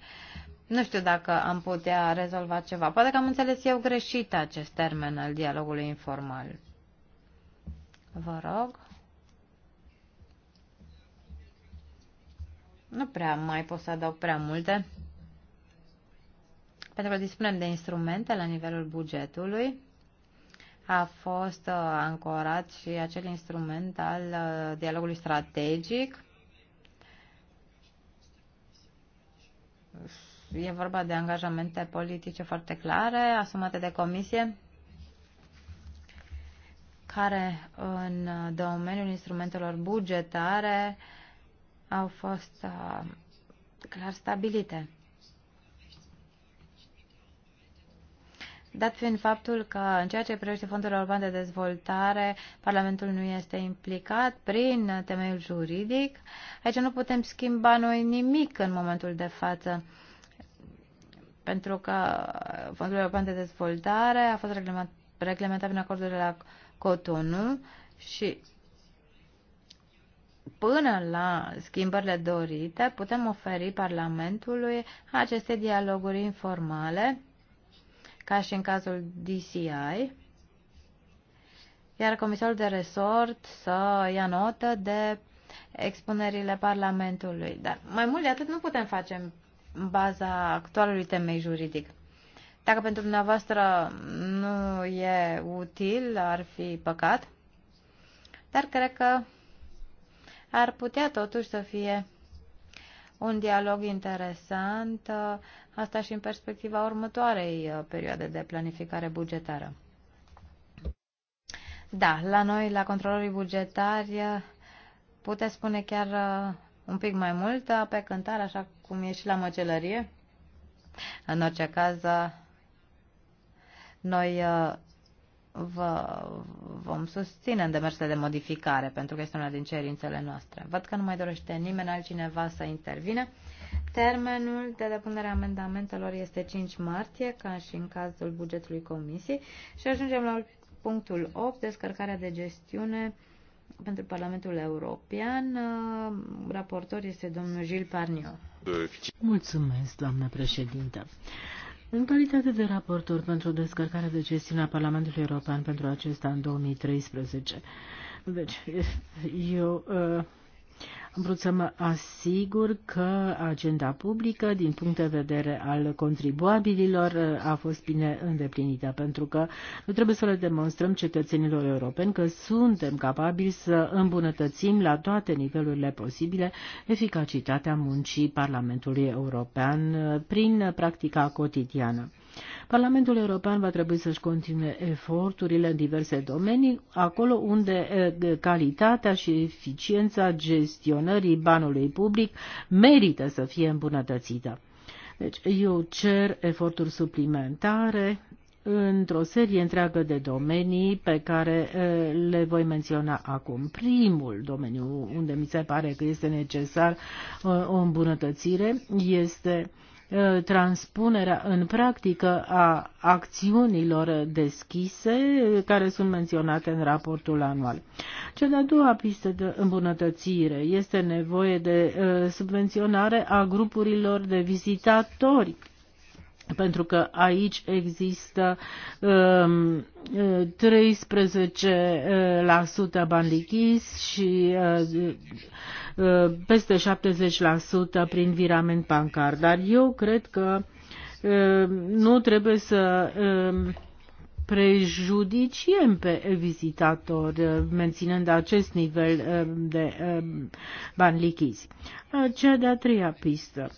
nu știu dacă am putea rezolva ceva. Poate că am înțeles eu greșit acest termen al dialogului informal. Vă rog. Nu prea mai pot să adaug prea multe. Pentru că dispunem de instrumente la nivelul bugetului a fost uh, ancorat și acel instrument al uh, dialogului strategic. E vorba de angajamente politice foarte clare, asumate de comisie, care în domeniul instrumentelor bugetare au fost uh, clar stabilite. Dat fiind faptul că în ceea ce privește fondurile urbane de dezvoltare, Parlamentul nu este implicat prin temeiul juridic, aici nu putem schimba noi nimic în momentul de față pentru că Fondul European de Dezvoltare a fost reglementat, reglementat prin acordurile la Cotonou și până la schimbările dorite putem oferi Parlamentului aceste dialoguri informale ca și în cazul DCI, iar comisarul de resort să ia notă de expunerile Parlamentului. Dar mai mult de atât nu putem face în baza actualului temei juridic. Dacă pentru dumneavoastră nu e util, ar fi păcat, dar cred că ar putea totuși să fie un dialog interesant Asta și în perspectiva următoarei uh, perioade de planificare bugetară. Da, la noi, la controlorii bugetari, uh, puteți spune chiar uh, un pic mai mult pe cântar, așa cum e și la măcelărie. În orice caz, noi vă vom susține în demersurile de modificare, pentru că este una din cerințele noastre. Văd că nu mai dorește nimeni altcineva să intervine. Termenul de depunere a amendamentelor este 5 martie, ca și în cazul bugetului comisiei, și ajungem la punctul 8, descărcarea de gestiune pentru Parlamentul European. Raportor este domnul Gilles Parnio. Mulțumesc, doamnă președintă. În calitate de raportor pentru descărcarea de gestiune a Parlamentului European pentru acesta în 2013, deci eu uh, am vrut să mă asigur că agenda publică, din punct de vedere al contribuabililor, a fost bine îndeplinită, pentru că nu trebuie să le demonstrăm cetățenilor europeni că suntem capabili să îmbunătățim la toate nivelurile posibile eficacitatea muncii Parlamentului European prin practica cotidiană. Parlamentul European va trebui să-și continue eforturile în diverse domenii, acolo unde calitatea și eficiența gestionării banului public merită să fie îmbunătățită. Deci eu cer eforturi suplimentare într-o serie întreagă de domenii pe care le voi menționa acum. Primul domeniu unde mi se pare că este necesar o îmbunătățire este Eh, transpunerea în practică a acțiunilor deschise eh, care sunt menționate în raportul anual. Cea de-a doua pistă de îmbunătățire este nevoie de eh, subvenționare a grupurilor de vizitatori pentru că aici există um, ehm, 13% bani și uh, Uh, peste 70% prin virament bancar. Dar eu cred că uh, nu trebuie să uh, prejudiciem pe vizitator, menținând acest nivel de bani lichizi. Cea de-a treia pistă.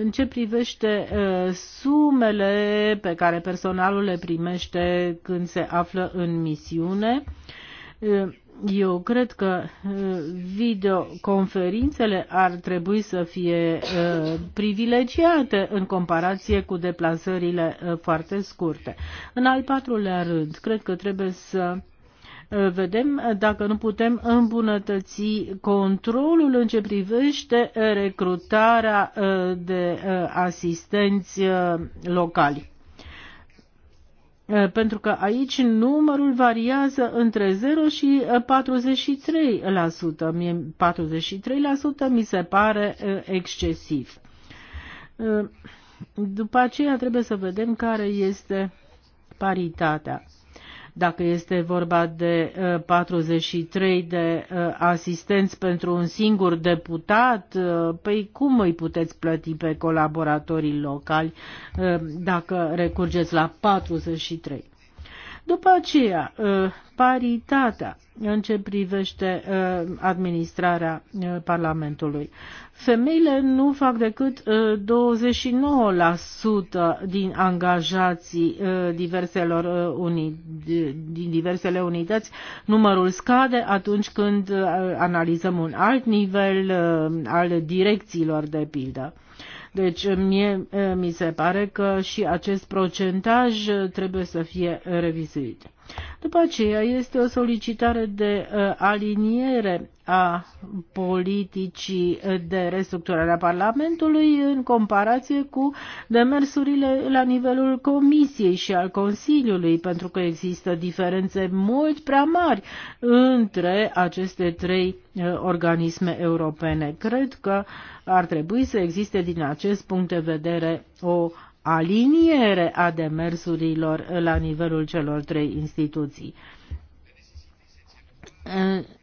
În ce privește sumele pe care personalul le primește când se află în misiune, eu cred că uh, videoconferințele ar trebui să fie uh, privilegiate în comparație cu deplasările uh, foarte scurte. În al patrulea rând, cred că trebuie să vedem dacă nu putem îmbunătăți controlul în ce privește recrutarea de asistenți locali pentru că aici numărul variază între 0 și 43%. 43% mi se pare excesiv. După aceea trebuie să vedem care este paritatea dacă este vorba de 43 uh, de uh, asistenți pentru un singur deputat, uh, păi cum îi puteți plăti pe colaboratorii locali dacă recurgeți la 43? După aceea, paritatea în ce privește administrarea Parlamentului. Femeile nu fac decât 29% uh, din angajații uh, diverselor uh, uni, din diversele unități. Numărul scade atunci când analizăm un alt nivel al direcțiilor de pildă. Deci mie, mi se pare că și acest procentaj trebuie să fie revizuit. După aceea este o solicitare de uh, aliniere a politicii de restructurare a Parlamentului în comparație cu demersurile la nivelul Comisiei și al Consiliului, pentru că există diferențe mult prea mari între aceste trei uh, organisme europene. Cred că ar trebui să existe din acest punct de vedere o aliniere a demersurilor la nivelul celor trei instituții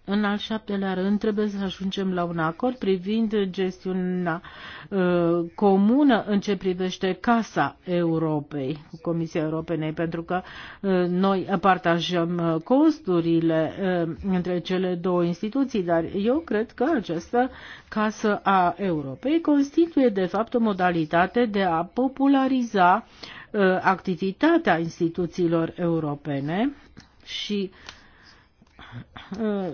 în al șaptelea rând, trebuie să ajungem la un acord privind gestiunea uh, comună în ce privește Casa Europei, Comisia Europenei, pentru că uh, noi partajăm uh, costurile uh, între cele două instituții, dar eu cred că această Casă a Europei constituie, de fapt, o modalitate de a populariza uh, activitatea instituțiilor europene și uh,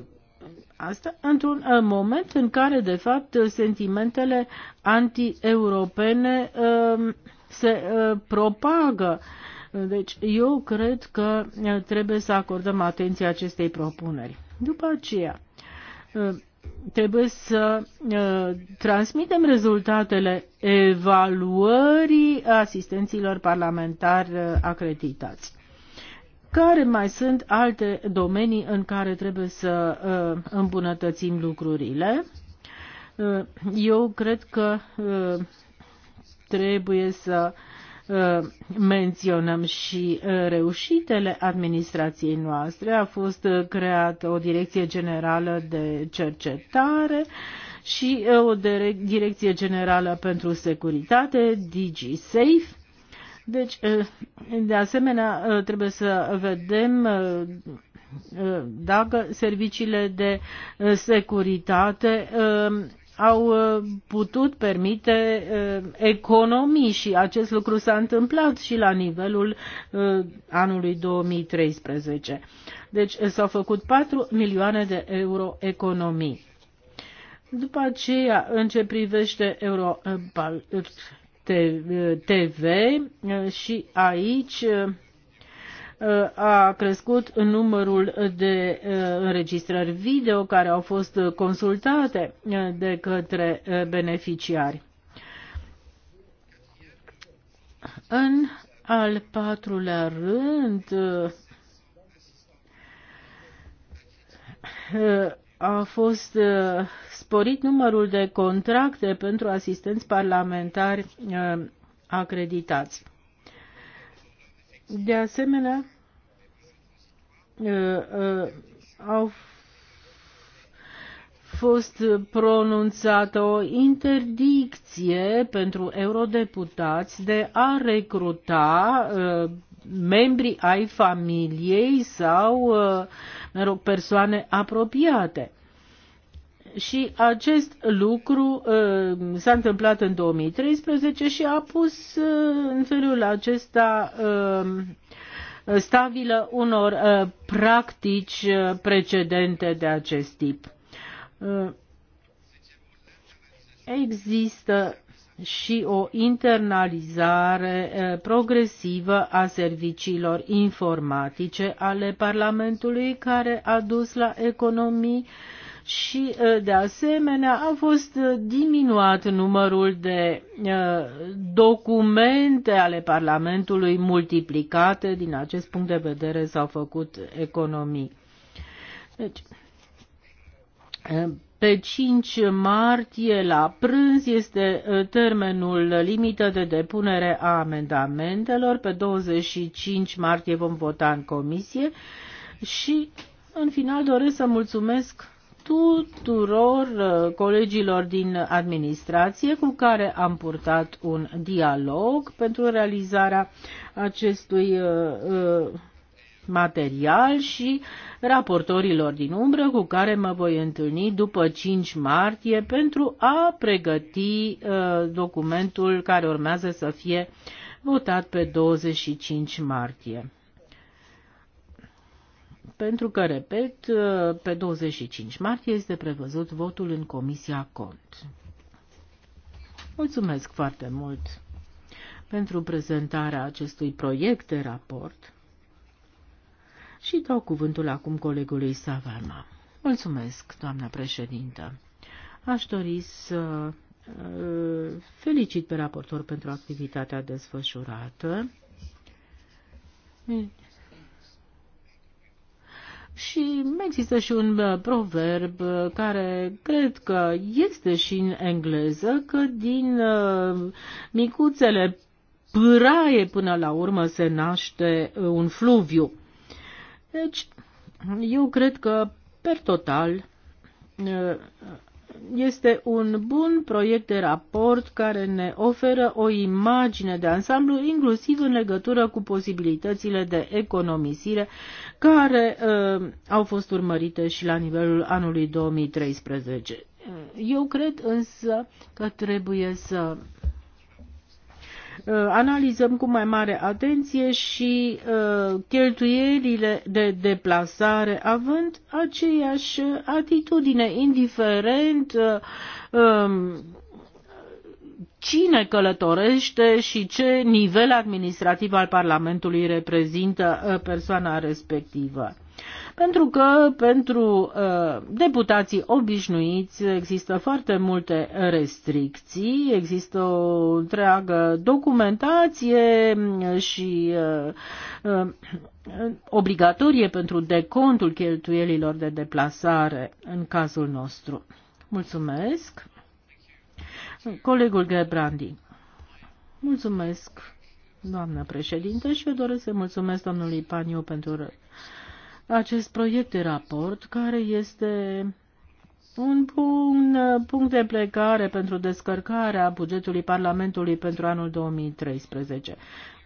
Asta într-un uh, moment în care, de fapt, uh, sentimentele anti-europene um, se uh, propagă. Deci, eu cred că trebuie să acordăm atenție acestei propuneri. După aceea, trebuie să transmitem rezultatele evaluării asistenților parlamentari acreditați care mai sunt alte domenii în care trebuie să uh, îmbunătățim lucrurile. Uh, eu cred că uh, trebuie să menționăm și reușitele administrației noastre. A fost creată o direcție generală de cercetare și o direcție generală pentru securitate, DigiSafe, deci, eh, de asemenea, eh, trebuie să vedem eh, dacă serviciile de securitate au putut permite economii și acest lucru s-a întâmplat și la nivelul anului 2013. Deci s-au făcut 4 milioane de euro economii. După aceea, în ce privește Europal, TV uh, și aici uh, uh, a crescut numărul de înregistrări video care au fost consultate de către beneficiari. În al patrulea rând, a fost uh, sporit numărul de contracte pentru asistenți parlamentari uh, acreditați. De asemenea, uh, au fost pronunțată o interdicție pentru eurodeputați de a recruta membri ai familiei sau uh, mă rog, persoane apropiate. Și acest lucru uh, s-a întâmplat în 2013 și a pus uh, în felul acesta uh, stabilă unor uh, practici uh, precedente de acest tip. Uh, există și o internalizare eh, progresivă a serviciilor informatice ale Parlamentului, care a dus la economii și, eh, de asemenea, a fost eh, diminuat numărul de documente ale Parlamentului multiplicate. Din acest punct de vedere s-au făcut economii. Deci, pe 5 martie la prânz este uh, termenul limită de depunere a amendamentelor. Pe 25 martie vom vota în comisie și în final doresc să mulțumesc tuturor uh, colegilor din administrație cu care am purtat un dialog pentru realizarea acestui uh, material și raportorilor din umbră cu care mă voi întâlni după 5 martie pentru a pregăti uh, documentul care urmează să fie votat pe 25 martie. Pentru că, repet, uh, pe 25 martie este prevăzut votul în Comisia Cont. Mulțumesc foarte mult pentru prezentarea acestui proiect de raport și dau cuvântul acum colegului Savarma. Mulțumesc, doamna președintă. Aș dori să uh, felicit pe raportor pentru activitatea desfășurată și există și un uh, proverb uh, care cred că este și în engleză, că din micuțele pâraie până la urmă se naște un fluviu. Deci, eu cred că, per total, este un bun proiect de raport care ne oferă o imagine de ansamblu, inclusiv în legătură cu posibilitățile de economisire care uh, au fost urmărite și la nivelul anului 2013. Eu cred însă că trebuie să Uh, analizăm cu mai mare atenție și uh, cheltuielile de deplasare, având aceeași atitudine, indiferent uh, um, cine călătorește și ce nivel administrativ al Parlamentului reprezintă persoana respectivă. Pentru că pentru uh, deputații obișnuiți există foarte multe restricții, există o întreagă documentație și uh, uh, obligatorie pentru decontul cheltuielilor de deplasare în cazul nostru. Mulțumesc. Colegul Gebrandi. Mulțumesc, doamnă președinte, și eu doresc să mulțumesc domnului Paniu pentru acest proiect de raport care este un bun uh, punct de plecare pentru descărcarea bugetului Parlamentului pentru anul 2013.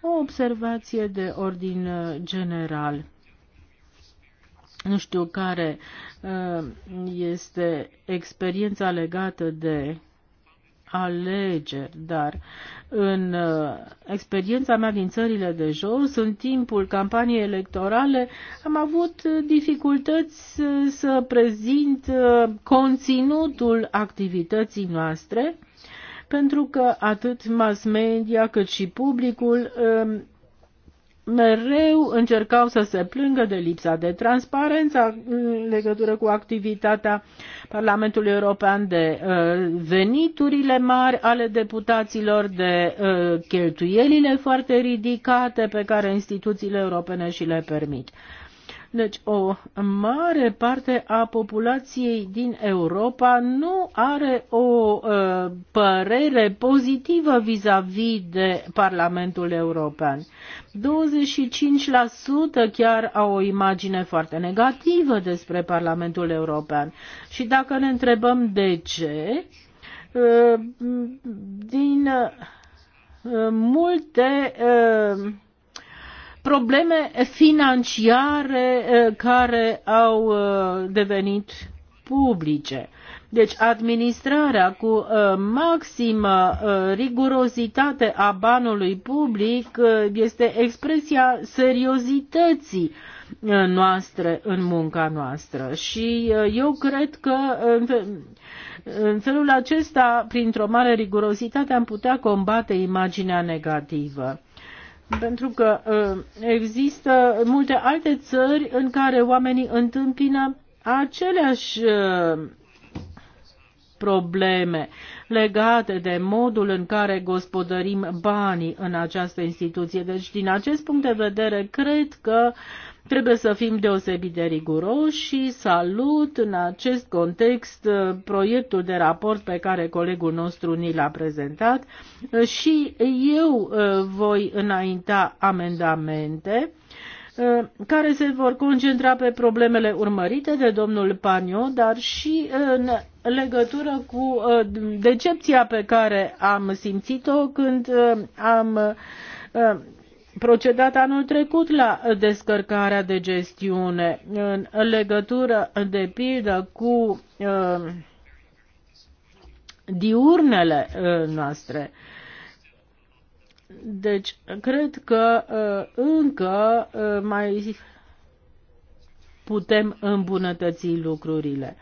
O observație de ordin uh, general. Nu știu care uh, este experiența legată de alegeri, dar în uh, experiența mea din țările de jos, în timpul campaniei electorale, am avut uh, dificultăți uh, să prezint conținutul activității noastre, pentru că atât mass media cât și publicul um, mereu încercau să se plângă de lipsa de transparență în legătură cu activitatea Parlamentului European, de uh, veniturile mari ale deputaților, de uh, cheltuielile foarte ridicate pe care instituțiile europene și le permit. Deci o mare parte a populației din Europa nu are o uh, părere pozitivă vis-a-vis -vis de Parlamentul European. 25% chiar au o imagine foarte negativă despre Parlamentul European. Și dacă ne întrebăm de ce, uh, din uh, multe uh, probleme financiare eh, care au eh, devenit publice. Deci administrarea cu uh, maximă uh, rigurozitate a banului public uh, este expresia seriozității noastre în munca noastră și eu cred că în felul acesta, printr-o mare rigurozitate, am putea combate imaginea negativă pentru că uh, există multe alte țări în care oamenii întâmpină aceleași uh, probleme legate de modul în care gospodărim banii în această instituție. Deci, din acest punct de vedere, cred că uh, Trebuie să fim deosebit de riguroși și salut în acest context uh, proiectul de raport pe care colegul nostru ni l-a prezentat uh, și eu uh, voi înainta amendamente care se vor concentra pe problemele urmărite de domnul Panio, dar și în legătură cu decepția pe care am simțit-o când am procedat anul trecut la descărcarea de gestiune în legătură de pildă cu uh, diurnele uh, noastre. Deci, cred că uh, încă uh, mai putem îmbunătăți lucrurile.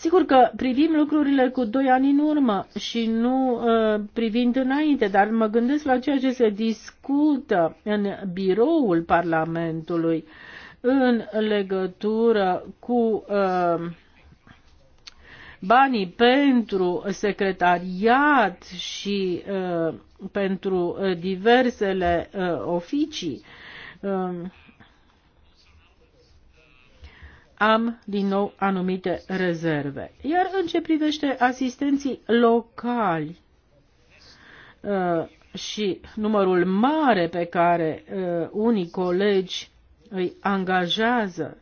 Sigur că privim lucrurile cu doi ani în urmă și nu uh, privind înainte, dar mă gândesc la ceea ce se discută în biroul Parlamentului în legătură cu uh, banii pentru secretariat și uh, pentru uh, diversele uh, oficii. Uh, am din nou anumite rezerve. Iar în ce privește asistenții locali uh, și numărul mare pe care uh, unii colegi îi angajează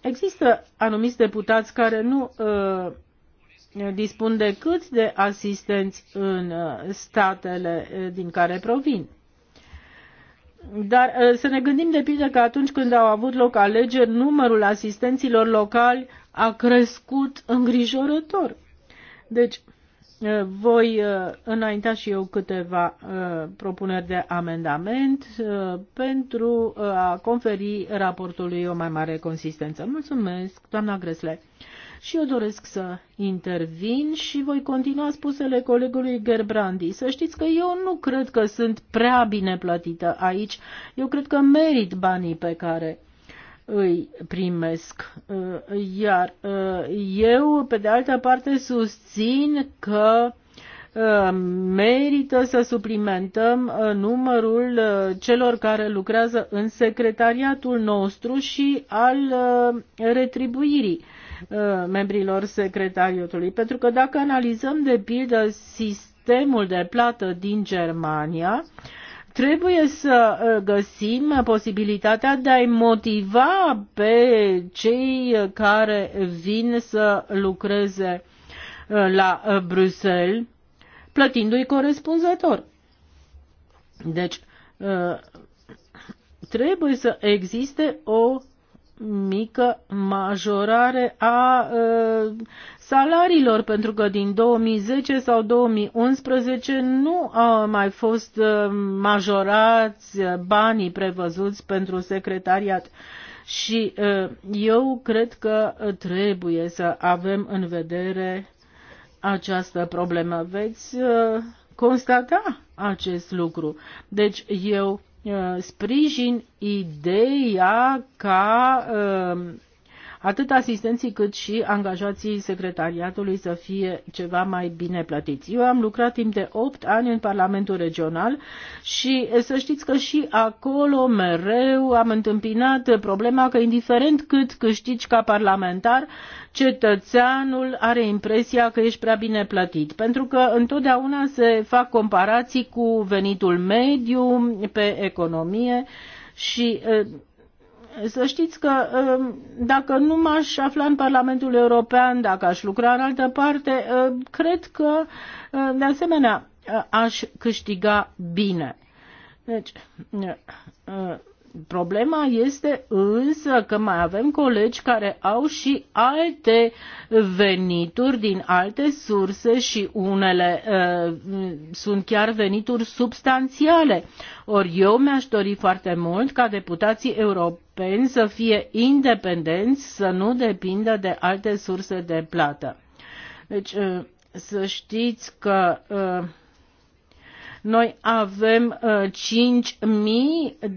Există anumiți deputați care nu uh, dispun câți de asistenți în uh, statele uh, din care provin. Dar uh, să ne gândim de pildă că atunci când au avut loc alegeri, numărul asistenților locali a crescut îngrijorător. Deci, voi înainta și eu câteva propuneri de amendament pentru a conferi raportului o mai mare consistență. Mulțumesc, doamna Gresle și eu doresc să intervin și voi continua spusele colegului Gerbrandi. Să știți că eu nu cred că sunt prea bine plătită aici. Eu cred că merit banii pe care îi primesc. Uh, iar uh, eu, pe de altă parte, susțin că uh, merită să suplimentăm numărul celor care lucrează în secretariatul nostru și al retribuirii. Uh, membrilor secretariatului. Pentru că dacă analizăm de pildă sistemul de plată din Germania, trebuie să uh, găsim posibilitatea de a-i motiva pe cei care vin să lucreze uh, la Bruxelles, plătindu-i corespunzător. Deci, trebuie să existe o mică majorare a salariilor, pentru că din 2010 sau 2011 nu au mai fost majorați banii prevăzuți pentru secretariat. Și eu cred că trebuie să avem în vedere această problemă. Veți constata acest lucru. Deci eu sprijin ideea ca uh, atât asistenții cât și angajații secretariatului să fie ceva mai bine plătiți. Eu am lucrat timp de 8 ani în Parlamentul Regional și să știți că și acolo mereu am întâmpinat problema că indiferent cât câștigi ca parlamentar, cetățeanul are impresia că ești prea bine plătit, pentru că întotdeauna se fac comparații cu venitul mediu pe economie și să știți că um, dacă nu m-aș afla în Parlamentul European, dacă aș lucra în altă parte, um, cred că, um, de asemenea, uh, aș câștiga bine. Deci, uh, uh, Problema este însă că mai avem colegi care au și alte venituri din alte surse și unele uh, sunt chiar venituri substanțiale. Ori eu mi-aș dori foarte mult ca deputații europeni să fie independenți, să nu depindă de alte surse de plată. Deci uh, să știți că uh, noi avem 5.000 uh,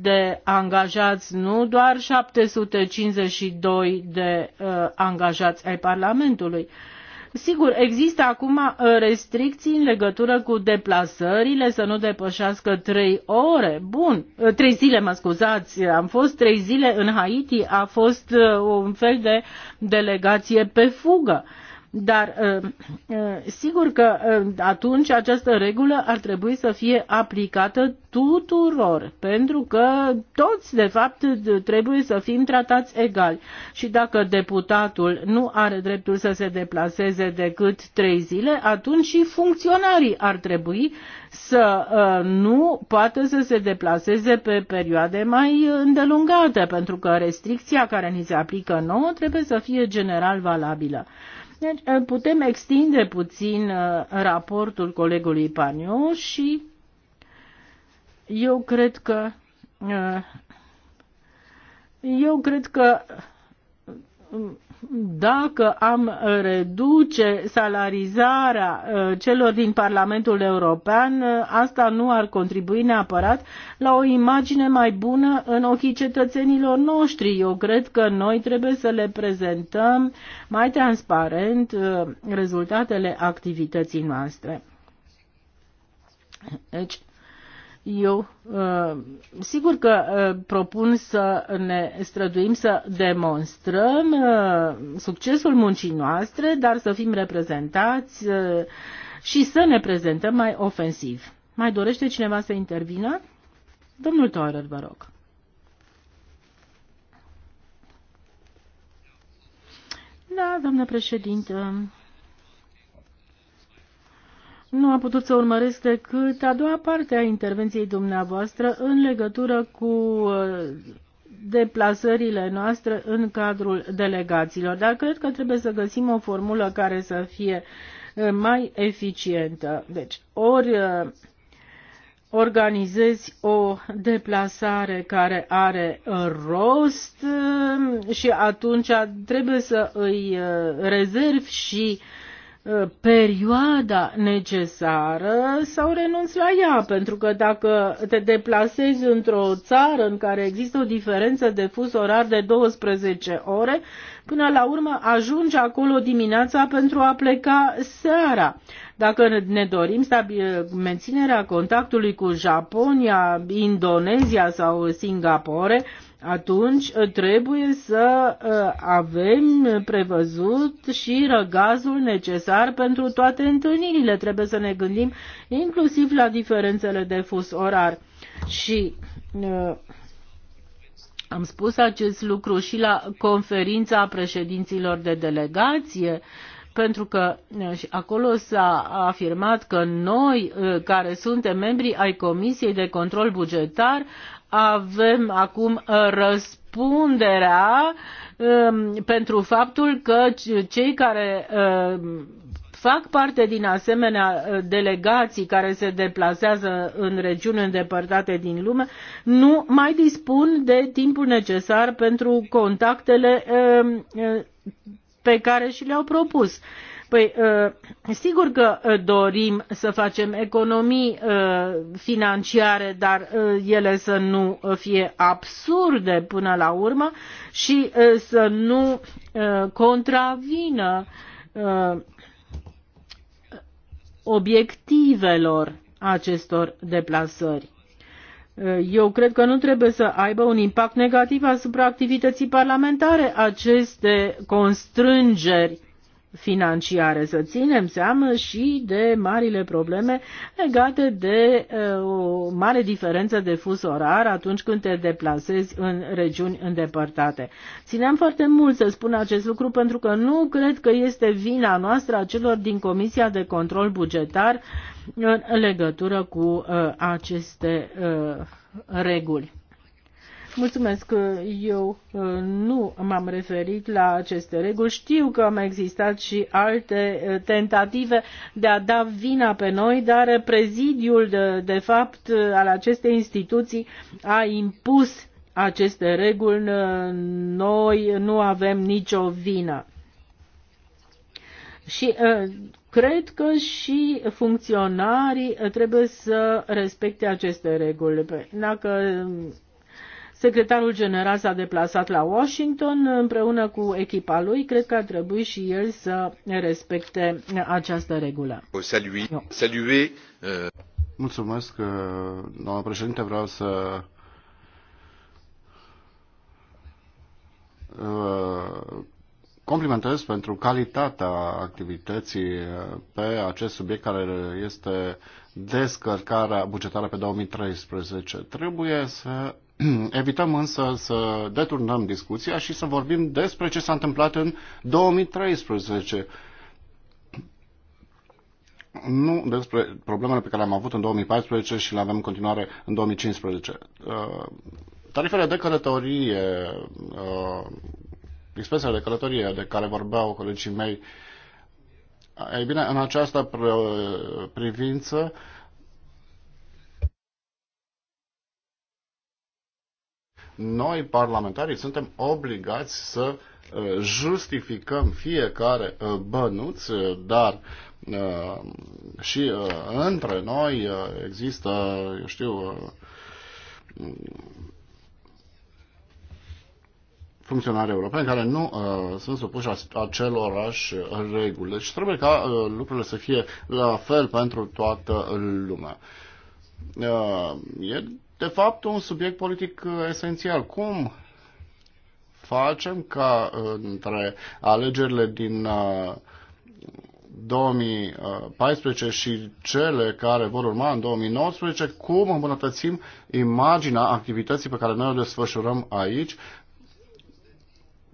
de angajați, nu doar 752 de uh, angajați ai Parlamentului. Sigur, există acum uh, restricții în legătură cu deplasările, să nu depășească trei ore. Bun, trei zile, mă scuzați, am fost trei zile în Haiti, a fost un fel de delegație pe fugă. Uh, dar uh, uh, sigur că uh, atunci această regulă ar trebui să fie aplicată tuturor, pentru că toți, de fapt, trebuie să fim tratați egali. Și dacă deputatul nu are dreptul să se deplaseze decât trei zile, atunci și funcționarii ar trebui să nu poată să se deplaseze pe perioade mai îndelungate, pentru că restricția care ni se aplică nouă trebuie să fie general valabilă. Deci eh, putem extinde puțin eh, raportul colegului Paniu și eu cred că eh, eu cred că dacă am reduce salarizarea uh, celor din Parlamentul European, uh, asta nu ar contribui neapărat la o imagine mai bună în ochii cetățenilor noștri. Eu cred că noi trebuie să le prezentăm mai transparent uh, rezultatele activității noastre. Deci, eu uh, sigur că uh, propun să ne străduim să demonstrăm uh, succesul muncii noastre, dar să fim reprezentați și să ne prezentăm mai ofensiv. Mai dorește cineva să intervină? Domnul Toarer, vă rog. Da, doamnă președintă. Nu am putut să urmăresc decât a doua parte a intervenției dumneavoastră în legătură cu uh, deplasările noastre în cadrul delegațiilor, dar cred că trebuie să găsim o formulă care să fie uh, mai eficientă. Deci, ori uh, organizezi o deplasare care are rost și atunci trebuie să îi rezervi și uh, Ă, perioada necesară sau renunți la ea, pentru că dacă te deplasezi într-o țară în care există o diferență de fus orar de 12 ore, până la urmă ajungi acolo dimineața pentru a pleca seara. Dacă ne dorim menținerea contactului cu Japonia, Indonezia sau Singapore, atunci uh, trebuie să uh, avem prevăzut și răgazul necesar pentru toate întâlnirile. Trebuie să ne gândim inclusiv la diferențele de fus orar. Și uh, am spus acest lucru și la conferința președinților de delegație, pentru că acolo s-a afirmat că noi, care suntem membri ai Comisiei de Control Bugetar, avem acum uh, răspunderea um, pentru faptul că cei care um, fac parte din asemenea uh, delegații care se deplasează în regiuni îndepărtate din lume, nu mai dispun de timpul necesar pentru contactele um, uh, pe care și le-au propus. Păi, uh, sigur că uh, dorim să facem economii uh, financiare, dar ele să nu fie absurde până la urmă și să nu contravină obiectivelor acestor deplasări. Eu cred că nu trebuie să aibă un impact negativ asupra activității parlamentare aceste constrângeri financiare, să ținem seamă și de marile probleme legate de uh, o mare diferență de fus orar atunci când te deplasezi în regiuni îndepărtate. Țineam foarte mult să spun acest lucru pentru că nu cred că este vina noastră a celor din Comisia de Control Bugetar în legătură cu uh, aceste uh, reguli. Mulțumesc. Eu uh, nu m-am referit la aceste reguli. Știu că au existat și alte uh, tentative de a da vina pe noi, dar prezidiul, de, de fapt, uh, al acestei instituții a impus aceste reguli. Noi nu avem nicio vină. Și cred că și funcționarii trebuie să respecte aceste reguli. Dacă Secretarul general s-a deplasat la Washington împreună cu echipa lui. Cred că ar trebui și el să respecte această regulă. Salui, salui, uh... Mulțumesc, uh, doamna președinte. Vreau să uh, complimentez pentru calitatea activității uh, pe acest subiect care este descărcarea bugetară pe 2013. Trebuie să Evităm însă să deturnăm discuția și să vorbim despre ce s-a întâmplat în 2013 nu despre problemele pe care le-am avut în 2014 și le avem în continuare în 2015. Uh, tarifele de călătorie, uh, expresele de călătorie de care vorbeau colegii mei, uh, ei bine, în această privință, noi, parlamentarii, suntem obligați să uh, justificăm fiecare uh, bănuț, uh, dar și între noi există, eu știu, funcționari europeni care nu uh, sunt supuși acelorași reguli. Deci trebuie ca uh, lucrurile să fie la fel pentru toată lumea. Uh, e de fapt, un subiect politic uh, esențial. Cum facem ca uh, între alegerile din 2014 uh, și cele care vor urma în 2019, cum îmbunătățim imaginea activității pe care noi o desfășurăm aici,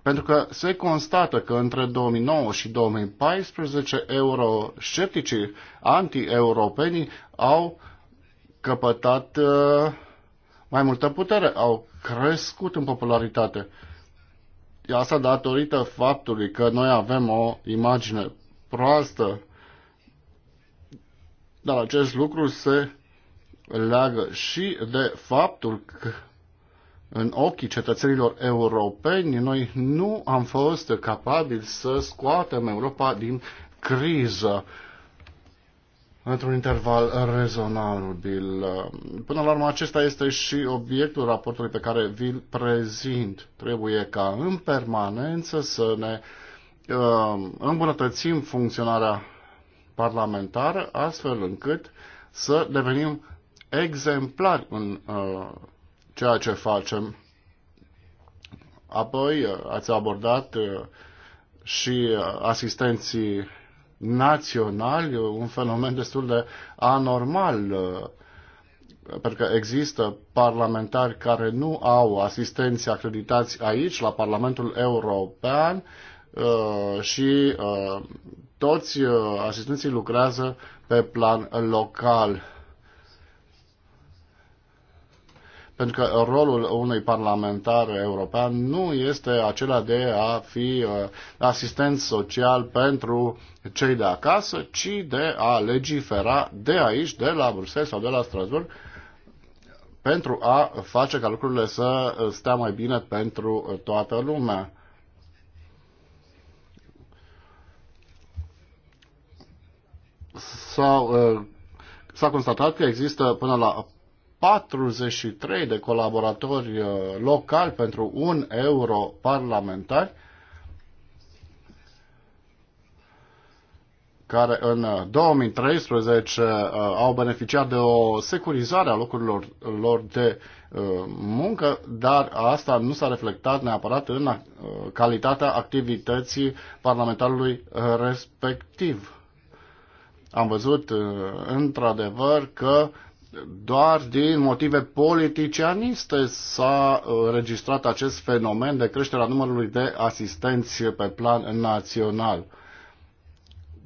pentru că se constată că între 2009 și 2014 euroscepticii anti-europenii au căpătat uh, mai multă putere, au crescut în popularitate. Asta datorită faptului că noi avem o imagine proastă, dar acest lucru se leagă și de faptul că în ochii cetățenilor europeni, noi nu am fost capabili să scoatem Europa din criză într-un interval rezonabil. Până la urmă, acesta este și obiectul raportului pe care vi-l prezint. Trebuie ca în permanență să ne uh, îmbunătățim funcționarea parlamentară, astfel încât să devenim exemplari în uh, ceea ce facem. Apoi uh, ați abordat uh, și uh, asistenții național, un fenomen destul de anormal, uh, pentru că există parlamentari care nu au asistenți acreditați aici, la Parlamentul European, uh, și uh, toți asistenții lucrează pe plan local. pentru că rolul unui parlamentar european nu este acela de a fi uh, asistent social pentru cei de acasă, ci de a legifera de aici, de la Bruxelles sau de la Strasbourg, pentru a face ca lucrurile să stea mai bine pentru toată lumea. Uh, s-a, constatat că există până la 43 de colaboratori uh, locali pentru un euro parlamentar, care în 2013 uh, uh, au beneficiat de o securizare a locurilor lor de muncă, dar asta nu s-a reflectat neapărat în calitatea activității parlamentarului respectiv. Am văzut într-adevăr că doar din motive politicianiste s-a uh, registrat acest fenomen de creșterea numărului de asistenți pe plan național.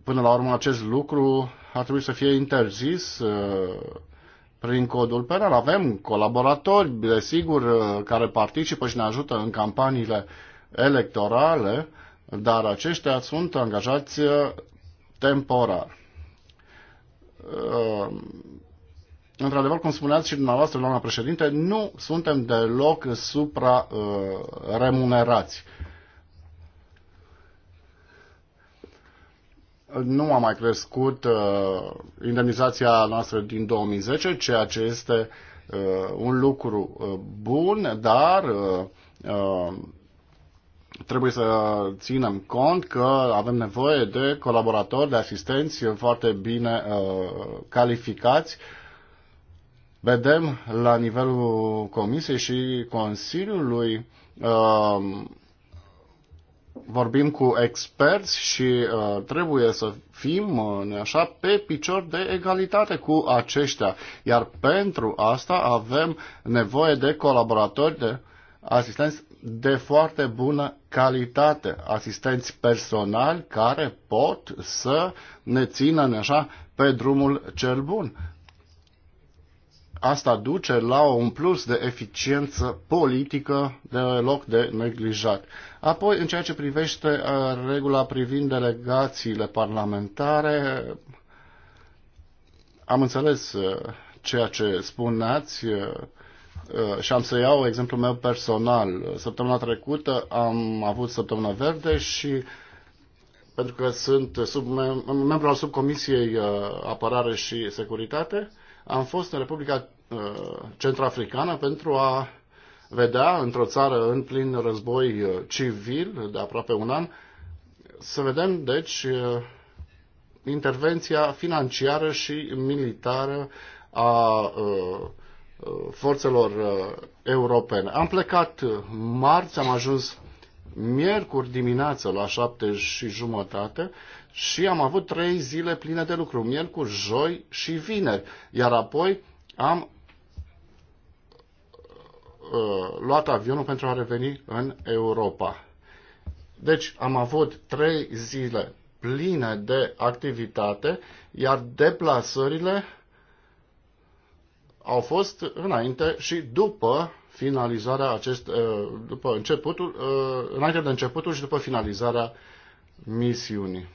Până la urmă, acest lucru ar trebui să fie interzis uh, prin codul penal. Avem colaboratori, desigur, uh, care participă și ne ajută în campaniile electorale, dar aceștia sunt angajați temporar într-adevăr, cum spuneați și dumneavoastră, doamna președinte, nu suntem deloc supra-remunerați. Uh, nu a mai crescut uh, indemnizația noastră din 2010, ceea ce este uh, un lucru uh, bun, dar uh, uh, trebuie să ținem cont că avem nevoie de colaboratori, de asistenți foarte bine uh, calificați uh, vedem la nivelul Comisiei și Consiliului. Uh, vorbim cu experți și uh, trebuie să fim uh, așa pe picior de egalitate cu aceștia. Iar pentru asta avem nevoie de colaboratori, de asistenți de foarte bună calitate, asistenți personali care pot să ne țină așa pe drumul cel bun Asta duce la un plus de eficiență politică de loc de neglijat. Apoi, în ceea ce privește uh, regula privind delegațiile parlamentare, am înțeles uh, ceea ce spuneați uh, și am să iau exemplul meu personal. Săptămâna trecută am avut săptămâna verde și pentru că sunt sub, membru al subcomisiei apărare și securitate, am fost în Republica uh, Centrafricană pentru a vedea într-o țară în plin război uh, civil de aproape un an, să vedem, deci, uh, intervenția financiară și militară a forțelor europene. Am plecat marți, am ajuns miercuri dimineață la șapte și jumătate și am avut trei zile pline de lucru, miercuri, joi și vineri. Iar apoi am uh, luat avionul pentru a reveni în Europa. Deci am avut trei zile pline de activitate, iar deplasările au fost înainte și după finalizarea acest, uh, după începutul, uh, înainte de începutul și după finalizarea misiunii.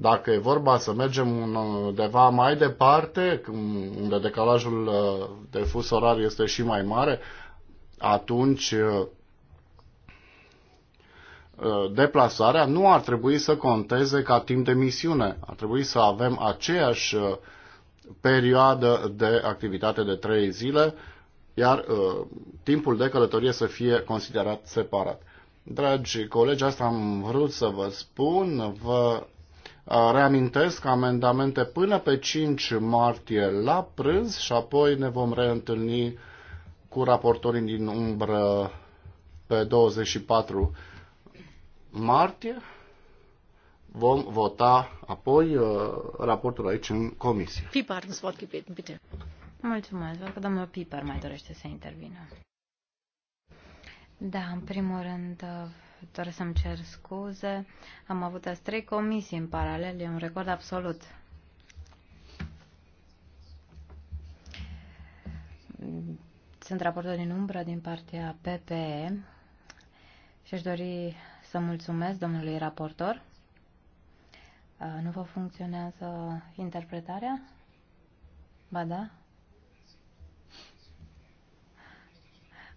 Dacă e vorba să mergem undeva mai departe, unde decalajul uh, de fus orar este și mai mare, atunci uh, uh, deplasarea nu ar trebui să conteze ca timp de misiune. Ar trebui să avem aceeași perioadă de activitate de trei zile, iar uh, timpul de călătorie să fie considerat separat. Dragi colegi, asta am vrut să vă spun. Vă Reamintesc amendamente până pe 5 martie la prânz și apoi ne vom reîntâlni cu raportorii din umbră pe 24 martie. Vom vota apoi uh, raportul aici în comisie. Pipar, nu pot gebeten, bitte. Mulțumesc. Văd că domnul Pipar mai dorește să intervină. Da, în primul rând uh, doresc să-mi cer scuze. Am avut azi trei comisii în paralel, e un record absolut. Sunt raportor din umbră din partea PPE și aș dori să mulțumesc domnului raportor. Nu vă funcționează interpretarea? Ba da?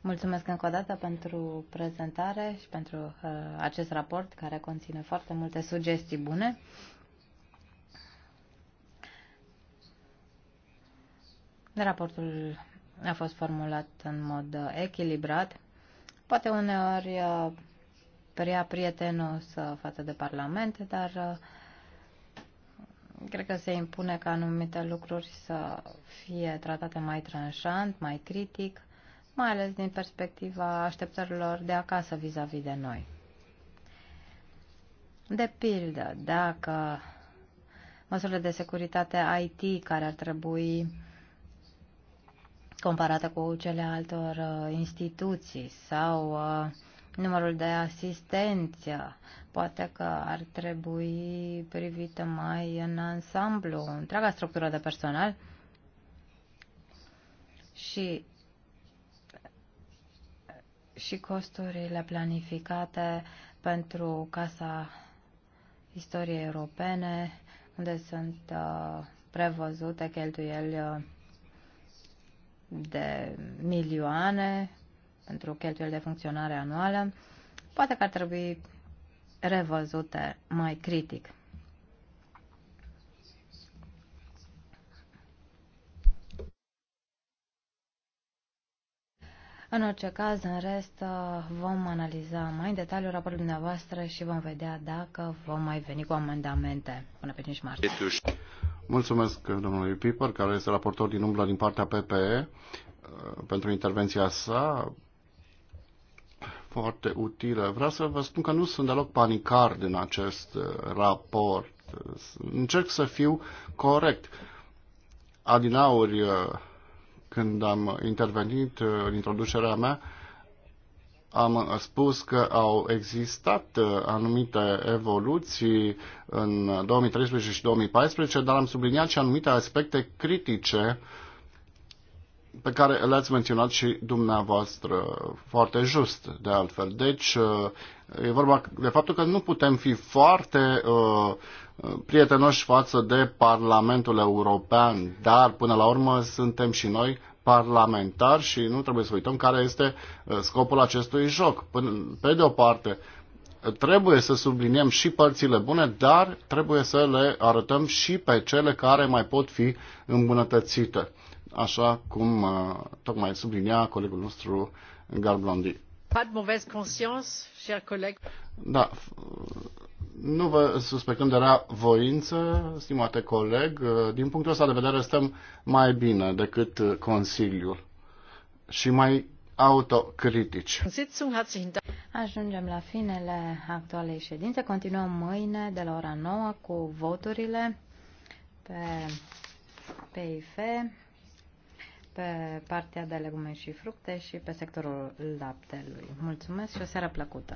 Mulțumesc încă o dată pentru prezentare și pentru uh, acest raport care conține foarte multe sugestii bune. Raportul a fost formulat în mod echilibrat, poate uneori uh, prea prietenos uh, față de Parlament, dar uh, cred că se impune ca anumite lucruri să fie tratate mai tranșant, mai critic mai ales din perspectiva așteptărilor de acasă vis-a-vis -vis de noi. De pildă, dacă măsurile de securitate IT care ar trebui comparate cu cele altor uh, instituții sau uh, numărul de asistență, uh, poate că ar trebui privită mai în ansamblu întreaga structură de personal și și costurile planificate pentru Casa Istoriei Europene, unde sunt uh, prevăzute cheltuieli uh, de milioane pentru cheltuieli de funcționare anuală, poate că ar trebui revăzute mai critic. În orice caz, în rest, vom analiza mai în detaliu raportul dumneavoastră și vom vedea dacă vom mai veni cu amendamente până pe 5 martie. Mulțumesc domnului Piper, care este raportor din umblă din partea PPE, uh, pentru intervenția sa foarte utilă. Vreau să vă spun că nu sunt deloc panicar din acest uh, raport. Încerc să fiu corect. Adinauri uh, când am intervenit uh, în introducerea mea, am spus că au existat uh, anumite evoluții în 2013 și 2014, dar am subliniat și anumite aspecte critice pe care le-ați menționat și dumneavoastră foarte just, de altfel. Deci, uh, e vorba de faptul că nu putem fi foarte uh, prietenoși față de Parlamentul European, dar până la urmă suntem și noi parlamentari și nu trebuie să uităm care este uh, scopul acestui joc. Pe de o parte, trebuie să subliniem și părțile bune, dar trebuie să le arătăm și pe cele care mai pot fi îmbunătățite, așa cum uh, tocmai sublinia colegul nostru Garblondi. Pas de mauvaise conscience, cher collègue. Da, nu vă suspectăm de rea voință, stimate coleg. Din punctul ăsta de vedere stăm mai bine decât Consiliul și mai autocritici. Ajungem la finele actualei ședințe. Continuăm mâine de la ora 9 cu voturile pe PIF, pe partea de legume și fructe și pe sectorul laptelui. Mulțumesc și o seară plăcută!